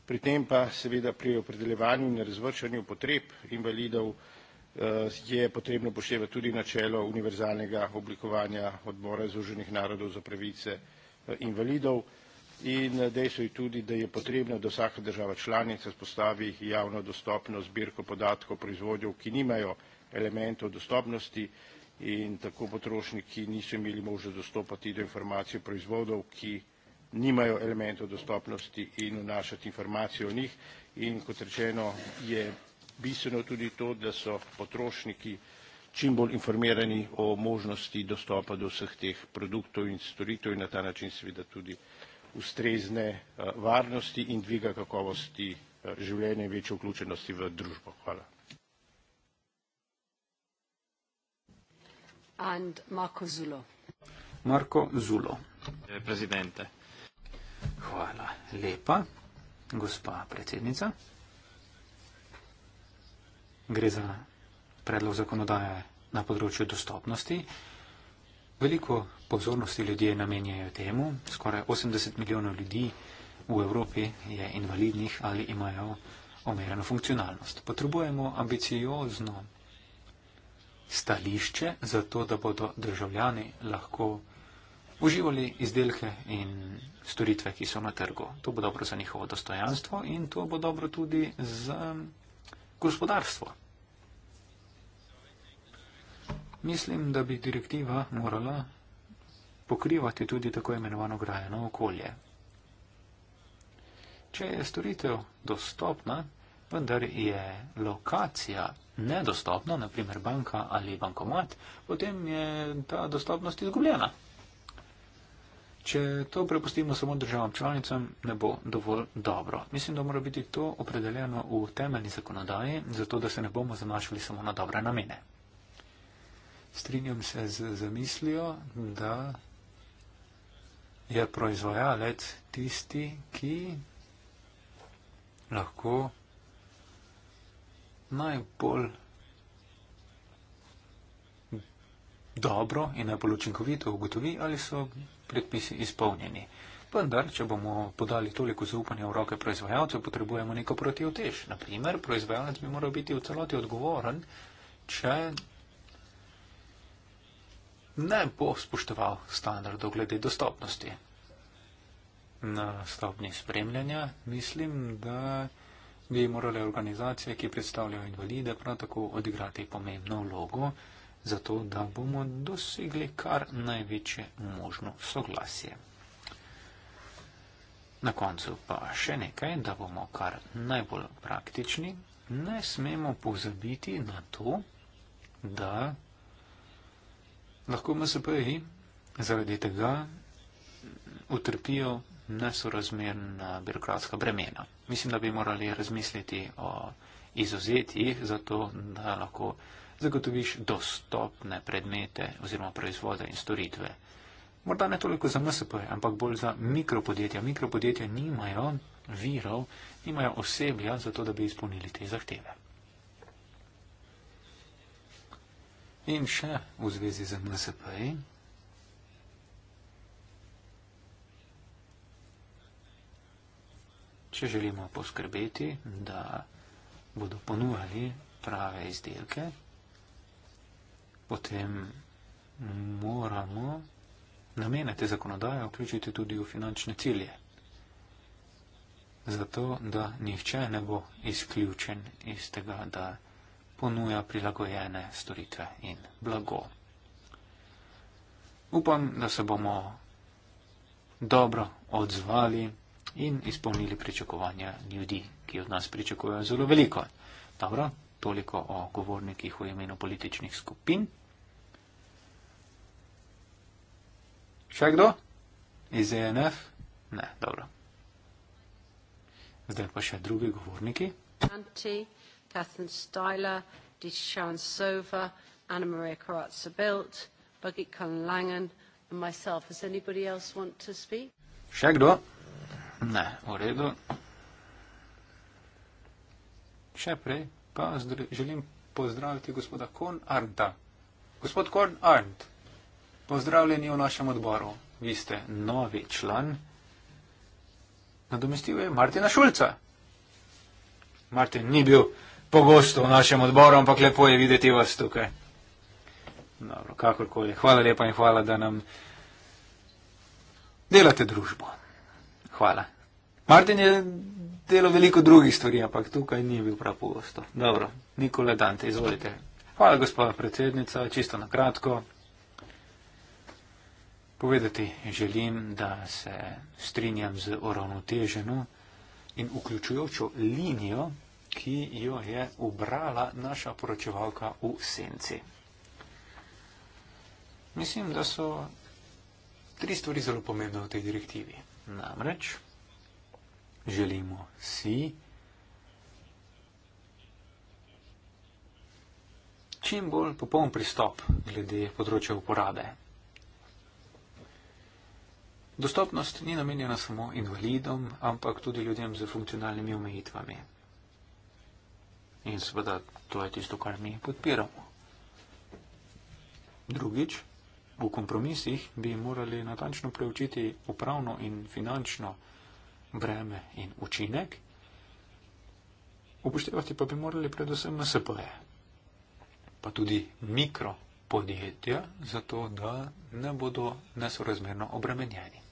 B: pri tem pa seveda pri opredeljevanju in razvrščanju potreb invalidov eh, je potrebno upoštevati tudi načelo univerzalnega oblikovanja odbora Združenih narodov za pravice invalidov. Eh, invalidov in eh, dejstvo je tudi, da je potrebno, da vsaka država članica spostavi javno dostopno zbirko podatkov proizvodov, ki nimajo elementov dostopnosti in tako potrošniki niso imeli možnost dostopati do informacij proizvodov, ki nimajo elementov dostopnosti in vnašati informacije o njih. In kot rečeno, je bistveno tudi to, da so potrošniki čim bolj informirani o možnosti dostopa do vseh teh produktov in storitev in na ta način seveda tudi ustrezne eh, varnosti in dviga kakovosti eh, življenja in večje vključenosti v družbo. Hvala.
C: And Marco Zulo.
B: Marko Zulo.
A: Eh, Prezidente. Hvala lepa, gospa predsednica. Gre za predlog zakonodaje na področju dostopnosti. Veliko pozornosti ljudje namenjajo temu. Skoraj 80 milijonov ljudi v Evropi je invalidnih ali imajo omejeno funkcionalnost. Potrebujemo ambiciozno stališče za to, da bodo državljani lahko uživali izdelke in storitve, ki so na trgu. To bo dobro za njihovo dostojanstvo in to bo dobro tudi za gospodarstvo. Mislim, da bi direktiva morala pokrivati tudi tako imenovano grajeno okolje. Če je storitev dostopna, vendar je lokacija nedostopna, naprimer banka ali bankomat, potem je ta dostopnost izgubljena. Če to prepustimo samo državam članicam, ne bo dovolj dobro. Mislim, da mora biti to opredeljeno v temeljni zakonodaji, zato da se ne bomo zanašali samo na dobre namene strinjam se z zamislijo, da je proizvajalec tisti, ki lahko najbolj dobro in najbolj učinkovito ugotovi, ali so predpisi izpolnjeni. Vendar, če bomo podali toliko zaupanja v roke proizvajalcev, potrebujemo neko protivtež. Naprimer, proizvajalec bi moral biti v celoti odgovoren, če ne bo spoštoval standardov glede dostopnosti. Na stopni spremljanja mislim, da bi morale organizacije, ki predstavljajo invalide, prav tako odigrati pomembno vlogo, zato da bomo dosegli kar največje možno soglasje. Na koncu pa še nekaj, da bomo kar najbolj praktični. Ne smemo pozabiti na to, da lahko MSP-ji zaradi tega utrpijo nesorazmerna eh, birokratska bremena. Mislim, da bi morali razmisliti o izuzetjih, zato da lahko zagotoviš dostopne predmete oziroma proizvode in storitve. Morda ne toliko za MSP, ampak bolj za mikropodjetja. Mikropodjetja nimajo virov, nimajo osebja, zato da bi izpolnili te zahteve. In še v zvezi z MSP-ji. Če želimo poskrbeti, da bodo ponujali prave izdelke, potem moramo namene te zakonodaje vključiti tudi v finančne cilje. Zato, da nihče ne bo izključen iz tega, da izključen ponuja prilagojene storitve in blago. Upam, da se bomo dobro odzvali in izpolnili pričakovanja ljudi, ki od nas pričakujejo zelo veliko. Dobro, toliko o govornikih v imenu političnih skupin. Še kdo? Iz ENF? Ne, dobro. Zdaj pa še drugi govorniki.
C: Anči. Catherine Styler, Dita Sharon Sova, Anna Maria Karatsa Bilt, Bugit Cullen Langen, and myself. Does anybody else want to speak?
A: Še kdo? Ne, v redu. Še prej pa želim pozdraviti gospoda Korn Arnta. Gospod Korn Arnt, pozdravljeni v našem odboru. Vi ste novi član. Nadomestil je Martina Šulca. Martin ni bil pogosto v našem odboru, ampak lepo je videti vas tukaj. Dobro, kakorkoli. Hvala lepa in hvala, da nam delate družbo. Hvala. Martin je delal veliko drugih stvari, ampak tukaj ni bil prav pogosto. Dobro, Nikola Dante, izvolite. Hvala, gospod predsednica, čisto na kratko. Povedati želim, da se strinjam z uravnoteženo in vključujočo linijo ki jo je ubrala naša poročevalka v senci. Mislim, da so tri stvari zelo pomembne v tej direktivi. Namreč želimo si čim bolj popoln pristop glede področja uporabe. Dostopnost ni namenjena samo invalidom, ampak tudi ljudem z funkcionalnimi omejitvami. In seveda to je tisto, kar mi podpiramo. Drugič, v kompromisih bi morali natančno preučiti upravno in finančno breme in učinek, upoštevati pa bi morali predvsem MSP-je, pa tudi mikro podjetja, zato da ne bodo nesorazmerno obremenjeni.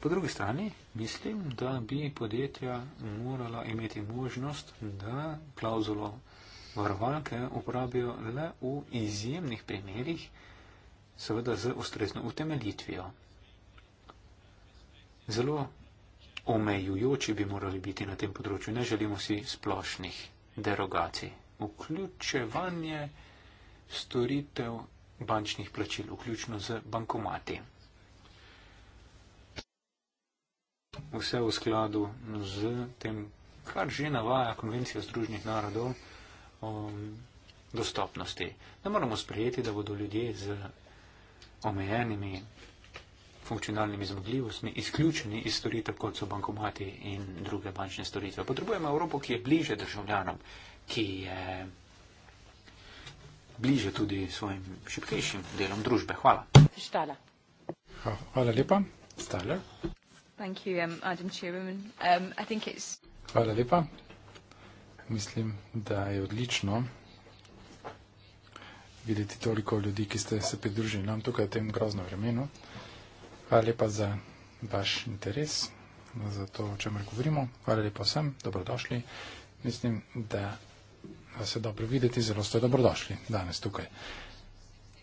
A: Po drugi strani Mislim, da bi podjetja morala imeti možnost, da klauzulo varovalke uporabijo le v izjemnih primerih, seveda z ustrezno utemeljitvijo. Zelo omejujoči bi morali biti na tem področju. Ne želimo si splošnih derogacij. Vključevanje storitev bančnih plačil, vključno z bankomati. vse v skladu z tem, kar že navaja konvencija Združenih narodov o mm, dostopnosti. Ne moramo sprejeti, da bodo ljudje z omejenimi funkcionalnimi zmogljivostmi izključeni iz storitev, kot so bankomati in druge bančne storitve. Potrebujemo Evropo, ki je bliže državljanom, ki je bliže tudi svojim šipkejšim delom družbe. Hvala. Hvala lepa. Stalja. Thank you, um, Adam Chairwoman.
C: Um, I think it's...
D: Hvala lepa. Mislim, da je odlično videti toliko ljudi, ki ste se pridružili nam tukaj v tem groznem vremenu. Hvala lepa za vaš interes, za to, o čemer govorimo. Hvala lepa vsem, dobrodošli. Mislim, da vas je dobro videti, zelo ste dobrodošli danes tukaj. Uh,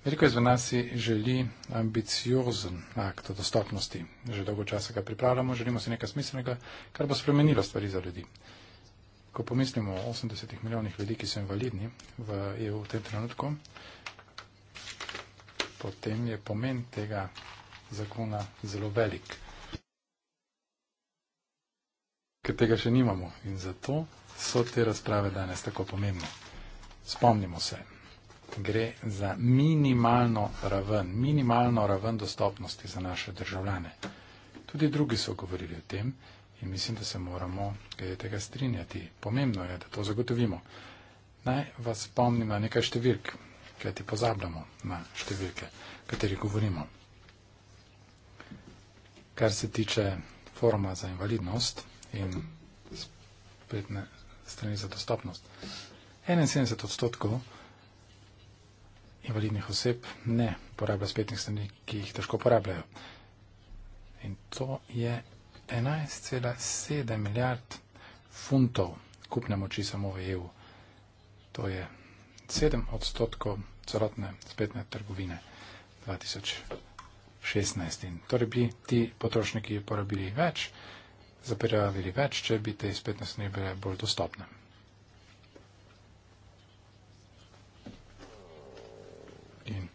D: Veliko izvenas si želi ambiciozen akt o dostopnosti. Že dolgo časa ga pripravljamo, želimo si nekaj smiselnega, kar bo spremenilo stvari za ljudi. Ko pomislimo o 80 milijonih ljudi, ki so invalidni v EU v tem trenutku, potem je pomen tega zakona zelo velik. Ker tega še nimamo in zato so te razprave danes tako pomembne. Spomnimo se gre za minimalno raven, minimalno raven dostopnosti za naše državljane. Tudi drugi so govorili o tem in mislim, da se moramo glede tega strinjati. Pomembno je, da to zagotovimo. Naj vas spomnim na nekaj številk, kajti pozabljamo na številke, kateri govorimo. Kar se tiče foruma za invalidnost in spletne strani za dostopnost. 71 odstotkov invalidnih oseb ne uporablja spletnih strani, ki jih težko uporabljajo. In to je 11,7 milijard funtov kupne moči samo v EU. To je 7 odstotkov celotne spletne trgovine 2016. In torej bi ti potrošniki uporabili več, zaprijavili več, če bi te spletne strani bile bolj dostopne. In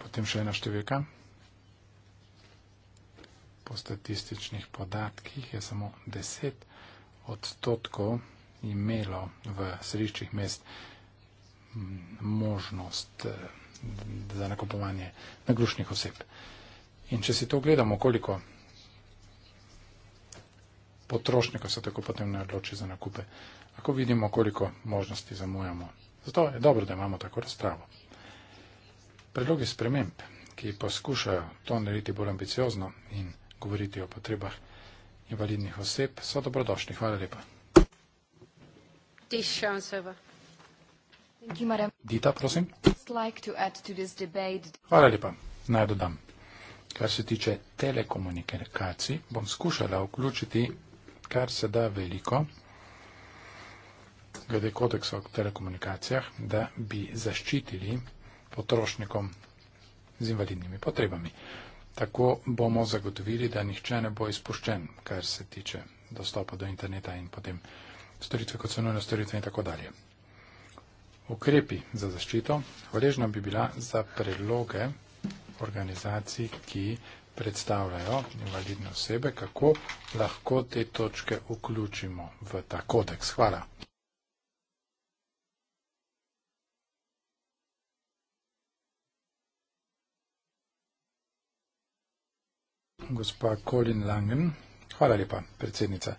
D: potem še ena številka. Po statističnih podatkih je samo 10 odstotkov imelo v središčih mest mm, možnost eh, za nakupovanje naglušnih oseb. In če si to gledamo, koliko potrošnikov se tako potem ne odloči za nakupe, lahko vidimo, koliko možnosti zamujamo. Zato je dobro, da imamo tako razpravo. Predlogi sprememb, ki poskušajo to narediti bolj ambiciozno in govoriti o potrebah invalidnih oseb, so dobrodošli. Hvala lepa. Dita, prosim. Hvala lepa. Naj dodam. Kar se tiče telekomunikacij, bom skušala vključiti kar se da veliko glede kodeksa o telekomunikacijah, da bi zaščitili potrošnikom z invalidnimi potrebami. Tako bomo zagotovili, da nihče ne bo izpuščen, kar se tiče dostopa do interneta in potem storitve kot so nujne storitve in tako dalje. Ukrepi za zaščito hvaležna bi bila za predloge organizacij, ki predstavljajo invalidne osebe, kako lahko te točke vključimo v ta kodeks. Hvala. gospa Kolin Langen. Hvala lepa, predsednica.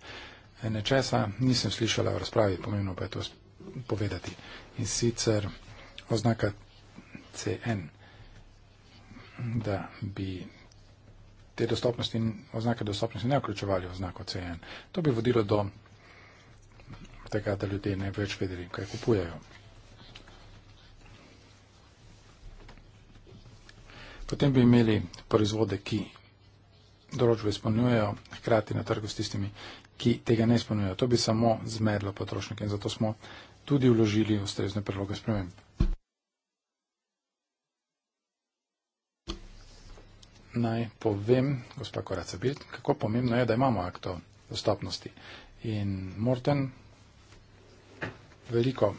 D: Nečesa nisem slišala v razpravi, pomembno pa je to povedati. In sicer oznaka CN, da bi te dostopnosti in oznake dostopnosti ne vključevali oznako CN. To bi vodilo do tega, da ljudje ne več vedeli, kaj kupujejo. Potem bi imeli proizvode, ki določbe izpolnjujejo, hkrati na trgu s tistimi, ki tega ne izpolnjujejo. To bi samo zmedlo potrošnike in zato smo tudi vložili ustrezne predloge spremem. Naj povem, gospa Koraca Bilt, kako pomembno je, da imamo akto dostopnosti. In Morten, veliko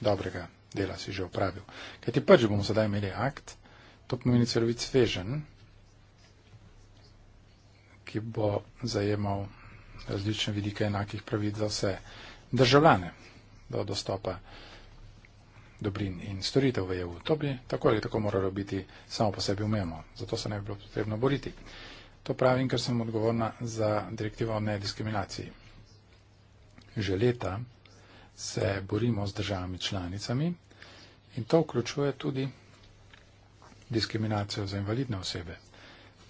D: dobrega dela si že upravil. Kajti prvi bomo sedaj imeli akt, to pomeni celovit svežen, ki bo zajemal različne vidike enakih pravic za vse državljane do dostopa dobrin in storitev v EU. To bi tako ali tako moralo biti samo po sebi umemo, zato se ne bi bilo potrebno boriti. To pravim, ker sem odgovorna za direktivo o nediskriminaciji. Že leta se borimo z državami članicami in to vključuje tudi diskriminacijo za invalidne osebe.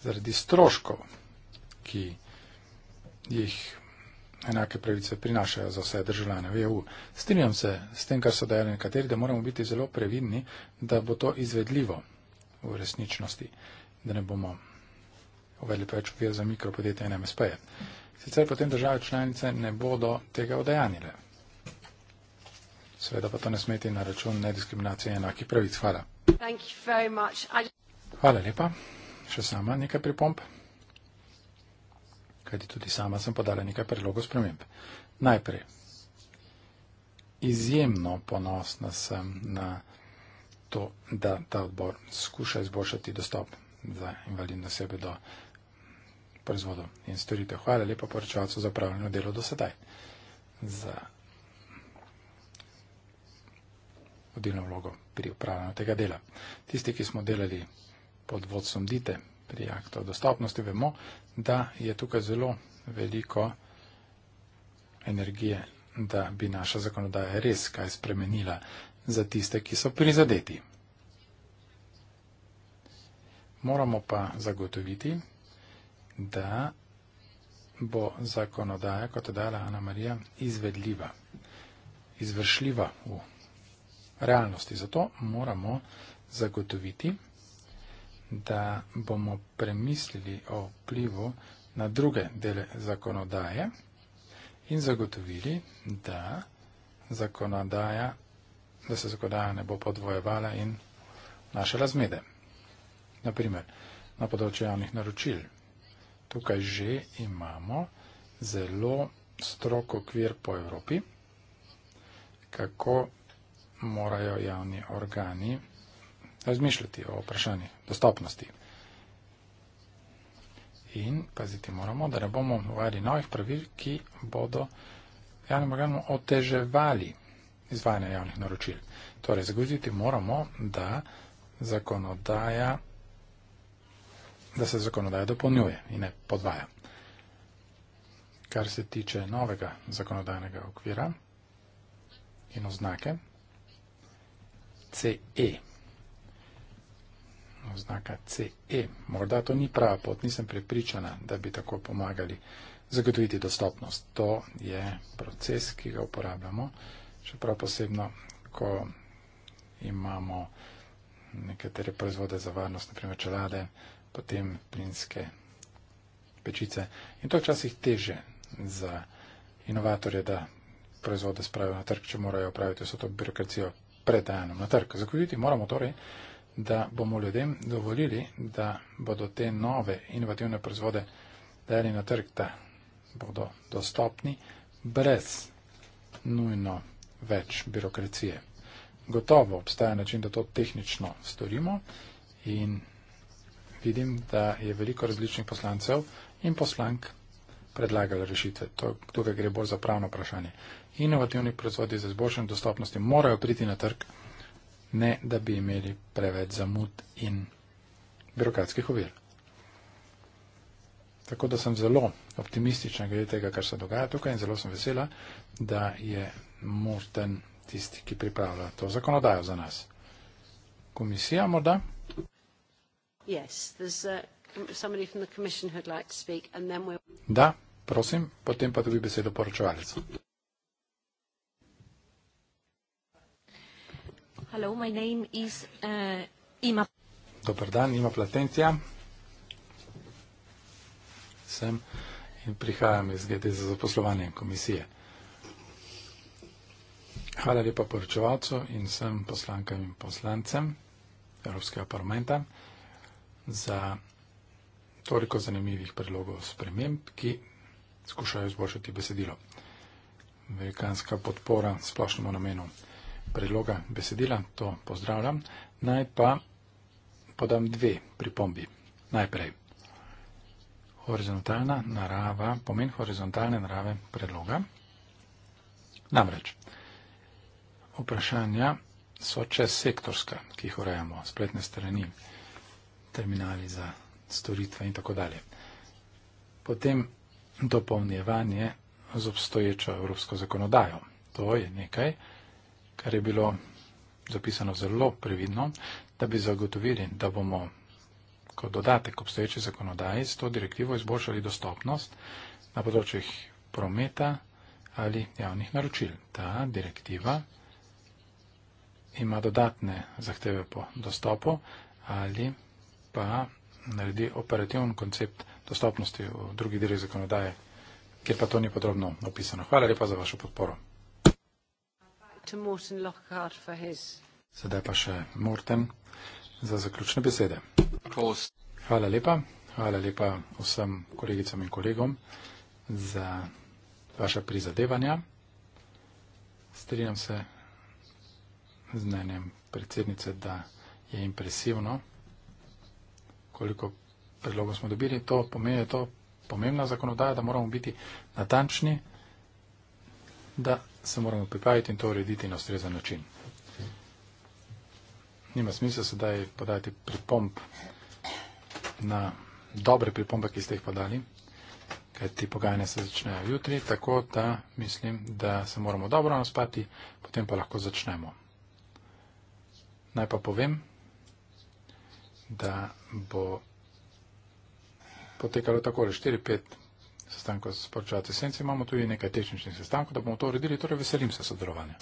D: Zaradi stroškov ki jih enake pravice prinašajo za vse državljane v EU. Strinjam se s tem, kar so dejali nekateri, da moramo biti zelo previdni, da bo to izvedljivo v resničnosti, da ne bomo uvedli preveč vir za mikropodjetje in MSP-je. Sicer potem države članice ne bodo tega odejanile. Seveda pa to ne smeti na račun nediskriminacije in enakih pravic. Hvala. Hvala lepa. Še sama nekaj pripomp kajti tudi sama sem podala nekaj predlogov sprememb. Najprej, izjemno ponosna sem na to, da ta odbor skuša izboljšati dostop za invalidne osebe do proizvodov in storitev. Hvala lepa poročevalcu za upravljeno delo do sedaj, za vodilno vlogo pri upravljanju tega dela. Tisti, ki smo delali pod vodstvom Dite, pri akta o dostopnosti, vemo, da je tukaj zelo veliko energije, da bi naša zakonodaja res kaj spremenila za tiste, ki so prizadeti. Moramo pa zagotoviti, da bo zakonodaja, kot je dala Ana Marija, izvedljiva, izvršljiva v realnosti. Zato moramo zagotoviti, da bomo premislili o vplivu na druge dele zakonodaje in zagotovili, da, zakonodaja, da se zakonodaja ne bo podvojevala in naše razmede. Naprimer, na področju javnih naročil. Tukaj že imamo zelo strok okvir po Evropi, kako morajo javni organi razmišljati o vprašanju dostopnosti. In paziti moramo, da ne bomo uvajali novih pravil, ki bodo javnim organom oteževali izvajanje javnih naročil. Torej, zagotoviti moramo, da, zakonodaja, da se zakonodaja dopolnjuje in ne podvaja. Kar se tiče novega zakonodajnega okvira in oznake CE oznaka CE. Morda to ni prava pot, nisem prepričana, da bi tako pomagali zagotoviti dostopnost. To je proces, ki ga uporabljamo, čeprav posebno, ko imamo nekatere proizvode za varnost, naprimer čelade, potem plinske pečice. In to je včasih teže za inovatorje, da proizvode spravijo na trg, če morajo opraviti vso to birokracijo predajanjem na trg. Zagotoviti moramo torej, da bomo ljudem dovolili, da bodo te nove inovativne proizvode dali na trg, da bodo dostopni brez nujno več birokracije. Gotovo obstaja način, da to tehnično storimo in vidim, da je veliko različnih poslancev in poslank predlagalo rešitve. To, tukaj gre bolj za pravno vprašanje. Inovativni proizvodi za izboljšanje dostopnosti morajo priti na trg ne da bi imeli preveč zamud in birokratskih ovir. Tako da sem zelo optimistična glede tega, kar se dogaja tukaj in zelo sem vesela, da je možen tisti, ki pripravlja to zakonodajo za nas. Komisija morda?
C: Yes, uh, like speak, we'll...
D: Da, prosim, potem pa tudi besedo poročevalcu.
C: Hello, my name is uh, Ima.
D: Dober dan, Ima Platentja. Sem in prihajam iz GD za zaposlovanje komisije. Hvala lepa poročevalcu in vsem poslankam in poslancem Evropskega parlamenta za toliko zanimivih predlogov sprememb, ki skušajo izboljšati besedilo. Velikanska podpora splošnemu namenu predloga besedila, to pozdravljam. Naj pa podam dve pripombi. Najprej. Horizontalna narava, pomen horizontalne narave predloga. Namreč, vprašanja so čez sektorska, ki jih urejamo, spletne strani, terminali za storitve in tako dalje. Potem dopolnjevanje z obstoječo evropsko zakonodajo. To je nekaj, kar kar je bilo zapisano zelo previdno, da bi zagotovili, da bomo kot dodatek obstoječe zakonodaje s to direktivo izboljšali dostopnost na področjih prometa ali javnih naročil. Ta direktiva ima dodatne zahteve po dostopu ali pa naredi operativni koncept dostopnosti v drugi deli zakonodaje, kjer pa to ni podrobno opisano. Hvala lepa za vašo podporo
C: to Morten Lockhart for his.
D: Sedaj pa še Morten za zaključne besede. Hvala lepa, hvala lepa vsem kolegicam in kolegom za vaše prizadevanja. Strinjam se z mnenjem predsednice, da je impresivno, koliko predlogov smo dobili. To pomeni, da je to pomembna zakonodaja, da moramo biti natančni, da se moramo pripraviti in to urediti na ustrezen način. Nima smisla sedaj podati pripomp na dobre pripombe, ki ste jih podali, ker ti pogajanja se začnejo jutri, tako da mislim, da se moramo dobro naspati, potem pa lahko začnemo. Naj pa povem, da bo potekalo takole 4-5 sestanku s počevati senci, imamo tudi nekaj tehničnih sestankov, da bomo to uredili, torej veselim se sodelovanja.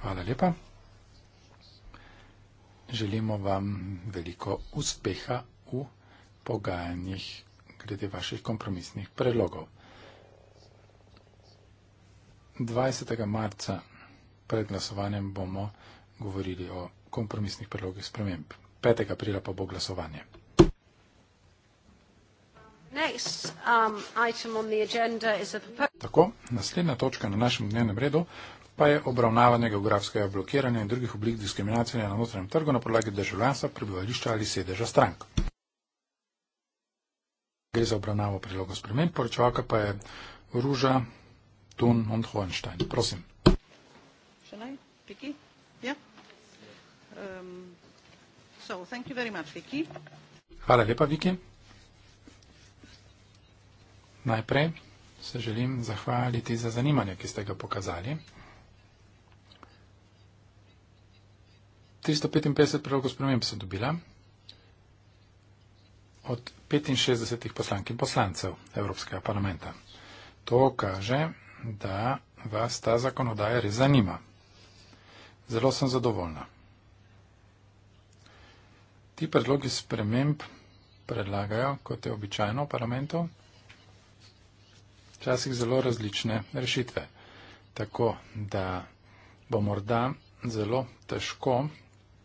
D: Hvala lepa. Želimo vam veliko uspeha v pogajanjih glede vaših kompromisnih predlogov. 20. marca pred glasovanjem bomo govorili o kompromisnih predlogih sprememb. 5. aprila pa bo glasovanje.
C: Um,
D: Tako, naslednja točka na našem dnevnem redu pa je obravnavanje geografskega blokiranja in drugih oblik diskriminacije na notranjem trgu na podlagi državljanstva, prebivališča ali sedeža strank. Gre za obravnavo predloga sprememb, poročevalka pa je Ruža Tun und Hohenstein. Prosim. Um, Hvala lepa, Viki. Najprej se želim zahvaliti za zanimanje, ki ste ga pokazali. 355 predlogov sprememb sem dobila od 65 poslank in poslancev Evropskega parlamenta. To kaže, da vas ta zakonodaja res zanima. Zelo sem zadovoljna. Ti predlogi sprememb predlagajo, kot je običajno v parlamentu, včasih zelo različne rešitve. Tako da bo morda zelo težko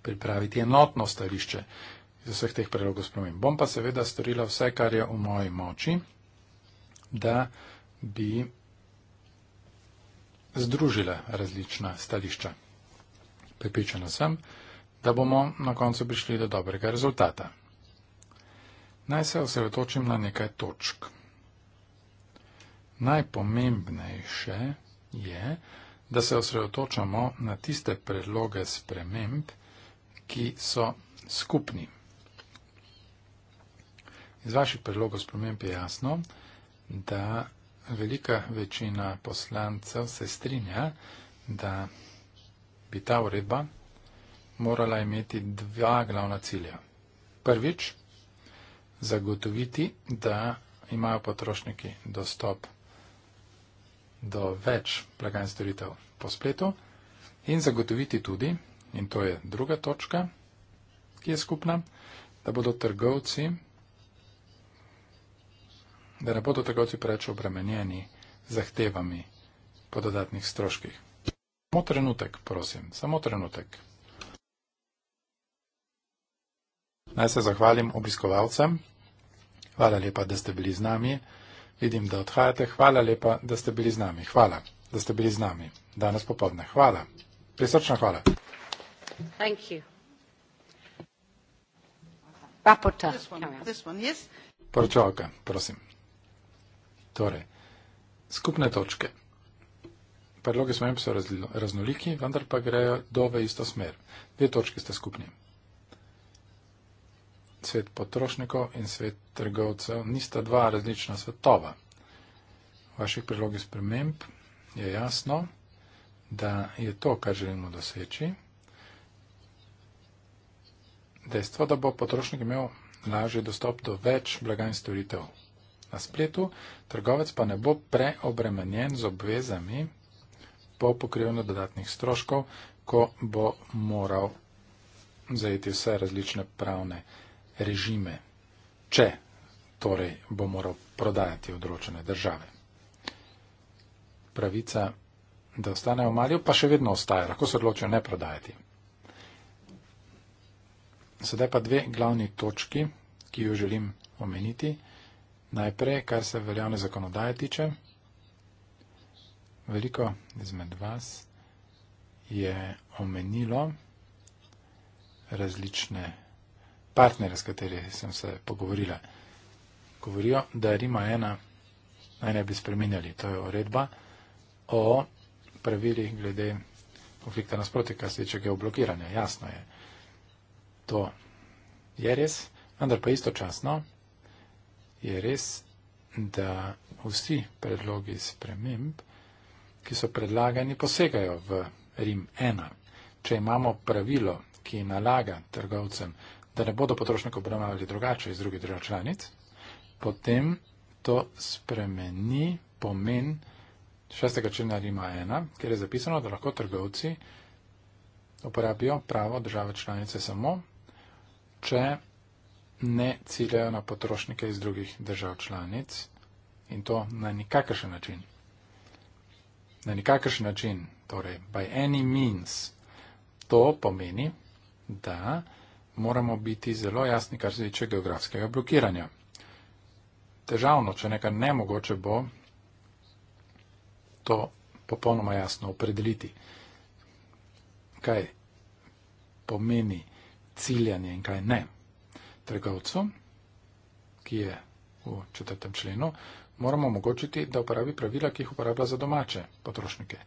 D: pripraviti enotno stališče iz vseh teh predlogov sprememb. Bom pa seveda storila vse, kar je v moji moči, da bi združila različna stališča. Pripričana sem, da bomo na koncu prišli do dobrega rezultata. Naj se osredotočim na nekaj točk. Najpomembnejše je, da se osredotočamo na tiste predloge sprememb, ki so skupni. Iz vaših predlogov sprememb je jasno, da velika večina poslancev se strinja, da bi ta uredba morala imeti dva glavna cilja. Prvič, zagotoviti, da imajo potrošniki dostop do do več blagajn storitev po spletu in zagotoviti tudi, in to je druga točka, ki je skupna, da bodo trgovci, da ne bodo trgovci preveč obremenjeni zahtevami po dodatnih stroških. Samo trenutek, prosim, samo trenutek. Naj se zahvalim obiskovalcem. Hvala lepa, da ste bili z nami. Vidim, da odhajate. Hvala lepa, da ste bili z nami. Hvala, da ste bili z nami danes popovdne. Hvala. Prisrčna hvala. Thank you. Poročevalka, prosim. Torej, skupne točke. Predloge smo jim so raznoliki, vendar pa grejo dove isto smer. Dve točke ste skupni svet potrošnikov in svet trgovcev nista dva različna svetova. V vaših predlogih sprememb je jasno, da je to, kar želimo doseči, dejstvo, da bo potrošnik imel lažji dostop do več blagajn storitev na spletu, trgovec pa ne bo preobremenjen z obvezami po pokrivanju dodatnih stroškov, ko bo moral zajeti vse različne pravne režime, če torej bo moral prodajati odročene države. Pravica, da ostanejo v Maliju, pa še vedno ostaja, lahko se odločijo ne prodajati. Sedaj pa dve glavni točki, ki jo želim omeniti. Najprej, kar se veljavne zakonodaje tiče, veliko izmed vas je omenilo različne partnerja, s kateri sem se pogovorila, govorijo, da Rima ena naj ne bi spremenjali. To je uredba o pravilih glede konflikta nasproti, kar se tiče geoblokiranja. Jasno je. To je res, vendar pa istočasno je res, da vsi predlogi sprememb, ki so predlagani, posegajo v Rim 1. Če imamo pravilo, ki nalaga trgovcem, da ne bodo potrošniki obravnavali drugače iz drugih držav članic, potem to spremeni pomen 6. člena Rima 1, kjer je zapisano, da lahko trgovci uporabijo pravo države članice samo, če ne ciljajo na potrošnike iz drugih držav članic in to na nikakršen način. Na nikakršen način, torej by any means, to pomeni, da moramo biti zelo jasni, kar se tiče geografskega blokiranja. Težavno, če nekaj nemogoče bo, to popolnoma jasno opredeliti, kaj pomeni ciljanje in kaj ne. Trgovcu, ki je v četrtem členu, moramo omogočiti, da uporabi pravila, ki jih uporablja za domače potrošnike,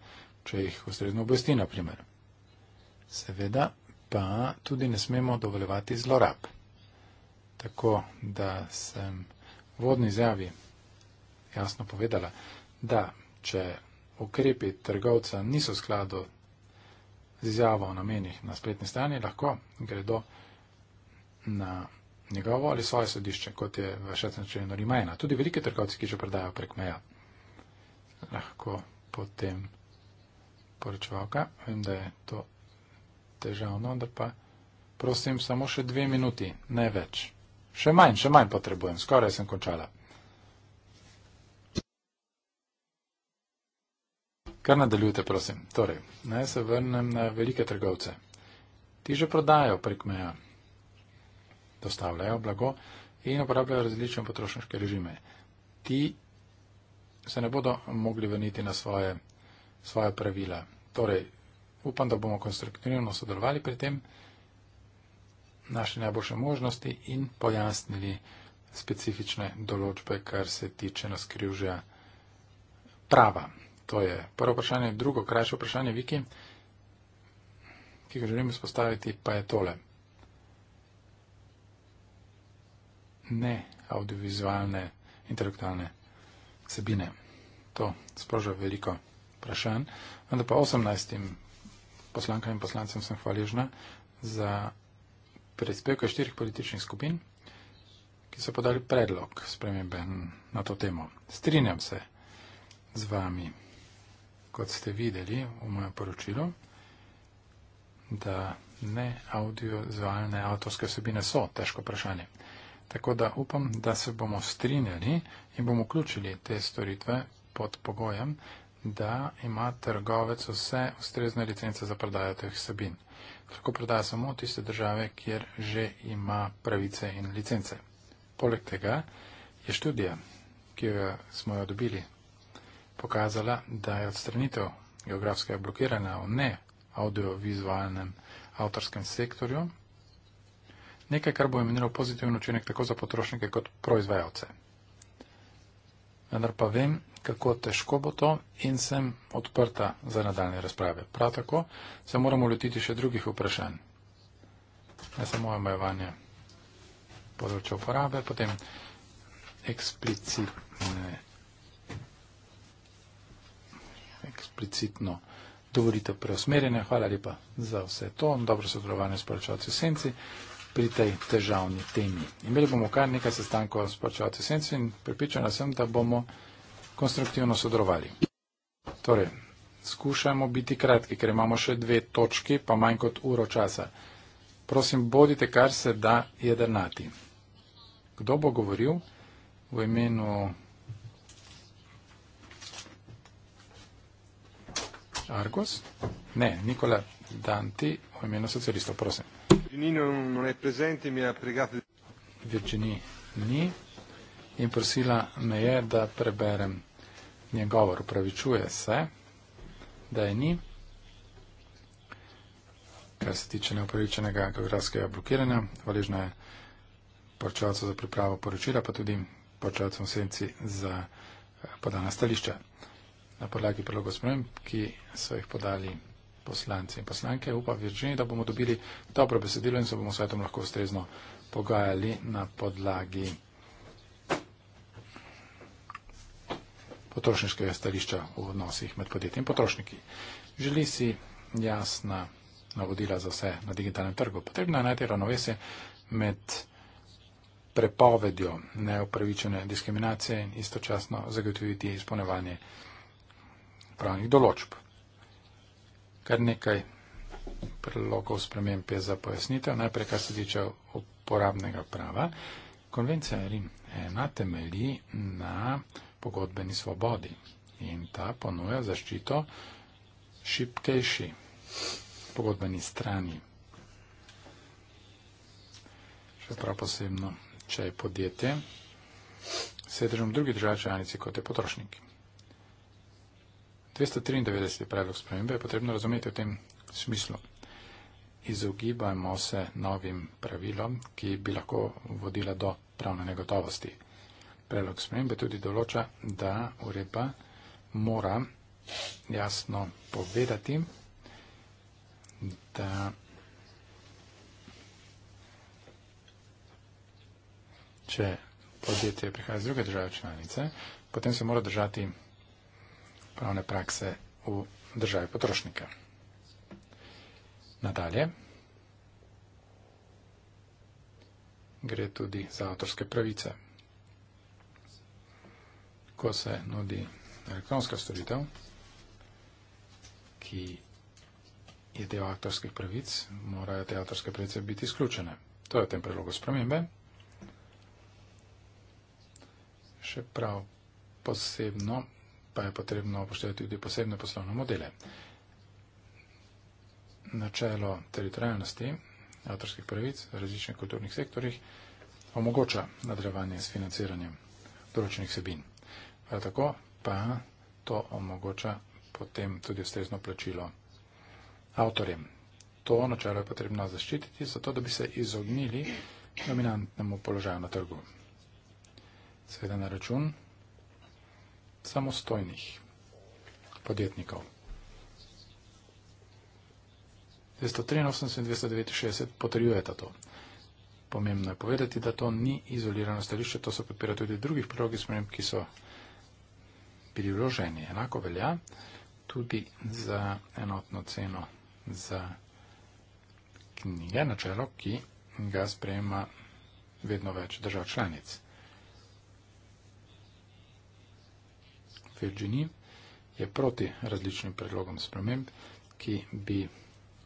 D: če jih ustrezno obvesti, na primer. Seveda, pa tudi ne smemo dovoljevati zlorab. Tako da sem v vodni izjavi jasno povedala, da če ukrepi trgovca niso v skladu z izjavo o namenih na spletni strani, lahko gredo na njegovo ali svoje sodišče, kot je v 16. členu Rimajna. Tudi velike trgovci, ki že prodajo prek meja, lahko potem poročevalka, vem, da je to težavno, da pa prosim samo še dve minuti, ne več. Še manj, še manj potrebujem, skoraj sem končala. Kar nadaljujte, prosim. Torej, naj se vrnem na velike trgovce. Ti že prodajo prek meja, dostavljajo blago in uporabljajo različne potrošniške režime. Ti se ne bodo mogli vrniti na svoje, svoje pravila. Torej, upam, da bomo konstruktivno sodelovali pri tem, našli najboljše možnosti in pojasnili specifične določbe, kar se tiče naskrivžja prava. To je prvo vprašanje. Drugo, krajše vprašanje Viki, ki ga želim izpostaviti, pa je tole. Ne audiovizualne intelektualne sebine. To sproža veliko vprašanj. Vendar pa 18 poslankam in poslancem sem hvaležna za prispevke štirih političnih skupin, ki so podali predlog spremembe na to temo. Strinjam se z vami, kot ste videli v mojem poročilu, da ne audiovizualne avtorske vsebine so težko vprašanje. Tako da upam, da se bomo strinjali in bomo vključili te storitve pod pogojem, da ima trgovec vse ustrezne licence za prodajo teh sabin. Lahko prodaja samo tiste države, kjer že ima pravice in licence. Poleg tega je študija, ki jo smo jo dobili, pokazala, da je odstranitev geografskega blokiranja v ne audiovizualnem avtorskem sektorju nekaj, kar bo imelo pozitivno učinek tako za potrošnike kot proizvajalce. Vendar pa vem, kako težko bo to in sem odprta za nadaljne razprave. Prav tako se moramo lotiti še drugih vprašanj. Ne samo omejevanje področja uporabe, potem eksplicitne, eksplicitno dovolite preusmerjanje. Hvala lepa za vse to. Dobro sodelovanje s poročevalci v senci pri tej težavni temi. Imeli bomo kar nekaj sestankov s poročevalci v senci in pripričana sem, da bomo konstruktivno sodelovali. Torej, skušajmo biti kratki, ker imamo še dve točki, pa manj kot uro časa. Prosim, bodite kar se da jedrnati. Kdo bo govoril v imenu. Argos? Ne, Nikola Danti, v imenu socialistov, prosim.
A: Virginijo
D: ni in prosila me je, da preberem njegovor. Upravičuje se, da je ni, kar se tiče neupravičenega geografskega blokiranja. Hvaležna je poročevalcu za pripravo poročila, pa tudi poročevalcu v senci za eh, podana stališča. Na podlagi predlogov sprememb, ki so jih podali poslanci in poslanke, upa Virginija, da bomo dobili dobro besedilo in se bomo s svetom lahko ustrezno pogajali na podlagi potrošniškega stališča v odnosih med podjetji in potrošniki. Želi si jasna navodila za vse na digitalnem trgu. Potrebno je najti ravnovesje med prepovedjo neopravičene diskriminacije in istočasno zagotoviti izpolnevanje pravnih določb. Kar nekaj predlogov sprememb je za pojasnitev. Najprej, kar se tiče uporabnega prava. Konvencija Rim 1 temelji na pogodbeni svobodi in ta ponuja zaščito šipkejši pogodbeni strani. Še prav posebno, če je podjetje, sedežem v drugi državi članici kot je potrošnik. 293. predlog spremembe je potrebno razumeti v tem smislu. Izogibajmo se novim pravilom, ki bi lahko vodila do pravne negotovosti predlog spremembe tudi določa, da uredba mora jasno povedati, da če podjetje prihaja iz druge države članice, potem se mora držati pravne prakse v državi potrošnika. Nadalje gre tudi za avtorske pravice ko se nudi elektronska storitev, ki je del avtorskih pravic, morajo te avtorske pravice biti izključene. To je v tem predlogu spremembe. Še prav posebno pa je potrebno upoštevati tudi posebne poslovne modele. Načelo teritorijalnosti avtorskih pravic v različnih kulturnih sektorjih omogoča nadrevanje s financiranjem določenih sebin tako pa to omogoča potem tudi ustrezno plačilo avtorjem. To načelo je potrebno zaščititi, zato da bi se izognili dominantnemu položaju na trgu. Seveda na račun samostojnih podjetnikov. 283 in 269 potrjujeta to. Pomembno je povedati, da to ni izolirano stališče, to so podpirajo tudi drugih prilogi sprememb, ki so priloženi. Enako velja tudi za enotno ceno za knjige, načelo, ki ga sprejema vedno več držav članic. Virginij je proti različnim predlogom sprememb, ki bi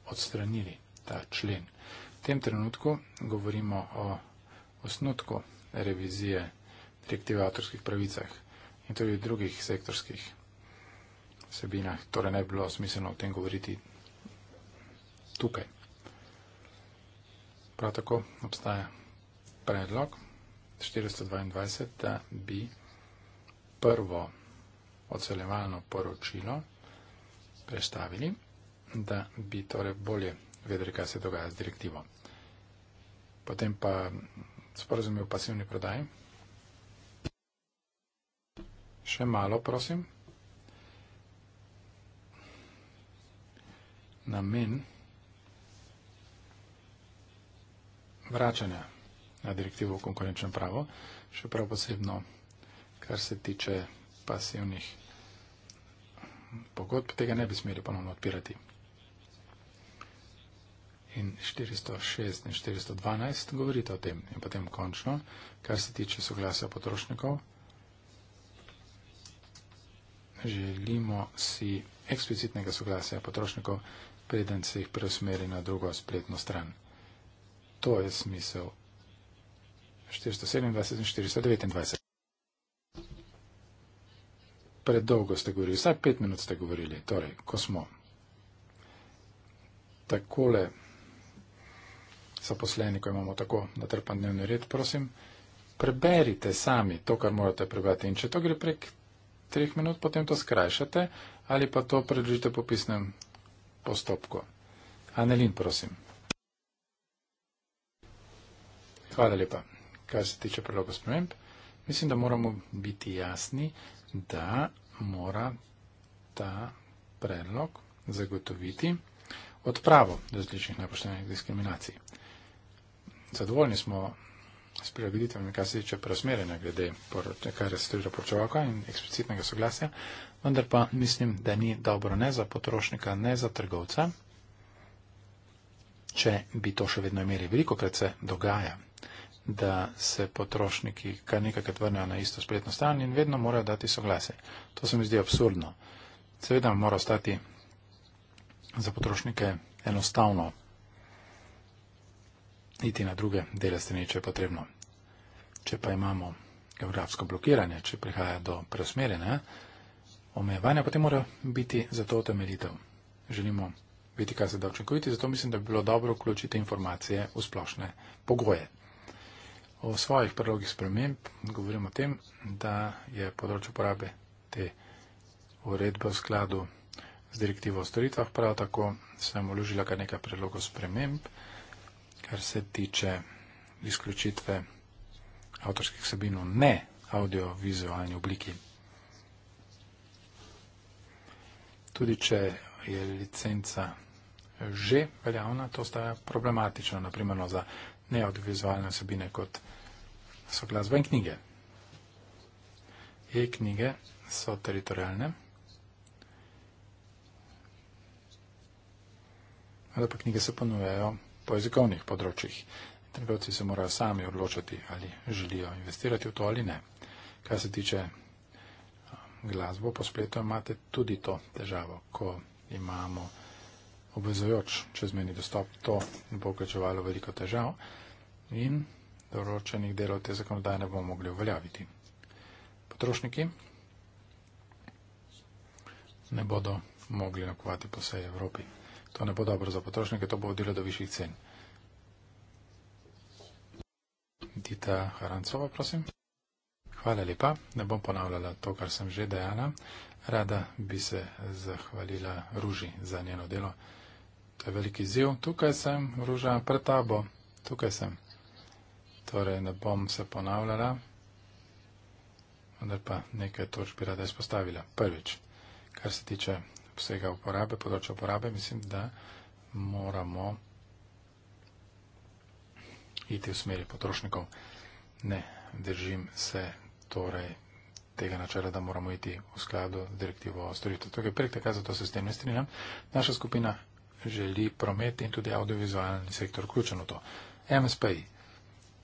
D: odstranili ta člen. V tem trenutku govorimo o osnutku revizije direktive o avtorskih pravicah in tudi v drugih sektorskih sebinah. Torej ne bi bilo smiselno o tem govoriti tukaj. Prav tako obstaja predlog 422, da bi prvo ocelevalno poročilo prestavili, da bi torej bolje vedeli, kaj se dogaja z direktivo. Potem pa sporozumijo pasivni prodaj, Še malo, prosim. Namen vračanja na direktivo v konkurenčnem pravo, še prav posebno, kar se tiče pasivnih pogodb, tega ne bi smeli ponovno odpirati. In 406 in 412 govorite o tem. In potem končno, kar se tiče soglasja potrošnikov, želimo si eksplicitnega soglasja potrošnikov, preden se jih preusmeri na drugo spletno stran. To je smisel 427 in 429. Predolgo ste govorili, vsaj pet minut ste govorili, torej, ko smo takole zaposleni, ko imamo tako natrpan dnevni red, prosim, preberite sami to, kar morate prebrati. In če to gre prek treh minut, potem to skrajšate ali pa to predložite po pisnem postopku. Anelin, prosim. Hvala lepa. Kar se tiče predloga sprememb, mislim, da moramo biti jasni, da mora ta predlog zagotoviti odpravo različnih nepoštenih diskriminacij. Zadovoljni smo sprejeli vidite, kar se tiče preusmerjanja glede restrukturiranja počevalka in eksplicitnega soglasja, vendar pa mislim, da ni dobro ne za potrošnika, ne za trgovca, če bi to še vedno imeli. Veliko krat se dogaja, da se potrošniki kar nekakrat vrnejo na isto spletno stran in vedno morajo dati soglasje. To se mi zdi absurdno. Seveda mora ostati za potrošnike enostavno niti na druge dele strani, če je potrebno. Če pa imamo geografsko blokiranje, če prihaja do preusmerjanja, omejevanja, potem mora biti za to temeljitev. Želimo biti kar se da učinkoviti, zato mislim, da bi bilo dobro vključiti informacije v splošne pogoje. O svojih prilogih sprememb govorimo o tem, da je področje uporabe te uredbe v skladu z direktivo o storitvah, prav tako sem vložila kar nekaj prilogov sprememb kar se tiče izključitve avtorskih sabin v ne audio-vizualni obliki. Tudi če je licenca že veljavna, to staja problematično, naprimer no, za ne audio-vizualne sabine, kot so glasba in knjige. Je knjige so teritorijalne, ali pa knjige se ponujejo po jezikovnih področjih. Trgovci se morajo sami odločati, ali želijo investirati v to ali ne. Kar se tiče um, glasbo po spletu, imate tudi to težavo, ko imamo obvezojoč čezmeni dostop, to bo vključevalo veliko težav in določenih delov te zakonodaje ne bomo mogli uveljaviti. Potrošniki ne bodo mogli nakovati po vsej Evropi. To ne bo dobro za potrošnike, to bo vodilo do višjih cen. Dita Harancova, prosim. Hvala lepa. Ne bom ponavljala to, kar sem že dejala. Rada bi se zahvalila Ruži za njeno delo. To je veliki ziv. Tukaj sem, Ruža, pred tabo. Tukaj sem. Torej, ne bom se ponavljala. Vendar pa nekaj točk bi rada izpostavila. Prvič, kar se tiče vsega uporabe, področja uporabe, mislim, da moramo iti v smeri potrošnikov. Ne, držim se torej tega načela, da moramo iti v skladu z direktivo o storitev. To je prek tega, zato se s tem ne strinjam. Naša skupina želi promet in tudi audiovizualni sektor vključen v to. MSP.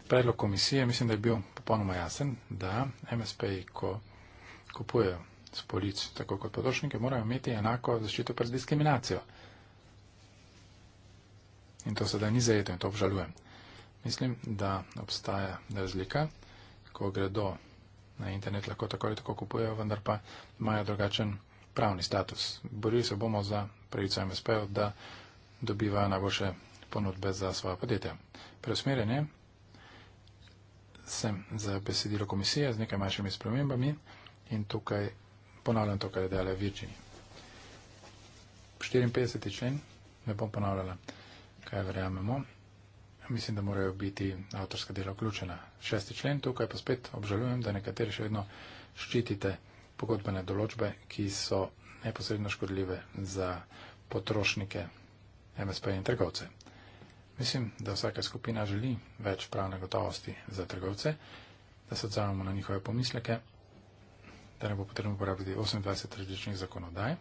D: Predlog komisije, mislim, da je bil popolnoma jasen, da MSP, ko kupujejo imeti polic, tako kot potrošniki, morajo imeti enako zaščito pred diskriminacijo. In to sedaj ni zajeto in to obžalujem. Mislim, da obstaja razlika, ko gredo na internet, lahko tako ali tako kupujejo, vendar pa imajo drugačen pravni status. Borili se bomo za pravico MSP-ov, da dobivajo najboljše ponudbe za svoje podjetje. Preusmerjanje sem za besedilo komisije z nekaj manjšimi spremembami in tukaj ponavljam to, kar je delala Virginija. 54. člen, ne bom ponavljala, kaj verjamemo. Mislim, da morajo biti avtorska dela vključena. 6. člen, tukaj pa spet obžalujem, da nekateri še vedno ščitite pogodbene določbe, ki so neposredno škodljive za potrošnike MSP in trgovce. Mislim, da vsaka skupina želi več pravne gotovosti za trgovce, da se odzavamo na njihove pomisleke da ne bo potrebno uporabiti 28 različnih zakonodaj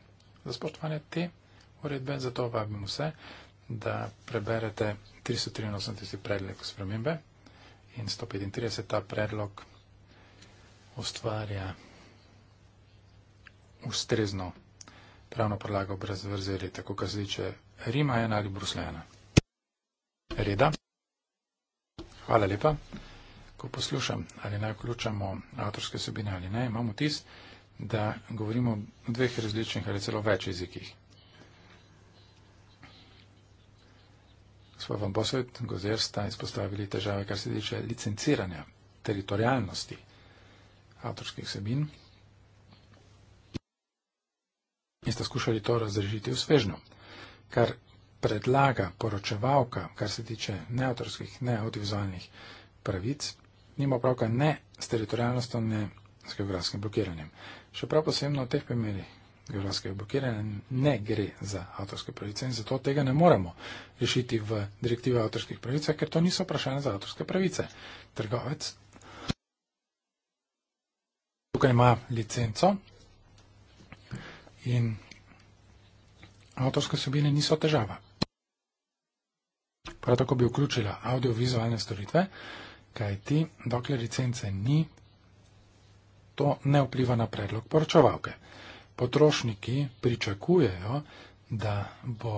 D: za spoštovanje te uredbe. Zato vabim vse, da preberete 383 predlog spremembe in 135 ta predlog ustvarja ustrezno pravno podlago brez vrzeli, tako kar se tiče Rima 1 ali Bruslejana. Reda. Hvala lepa ko poslušam, ali naj vključamo avtorske sobine ali ne, imam vtis, da govorimo v dveh različnih ali celo več jezikih. Gospod Van Bosovit, Gozer sta izpostavili težave, kar se tiče licenciranja teritorijalnosti avtorskih sebin. In sta skušali to razrešiti v svežnju, kar predlaga poročevalka, kar se tiče neavtorskih, neavtovizualnih pravic, nima opravka ne s teritorijalnostjo, ne s geografskim blokiranjem. Še prav posebno v teh primerih geografskega blokiranja ne gre za avtorske pravice in zato tega ne moremo rešiti v direktivi avtorskih pravic, ker to niso vprašanja za avtorske pravice. Trgovec tukaj ima licenco in avtorske sobine niso težava. Prav tako bi vključila audiovizualne storitve, kaj ti, dokler licence ni, to ne vpliva na predlog poročevalke. Potrošniki pričakujejo, da bo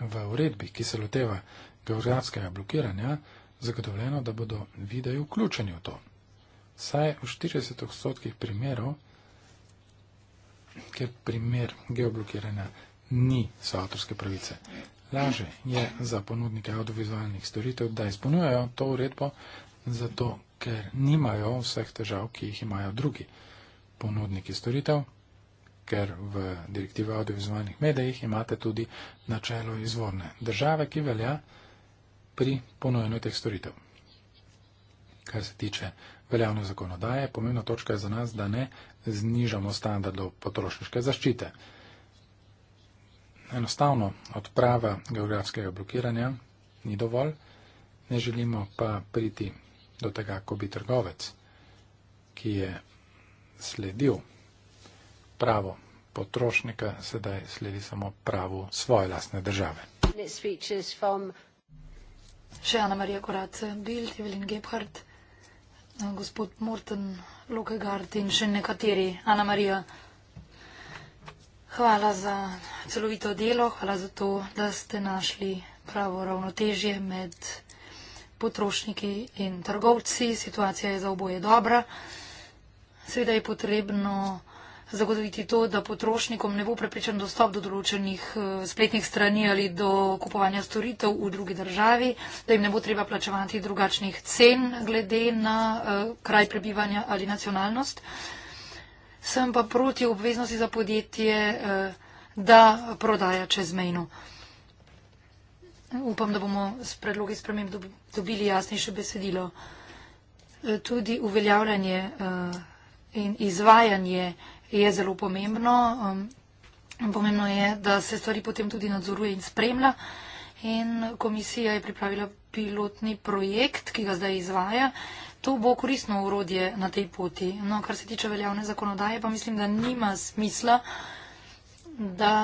D: v uredbi, ki se loteva geografskega blokiranja, zagotovljeno, da bodo videi vključeni v to. Saj v 40 odstotkih primerov, ker primer geoblokiranja ni so avtorske pravice. Laže je za ponudnike avtovizualnih storitev, da izpolnjujejo to uredbo, zato ker nimajo vseh težav, ki jih imajo drugi ponudniki storitev, ker v direktivi o audiovizualnih medijih imate tudi načelo izvorne države, ki velja pri ponujenju teh storitev. Kar se tiče veljavne zakonodaje, pomembna točka je za nas, da ne znižamo standardov potrošniške zaščite. Enostavno odprava geografskega blokiranja ni dovolj, ne želimo pa priti do tega, ko bi trgovec, ki je sledil pravo potrošnika, sedaj sledi samo pravo svoje lastne države.
C: Še Ana Marija Korat, Bild, Evelyn Gebhardt, gospod Morten, Luke Gard in še nekateri. Ana Marija, hvala za celovito delo, hvala za to, da ste našli pravo ravnotežje med potrošniki in trgovci, situacija je za oboje dobra. Seveda je potrebno zagotoviti to, da potrošnikom ne bo prepričan dostop do določenih eh, spletnih strani ali do kupovanja storitev v drugi državi, da jim ne bo treba plačevati drugačnih cen glede na eh, kraj prebivanja ali nacionalnost. Sem pa proti obveznosti za podjetje, eh, da prodaja čez mejno. Upam, da bomo s predlogi sprememb dobili jasnejše besedilo. E, tudi uveljavljanje e, in izvajanje je zelo pomembno. E, pomembno je, da se stvari potem tudi nadzoruje in spremlja. In komisija je pripravila pilotni projekt, ki ga zdaj izvaja. To bo koristno urodje na tej poti. No, kar se tiče veljavne zakonodaje, pa mislim, da nima smisla, da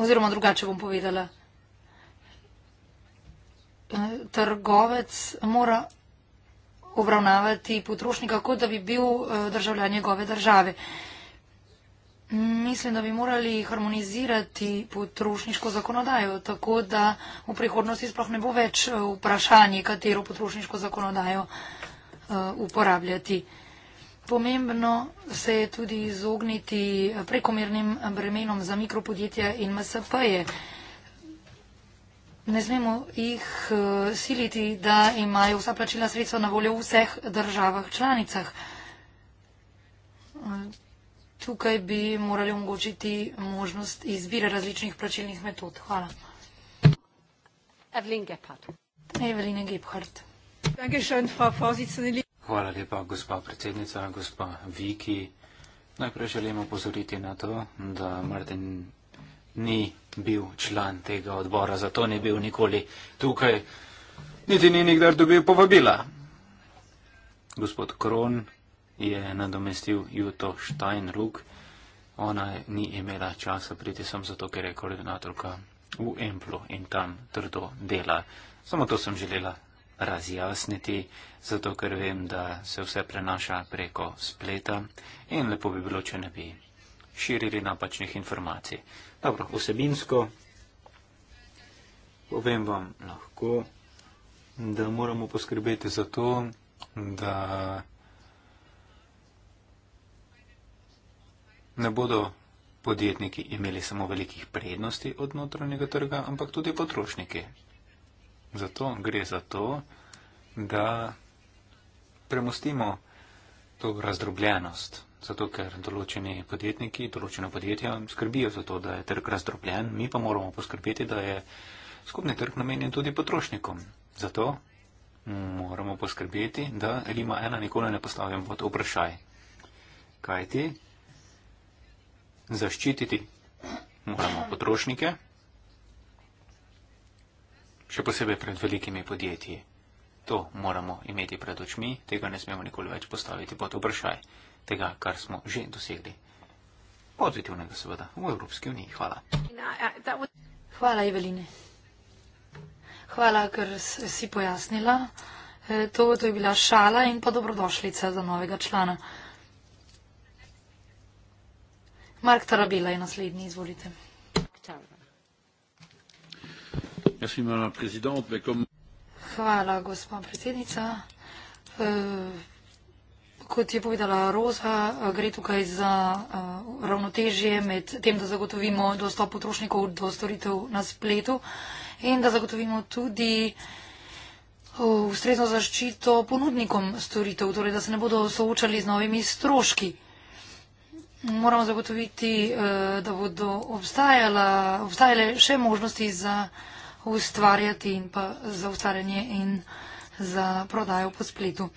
C: Oziroma drugače bom povedala. Eh, trgovec mora obravnavati potrošnika, kot da bi bil eh, državljan njegove države. Mislim, da bi morali harmonizirati potrošniško zakonodajo, tako da v prihodnosti sploh ne bo več eh, vprašanje, katero potrošniško zakonodajo uporabljati. Pomembno se je tudi izogniti prekomernim bremenom za mikropodjetja in MSP-je. Ne smemo jih eh, siliti, da imajo vsa plačila sredstva na voljo v vseh državah članicah. Eh, tukaj bi morali omogočiti možnost izbire različnih plačilnih metod. Hvala. Evelin Gebhardt. Evelin Gebhardt.
A: Hvala lepa, gospa predsednica, gospa Viki. Najprej želim upozoriti na to, da Martin ni bil član tega odbora, zato ni bil nikoli tukaj, niti ni nikdar dobil povabila. Gospod Kron je nadomestil Juto Steinruck. Ona ni imela časa priti sem zato, ker je koordinatorka v Emplu in tam trdo dela. Samo to sem želela razjasniti, zato ker vem, da se vse prenaša preko spleta in lepo bi bilo, če ne bi širili napačnih informacij. Dobro, vsebinsko povem vam lahko, da moramo poskrbeti za to, da ne bodo podjetniki imeli samo velikih prednosti od notranjega trga, ampak tudi potrošniki, Zato gre za to, da premustimo to razdrobljenost. Zato, ker določeni podjetniki, določeno podjetje skrbijo za to, da je trg razdrobljen, mi pa moramo poskrbeti, da je skupni trg namenjen tudi potrošnikom. Zato moramo poskrbeti, da Rima ena nikoli ne postavljamo pod vprašaj. Kajti, zaščititi moramo potrošnike, še posebej pred velikimi podjetji. To moramo imeti pred očmi, tega ne smemo nikoli več postaviti pod vprašaj tega, kar smo že dosegli. Pozitivnega seveda v Evropski uniji. Hvala.
C: Hvala, Eveline. Hvala, ker si pojasnila. E, to, to je bila šala in pa dobrodošlica za novega člana. Mark Tarabila je naslednji, izvolite. Hvala, gospa predsednica. E, kot je povedala Roza, e, gre tukaj za e, ravnotežje med tem, da zagotovimo dostop potrošnikov do storitev na spletu in da zagotovimo tudi ustrezno zaščito ponudnikom storitev, torej da se ne bodo soočali z novimi stroški. Moramo zagotoviti, da bodo obstajale še možnosti za vsega, ustvarjati in pa za ustvarjanje in za prodajo po spletu.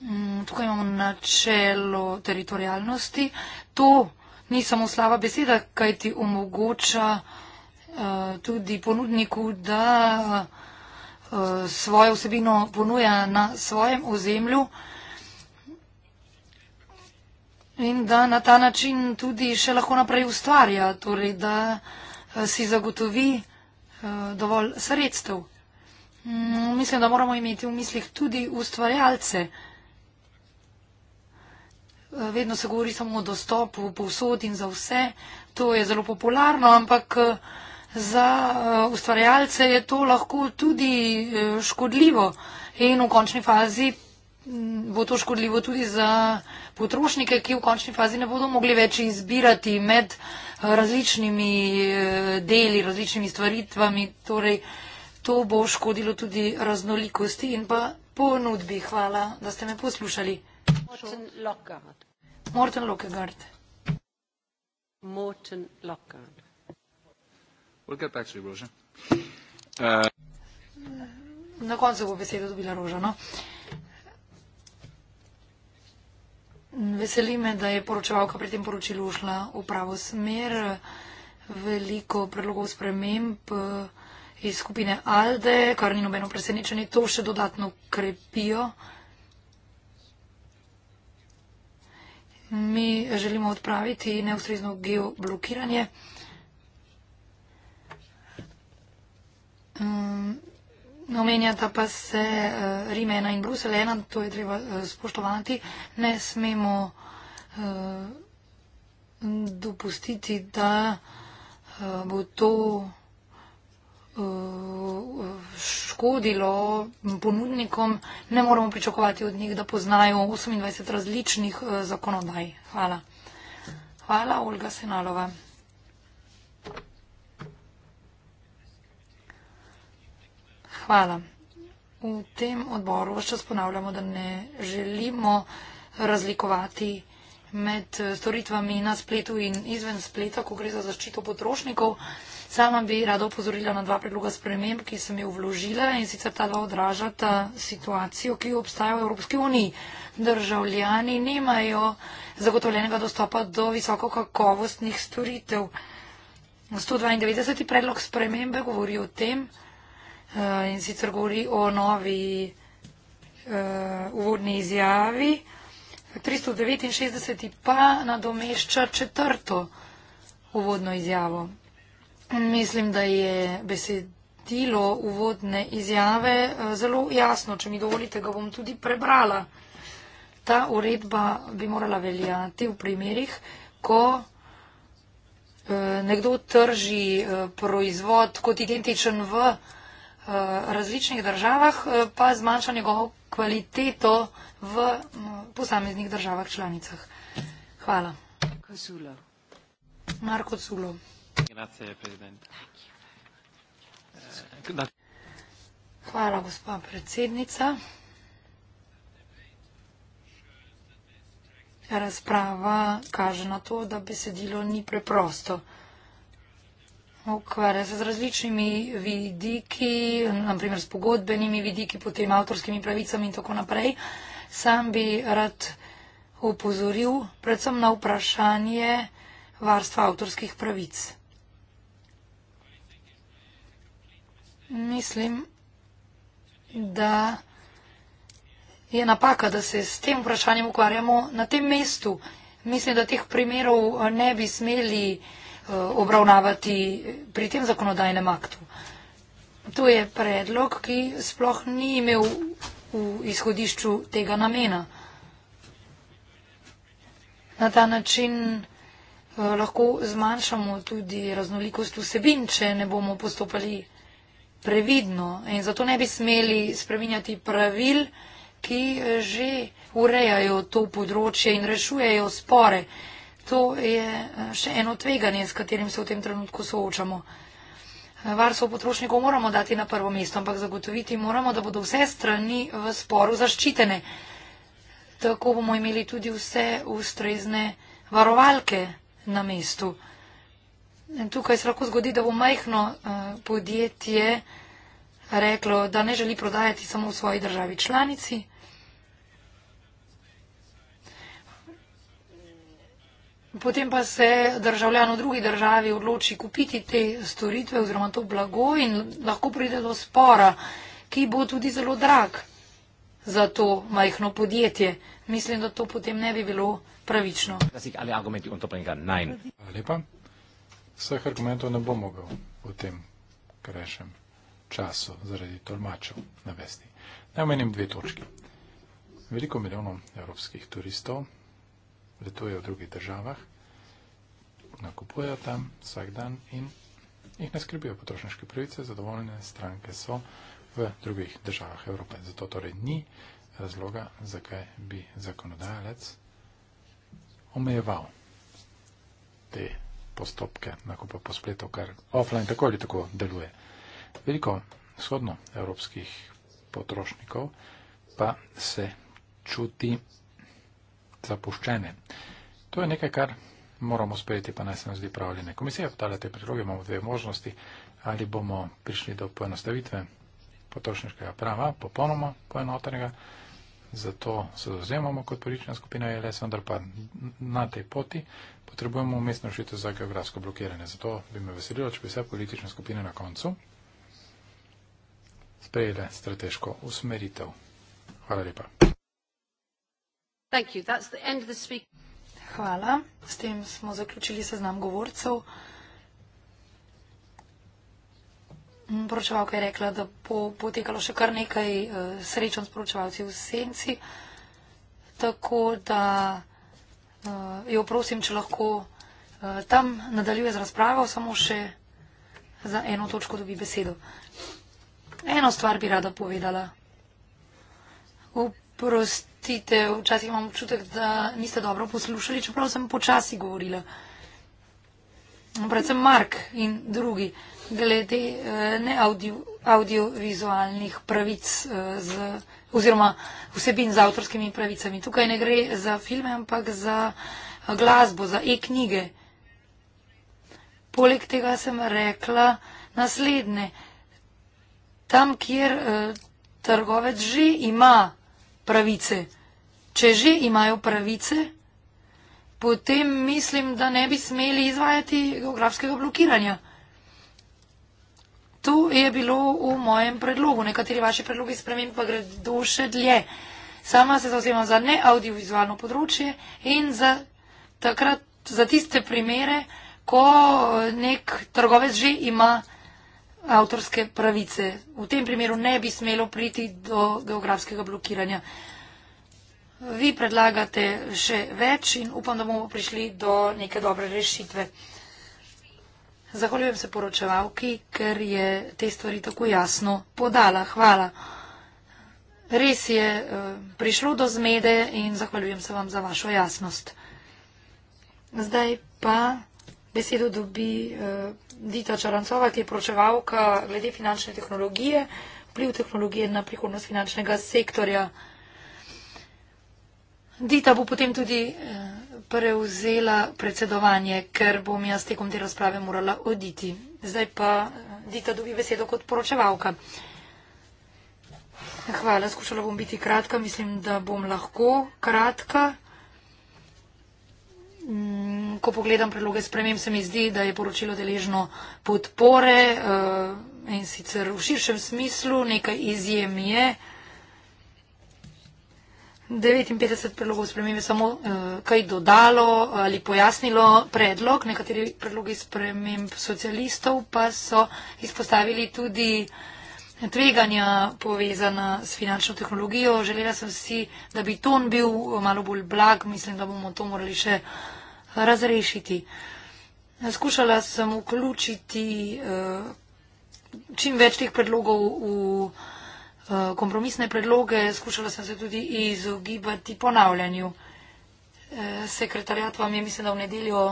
C: Mm, Tukaj imamo načelo teritorijalnosti. To ni samo slaba beseda, kaj ti omogoča eh, tudi ponudniku, da eh, svojo vsebino ponuja na svojem ozemlju in da na ta način tudi še lahko naprej ustvarja, torej da eh, si zagotovi vsebino, Eh, dovolj sredstev. Mm, mislim, da moramo imeti v mislih tudi ustvarjalce. Eh, vedno se govori samo o dostopu povsod in za vse. To je zelo popularno, ampak eh, za ustvarjalce je to lahko tudi škodljivo. In v končni fazi mm, bo to škodljivo tudi za potrošnike, ki v končni fazi ne bodo mogli več izbirati med različnimi eh, deli, različnimi stvaritvami. Torej, to bo škodilo tudi raznolikosti in pa ponudbi. Hvala, da ste me poslušali. Morten Lockhart. Morten Lockhart. Morten Lockhart.
D: We'll get back to you, Roža. Uh...
C: Na koncu bo beseda dobila Roža, no? Veseli me, da je poročevalka pri tem poročilu ušla v pravo smer. Veliko predlogov sprememb eh, iz skupine ALDE, kar ni nobeno presenečenje, to še dodatno krepijo. Mi želimo odpraviti neustrezno geoblokiranje. Um, Omenjata pa se uh, eh, Rim 1 in Bruselj 1, to je treba uh, spoštovati. Ne smemo uh, dopustiti, da uh, bo to uh, škodilo ponudnikom. Ne moramo pričakovati od njih, da poznajo 28 različnih uh, zakonodaj. Hvala. Hvala, Olga Senalova. Hvala. V tem odboru vse čas ponavljamo, da ne želimo razlikovati med storitvami na spletu in izven spleta, ko gre za zaščito potrošnikov. Sama bi rada upozorila na dva predloga sprememb, ki sem jih vložila in sicer ta dva odražata situacijo, ki obstaja v Evropski uniji. Državljani nimajo zagotovljenega dostopa do visoko kakovostnih storitev. 192. predlog spremembe govori o tem, Eh, in sicer govori o novi eh, uvodni izjavi. 369. pa nadomešča četrto uvodno izjavo. Mislim, da je besedilo uvodne izjave eh, zelo jasno. Če mi dovolite, ga bom tudi prebrala. Ta uredba bi morala veljati v primerih, ko nekdo trži proizvod kot identičen v proizvod Eh, različnih državah, eh, pa zmanjša njegovo kvaliteto v mm, posameznih državah članicah. Hvala. Kosulo. Marko Culo. Hvala, gospa predsednica. Razprava kaže na to, da besedilo ni preprosto ukvarja se z različnimi vidiki, naprimer s pogodbenimi vidiki, potem avtorskimi pravicami in tako naprej. Sam bi rad upozoril predvsem na vprašanje varstva avtorskih pravic. Mislim, da je napaka, da se s tem vprašanjem ukvarjamo na tem mestu. Mislim, da teh primerov ne bi smeli. Eh, obravnavati pri tem zakonodajnem aktu. To je predlog, ki sploh ni imel v izhodišču tega namena. Na ta način eh, lahko zmanjšamo tudi raznolikost vsebin, če ne bomo postopali previdno in zato ne bi smeli spreminjati pravil, ki že urejajo to področje in rešujejo spore. To je eh, še eno tveganje, s katerim se v tem trenutku soočamo. Eh, varstvo potrošnikov moramo dati na prvo mesto, ampak zagotoviti moramo, da bodo vse strani v sporu zaščitene. Tako bomo imeli tudi vse ustrezne varovalke na mestu. In tukaj se lahko zgodi, da bo majhno eh, podjetje reklo, da ne želi prodajati samo v svoji državi članici Potem pa se državljan v drugi državi odloči kupiti te storitve oziroma to blago in lahko pride do spora, ki bo tudi zelo drag za to majhno podjetje. Mislim, da to potem ne bi bilo pravično. Lepa.
D: Vseh argumentov ne bom mogel v tem krešem času zaradi tolmačev navesti. Naj omenim dve točki. Veliko milijonov evropskih turistov letujejo v drugih državah, nakupujejo tam vsak dan in jih ne skrbijo potrošniške pravice, zadovoljne stranke so v drugih državah Evrope. Zato torej ni razloga, zakaj bi zakonodajalec omejeval te postopke nakupa po spletu, kar offline tako ali tako deluje. Veliko vzhodno evropskih potrošnikov pa se čuti zapuščene. To je nekaj, kar moramo sprejeti, pa naj se nam zdi pravljene. Komisija podala te predloge, imamo dve možnosti, ali bomo prišli do poenostavitve potrošniškega prava, popolnoma poenotenega, zato se zauzemamo kot politična skupina ELS, vendar pa na tej poti potrebujemo umestno rešitev za geografsko blokiranje. Zato bi me veselilo, če bi vse politične skupine na koncu sprejele strateško usmeritev. Hvala lepa.
C: Thank you. That's the end of the speak Hvala. S tem smo zaključili seznam govorcev. Poročevalka je rekla, da bo potekalo še kar nekaj uh, srečanj s poročevalci v senci, tako da uh, jo prosim, če lahko uh, tam nadaljuje z razpravo, samo še za eno točko dobi besedo. Eno stvar bi rada povedala. Uprosti tite, včasih imam občutek, da niste dobro poslušali, čeprav sem počasi govorila. Predvsem Mark in drugi, glede eh, ne audiovizualnih audio pravic eh, z, oziroma vsebin z avtorskimi pravicami. Tukaj ne gre za filme, ampak za eh, glasbo, za e-knjige. Poleg tega sem rekla naslednje. Tam, kjer eh, trgovec že ima pravice. Če že imajo pravice, potem mislim, da ne bi smeli izvajati geografskega blokiranja. To je bilo v mojem predlogu. Nekateri vaši predlogi spremem pa gredo še dlje. Sama se zauzemam za neaudiovizualno področje in za, takrat, za tiste primere, ko nek trgovec že ima avtorske pravice. V tem primeru ne bi smelo priti do geografskega blokiranja. Vi predlagate še več in upam, da bomo prišli do neke dobre rešitve. Zahvaljujem se poročevalki, ker je te stvari tako jasno podala. Hvala. Res je eh, prišlo do zmede in zahvaljujem se vam za vašo jasnost. Zdaj pa besedo dobi eh, Dita Čarancova, ki je pročevalka glede finančne tehnologije, pliv tehnologije na prihodnost finančnega sektorja. Dita bo potem tudi eh, prevzela predsedovanje, ker bom jaz tekom te razprave morala oditi. Zdaj pa eh, Dita dobi besedo kot poročevalka. Hvala, skušala bom biti kratka, mislim, da bom lahko kratka. Mm, ko pogledam predloge sprememb, se mi zdi, da je poročilo deležno podpore eh, in sicer v širšem smislu nekaj izjem je. 59 predlogov sprememb je samo eh, kaj dodalo ali pojasnilo predlog. Nekateri predlogi sprememb socialistov pa so izpostavili tudi tveganja povezana s finančno tehnologijo. Želela sem si, da bi ton bil malo bolj blag, mislim, da bomo to morali še razrešiti. Skušala sem vključiti eh, čim več teh predlogov v eh, kompromisne predloge, skušala sem se tudi izogibati ponavljanju. Eh, Sekretarjat vam je, mislim, da v nedeljo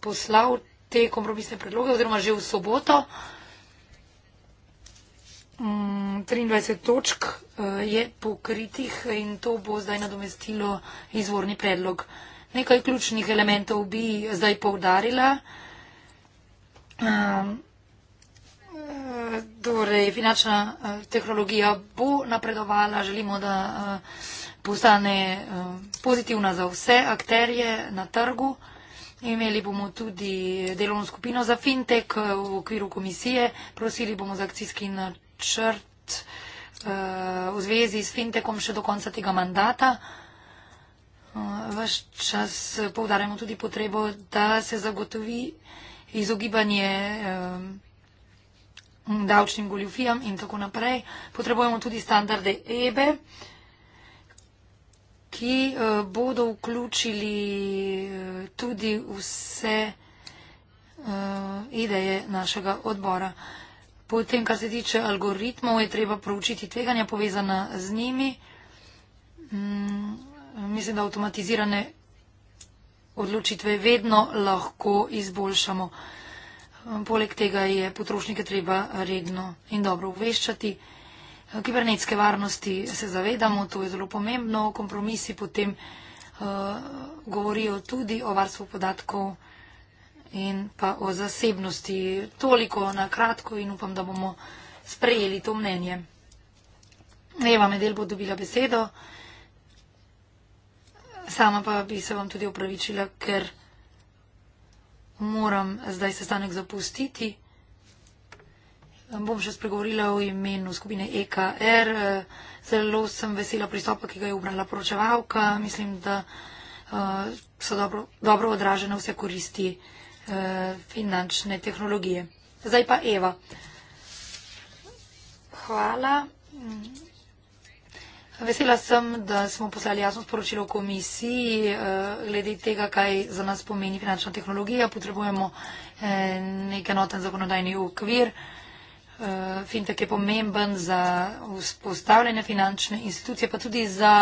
C: poslal te kompromisne predloge oziroma že v soboto. Uh, mm, 23 točk uh, je pokritih in to bo zdaj nadomestilo izvorni predlog. Nekaj ključnih elementov bi zdaj povdarila. Uh, ehm, eh, torej, finančna uh, tehnologija bo napredovala, želimo, da uh, postane uh, pozitivna za vse akterje na trgu. Imeli bomo tudi delovno skupino za fintech v okviru komisije, prosili bomo za akcijski načrt načrt uh, v zvezi s fintekom še do konca tega mandata. Uh, eh, Ves čas eh, poudarjamo tudi potrebo, da se zagotovi izogibanje uh, davčnim goljufijam in tako naprej. Potrebujemo tudi standarde EBE e, ki bodo vključili tudi vse ideje našega odbora. Potem, kar se tiče algoritmov, je treba proučiti tveganja povezana z njimi. Mm, mislim, da avtomatizirane odločitve vedno lahko izboljšamo. Poleg tega je potrošnike treba redno in dobro obveščati. Kibernetske varnosti se zavedamo, to je zelo pomembno. Kompromisi potem uh, govorijo tudi o varstvu podatkov in pa o zasebnosti. Toliko na kratko in upam, da bomo sprejeli to mnenje. Eva Medel bo dobila besedo. Sama pa bi se vam tudi opravičila, ker moram zdaj sestanek zapustiti. Bom še spregovorila o imenu skupine EKR. Zelo sem vesela pristopa, ki ga je ubrala poročevalka. Mislim, da eh, so dobro, dobro odražene vse koristi. Eh, finančne tehnologije. Zdaj pa Eva. Hvala. Vesela sem, da smo poslali jasno sporočilo komisiji eh, glede tega, kaj za nas pomeni finančna tehnologija. Potrebujemo eh, nek enoten zakonodajni okvir. Fintech je pomemben za vzpostavljanje finančne institucije, pa tudi za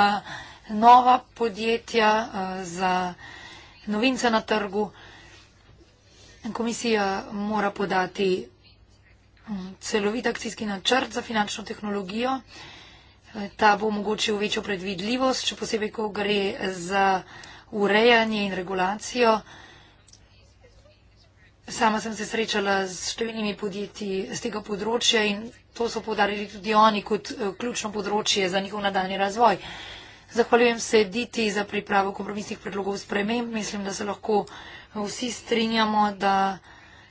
C: nova podjetja, za novince na trgu. Komisija mora podati mm, celovit akcijski načrt za finančno tehnologijo. E, ta bo omogočil večjo predvidljivost, če posebej, ko gre za urejanje in regulacijo. Sama sem se srečala s številnimi podjetji z tega področja in to so podarili tudi oni kot e, ključno področje za njihov nadaljni razvoj. Zahvaljujem se Diti za pripravo kompromisnih predlogov sprememb. Mislim, da se lahko vsi strinjamo, da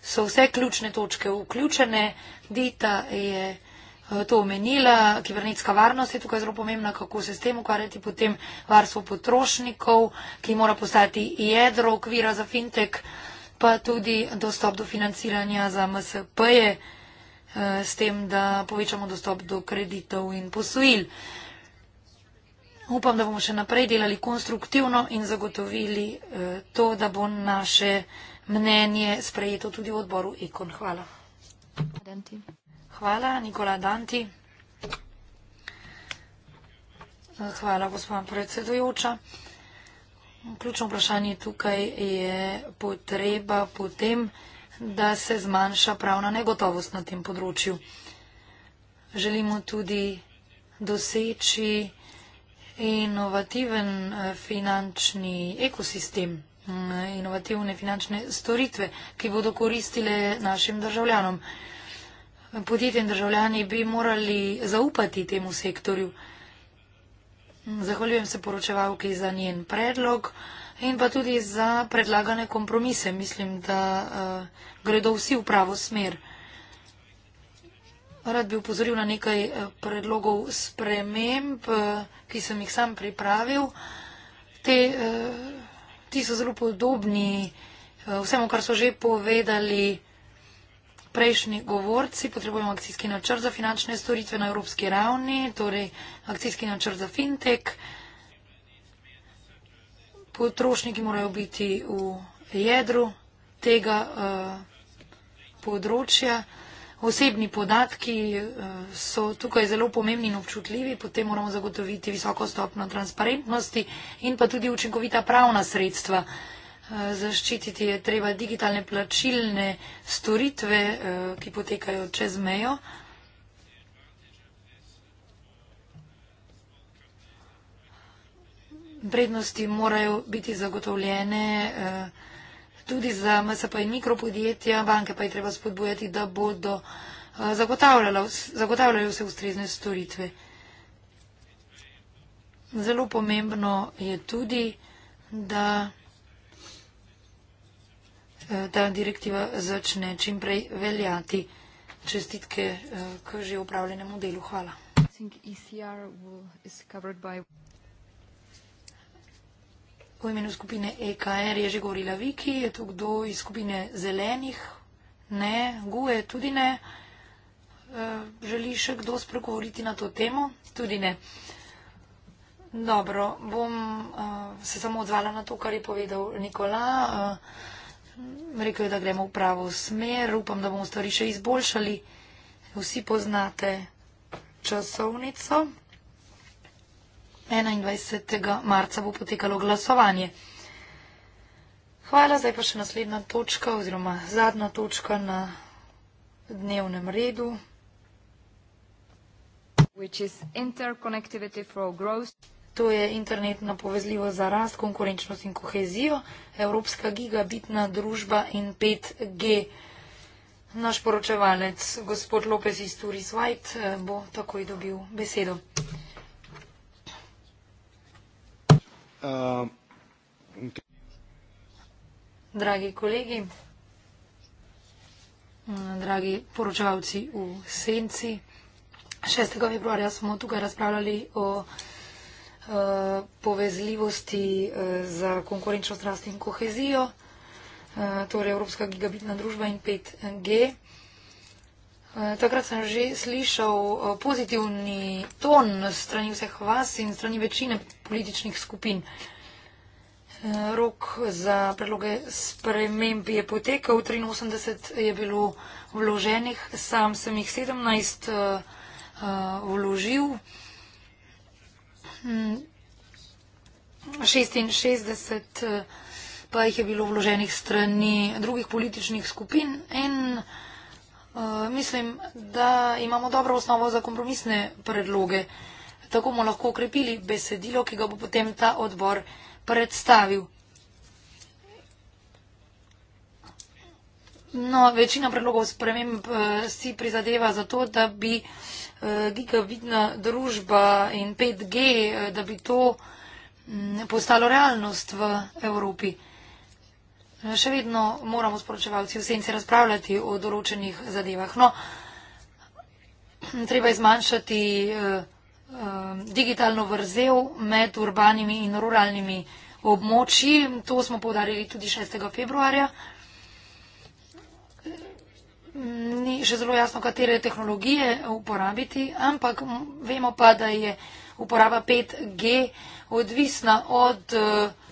C: so vse ključne točke vključene. Dita je eh, to omenila, kibernetska varnost je tukaj zelo pomembna, kako se s tem ukvarjati, potem varstvo potrošnikov, ki mora postati jedro okvira za fintek, pa tudi dostop do financiranja za MSP-je, eh, s tem, da povečamo dostop do kreditov in posojil upam, da bomo še naprej delali konstruktivno in zagotovili eh, to, da bo naše mnenje sprejeto tudi v odboru Ekon. Hvala. Danti. Hvala, Nikola Danti. Hvala, gospod predsedujoča. Ključno vprašanje tukaj je potreba potem, da se zmanjša pravna negotovost na tem področju. Želimo tudi doseči inovativen eh, finančni ekosistem, mm, inovativne finančne storitve, ki bodo koristile našim državljanom. Podjetje in državljani bi morali zaupati temu sektorju. Mm, zahvaljujem se poročevalki za njen predlog in pa tudi za predlagane kompromise. Mislim, da uh, gredo vsi v pravo smer. Rad bi upozoril na nekaj eh, predlogov sprememb, eh, ki sem jih sam pripravil. Te, eh, ti so zelo podobni vsemu, kar so že povedali prejšnji govorci. Potrebujemo akcijski načrt za finančne storitve na evropski ravni, torej akcijski načrt za fintech. Potrošniki morajo biti v jedru tega uh, področja osebni podatki eh, so tukaj zelo pomembni in občutljivi, potem moramo zagotoviti visoko stopno transparentnosti in pa tudi učinkovita pravna sredstva. Eh, zaščititi je treba digitalne plačilne storitve, eh, ki potekajo čez mejo. Prednosti morajo biti zagotovljene tudi za MSP in mikropodjetja, banke pa je treba spodbujati, da bodo eh, zagotavljali vse ustrezne storitve. Zelo pomembno je tudi, da eh, ta direktiva začne čim prej veljati. Čestitke eh, k že upravljenemu delu. Hvala. V imenu skupine EKR je že govorila Viki, je tu kdo iz skupine zelenih? Ne, guje tudi ne. E, želi še kdo spregovoriti na to temo? Tudi ne. Dobro, bom e, se samo odzvala na to, kar je povedal Nikola. E, rekel je, da gremo v pravo smer, upam, da bomo stvari še izboljšali. Vsi poznate časovnico. 21. marca bo potekalo glasovanje. Hvala, zdaj pa še naslednja točka oziroma zadnja točka na dnevnem redu. To je internetna povezljivost za rast, konkurenčnost in kohezijo, Evropska gigabitna družba in 5G. Naš poročevalec, gospod Lopez iz Turis White, eh, bo takoj dobil besedo. Uh, dragi kolegi, dragi poročavci v Senci, 6. februarja smo tukaj razpravljali o uh, povezljivosti uh, za konkurenčnost rast in kohezijo, uh, torej Evropska gigabitna družba in 5G. Uh, Takrat sem že slišal eh, pozitivni ton strani vseh vas in strani večine političnih skupin. Eh, rok za predloge sprememb je potekal, 83 je bilo vloženih, sam sem jih 17 eh, vložil. 66 hm, pa jih je bilo vloženih strani drugih političnih skupin. En Eh, mislim, da imamo dobro osnovo za kompromisne predloge. Tako bomo lahko ukrepili besedilo, ki ga bo potem ta odbor predstavil. No, večina predlogov sprememb eh, si prizadeva za to, da bi eh, gigavidna družba in 5G, eh, da bi to hm, postalo realnost v Evropi. Eh, še vedno moramo sporočevalci v senci razpravljati o določenih zadevah. No, treba je zmanjšati eh, eh, digitalno vrzel med urbanimi in ruralnimi območji. To smo povdarili tudi 6. februarja. Ni še zelo jasno, katere tehnologije uporabiti, ampak vemo pa, da je uporaba 5G odvisna od uh,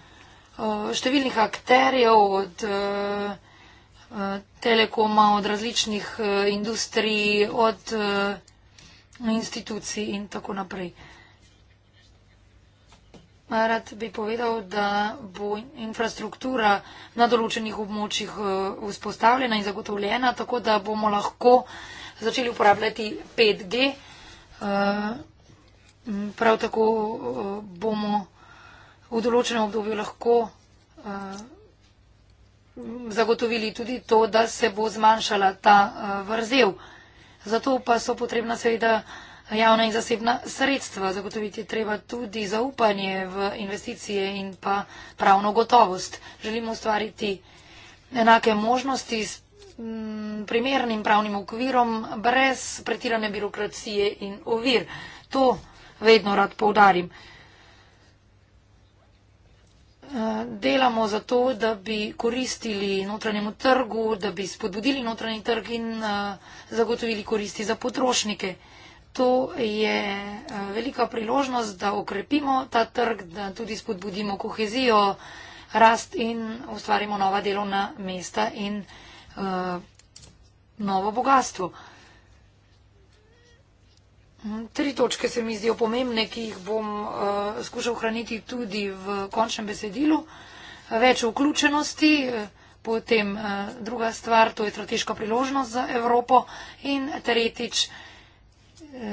C: številnih akterjev od e, e, telekoma, od različnih e, industrij, od institucij in tako naprej. Rad bi povedal, da bo infrastruktura na določenih območjih vzpostavljena in zagotovljena, tako da bomo lahko začeli uporabljati 5G. Prav tako bomo v določenem obdobju lahko uh, zagotovili tudi to, da se bo zmanjšala ta uh, vrzel. Zato pa so potrebna seveda javna in zasebna sredstva. Zagotoviti je treba tudi zaupanje v investicije in pa pravno gotovost. Želimo ustvariti enake možnosti s mm, primernim pravnim okvirom, brez pretirane birokracije in ovir. To vedno rad poudarim. Uh, delamo za to, da bi koristili notranjemu trgu, da bi spodbudili notranji trg in eh, zagotovili koristi za potrošnike. To je eh, velika priložnost, da okrepimo ta trg, da tudi spodbudimo kohezijo, rast in ustvarimo nova delovna mesta in eh, novo bogatstvo. Tri točke se mi zdijo pomembne, ki jih bom uh, skušal hraniti tudi v končnem besedilu. Več vključenosti, eh, potem uh, druga stvar, to je strateška priložnost za Evropo in tretjič, uh,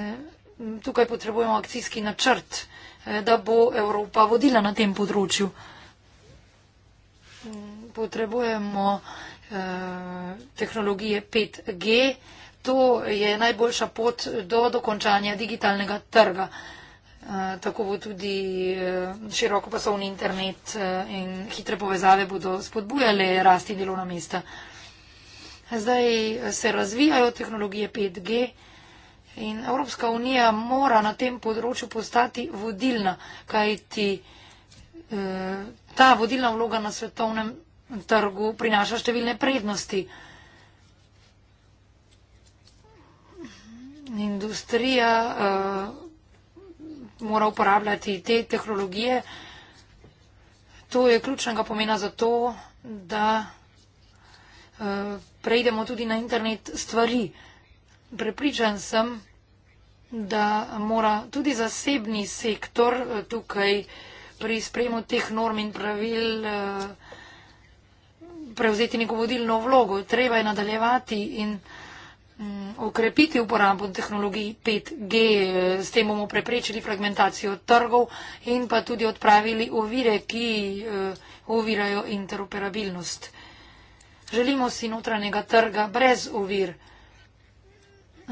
C: tukaj potrebujemo akcijski načrt, uh, da bo Evropa vodila na tem področju. Mm, potrebujemo uh, tehnologije 5G. Uh, to je najboljša pot do dokončanja digitalnega trga. Eh, tako bo tudi eh, široko poslovni internet eh, in hitre povezave bodo spodbujale rasti delovna mesta. Zdaj se razvijajo tehnologije 5G in Evropska unija mora na tem področju postati vodilna, kajti ta vodilna vloga na svetovnem trgu prinaša številne prednosti. industrija uh, mora uporabljati te tehnologije. To je ključnega pomena za to, da uh, preidemo tudi na internet stvari. Prepričan sem, da mora tudi zasebni sektor eh, tukaj pri spremu teh norm in pravil uh, prevzeti neko vodilno vlogo. Treba je nadaljevati in uh, Mm, okrepiti uporabo tehnologij 5G, eh, s tem bomo preprečili fragmentacijo trgov in pa tudi odpravili ovire, ki eh, ovirajo interoperabilnost. Želimo si notranjega trga brez ovir.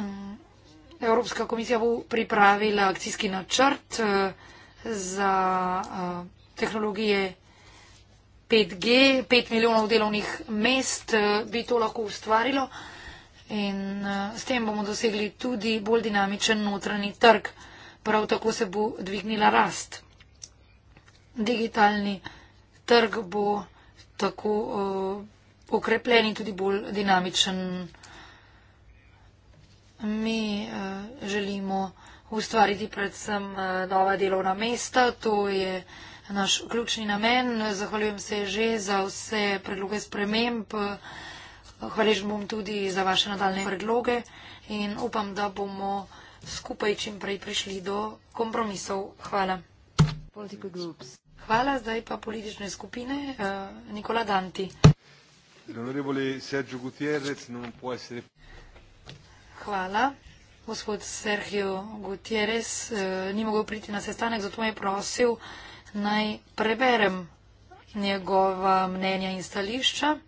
C: Mm, Evropska komisija bo pripravila akcijski načrt eh, za tehnologije 5G, 5 milijonov delovnih mest bi to lahko ustvarilo in eh, s tem bomo dosegli tudi bolj dinamičen notranji trg. Prav tako se bo dvignila rast. Digitalni trg bo tako uh, okrepljen in tudi bolj dinamičen. Mi uh, želimo ustvariti predvsem uh, nova delovna mesta. To je naš ključni namen. Zahvaljujem se že za vse predloge sprememb. Uh, Hvaležen bom tudi za vaše nadaljne predloge in upam, da bomo skupaj čim prej prišli do kompromisov. Hvala. Hvala, zdaj pa politične skupine. Eh, Nikola Danti. Hvala. Gospod Sergio Gutierrez eh, ni mogel priti na sestanek, zato me je prosil, naj preberem njegova mnenja in stališča.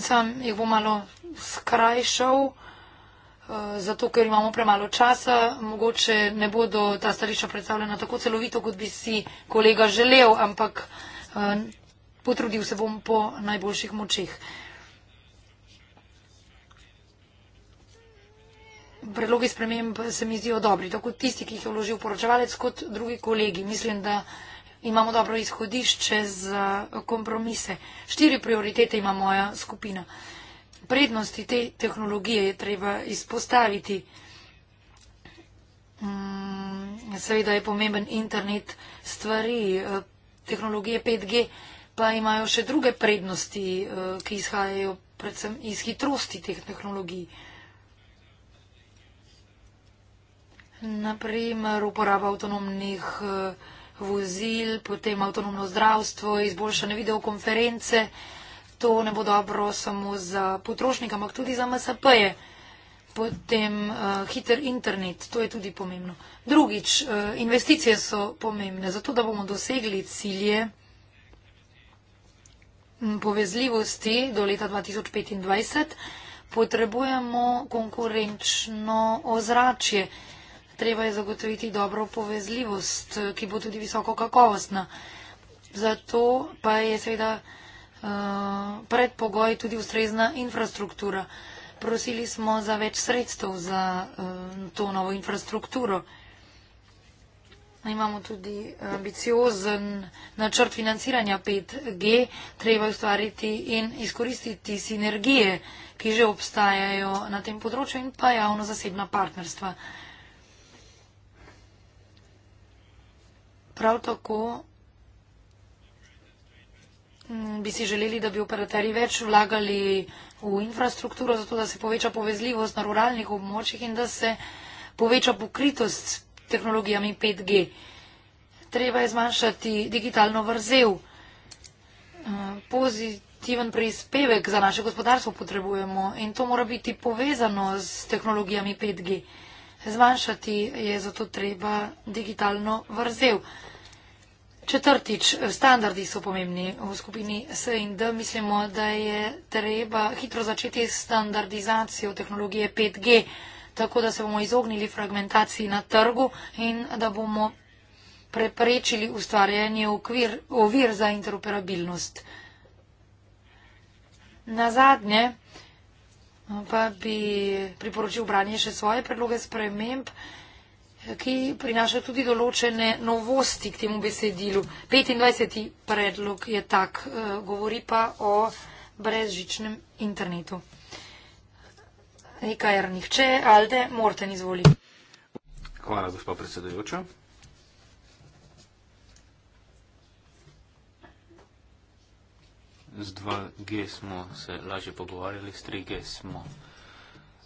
C: Sam jih bom malo skrajšal, eh, zato ker imamo premalo časa. Mogoče ne bodo ta stališča predstavljena tako celovito, kot bi si kolega želel, ampak eh, potrudil se bom po najboljših močih. Predlogi sprememb se mi zdijo dobri, tako tisti, ki jih je vložil poročevalec, kot drugi kolegi. Mislim, da imamo dobro izhodišče za kompromise. Štiri prioritete ima moja skupina. Prednosti te tehnologije je treba izpostaviti. Mm, seveda je pomemben internet stvari, eh, tehnologije 5G pa imajo še druge prednosti, eh, ki izhajajo predvsem iz hitrosti teh tehnologij. Naprimer, uporaba avtonomnih uh, vozil, potem avtonomno zdravstvo, izboljšane videokonference. To ne bo dobro samo za potrošnika, ampak tudi za MSP-je. Potem uh, hiter internet, to je tudi pomembno. Drugič, uh, investicije so pomembne, zato da bomo dosegli cilje povezljivosti do leta 2025, potrebujemo konkurenčno ozračje treba je zagotoviti dobro povezljivost, ki bo tudi visoko kakovostna. Zato pa je seveda uh, predpogoj tudi ustrezna infrastruktura. Prosili smo za več sredstev za uh, to novo infrastrukturo. Imamo tudi ambiciozen načrt financiranja 5G, treba ustvariti in izkoristiti sinergije, ki že obstajajo na tem področju in pa javno-zasebna partnerstva. Uh, Prav tako mm, bi si želeli, da bi operaterji več vlagali v infrastrukturo, zato da se poveča povezljivost na ruralnih območjih in da se poveča pokritost s tehnologijami 5G. Treba je zmanjšati digitalno vrzel. Mm, pozitiven prispevek za naše gospodarstvo potrebujemo in to mora biti povezano s tehnologijami 5G. Zmanjšati je zato treba digitalno vrzel. Četrtič, standardi so pomembni. V skupini S in D mislimo, da je treba hitro začeti s standardizacijo tehnologije 5G, tako da se bomo izognili fragmentaciji na trgu in da bomo preprečili ustvarjanje okvir, ovir za interoperabilnost. Na zadnje pa bi priporočil branje še svoje predloge sprememb, ki prinaša tudi določene novosti k temu besedilu. 25. predlog je tak, eh, govori pa o brezžičnem internetu. Nekaj, ker nihče, Alde, Morten izvoli.
A: Hvala, gospod predsedujoča. z 2G smo se lažje pogovarjali, s 3G smo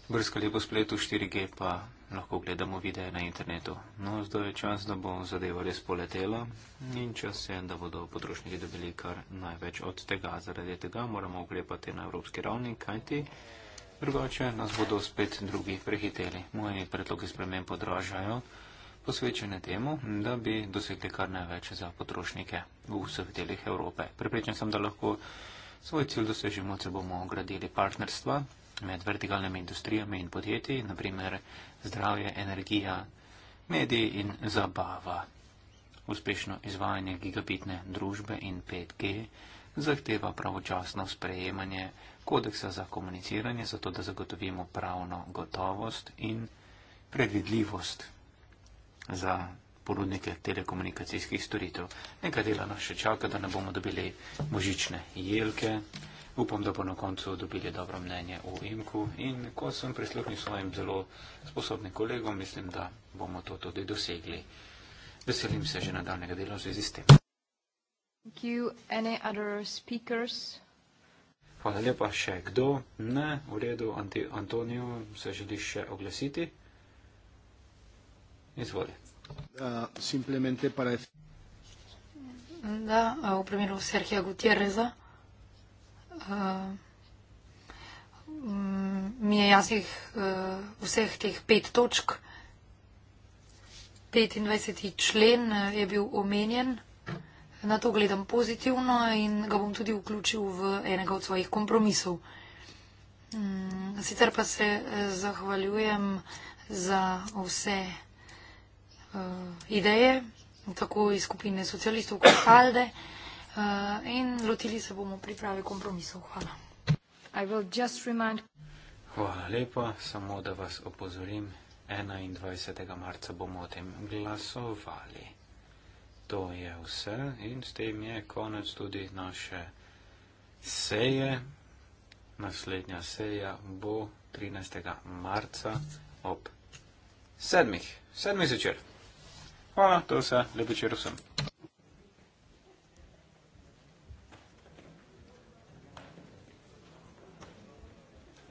A: brskali po spletu, 4G pa lahko gledamo videe na internetu. No, zdaj je čas, da bo zadeva res poletela in čas je, da bodo potrošniki dobili kar največ od tega. Zaradi tega moramo ukrepati na evropski ravni, kajti drugače nas bodo spet drugi prehiteli. Moji predlogi spremem podražajo posvečene temu, da bi dosegli kar največ za potrošnike v vseh delih Evrope. Pripričan sem, da lahko svoj cilj dosežemo, če bomo gradili partnerstva med vertikalnimi industrijami in podjetji, naprimer zdravje, energija, mediji in zabava. Uspešno izvajanje gigabitne družbe in 5G zahteva pravočasno sprejemanje kodeksa za komuniciranje, zato da zagotovimo pravno gotovost in predvidljivost za ponudnike telekomunikacijskih storitev. Nekaj dela nas še čaka, da ne bomo dobili možične jelke. Upam, da bo na koncu dobili dobro mnenje o imku in ko sem prisluhnil svojim zelo sposobnim kolegom, mislim, da bomo to tudi dosegli. Veselim se že nadaljnega dela v zvezi s tem. Hvala lepa. Še kdo? Ne, v redu, Antoniju se želiš še oglasiti
B: simplemente para
C: Да, у примеру Серхия Гутьерреза. Мне ясных у всех этих пять точек. 25. člen je bil omenjen, na to gledam pozitivno in ga bom tudi vključil v enega od svojih kompromisov. Sicer pa se zahvaljujem za vse. Eh, ideje, tako iz skupine socialistov kot Halde uh, eh, in lotili se bomo priprave kompromisov. Hvala. Remind...
A: Hvala lepa, samo da vas opozorim, 21. marca bomo o tem glasovali. To je vse in s tem je konec tudi naše seje. Naslednja seja bo 13. marca ob sedmih. Sedmi začer. Hvala, to je vse, lepo večer vsem.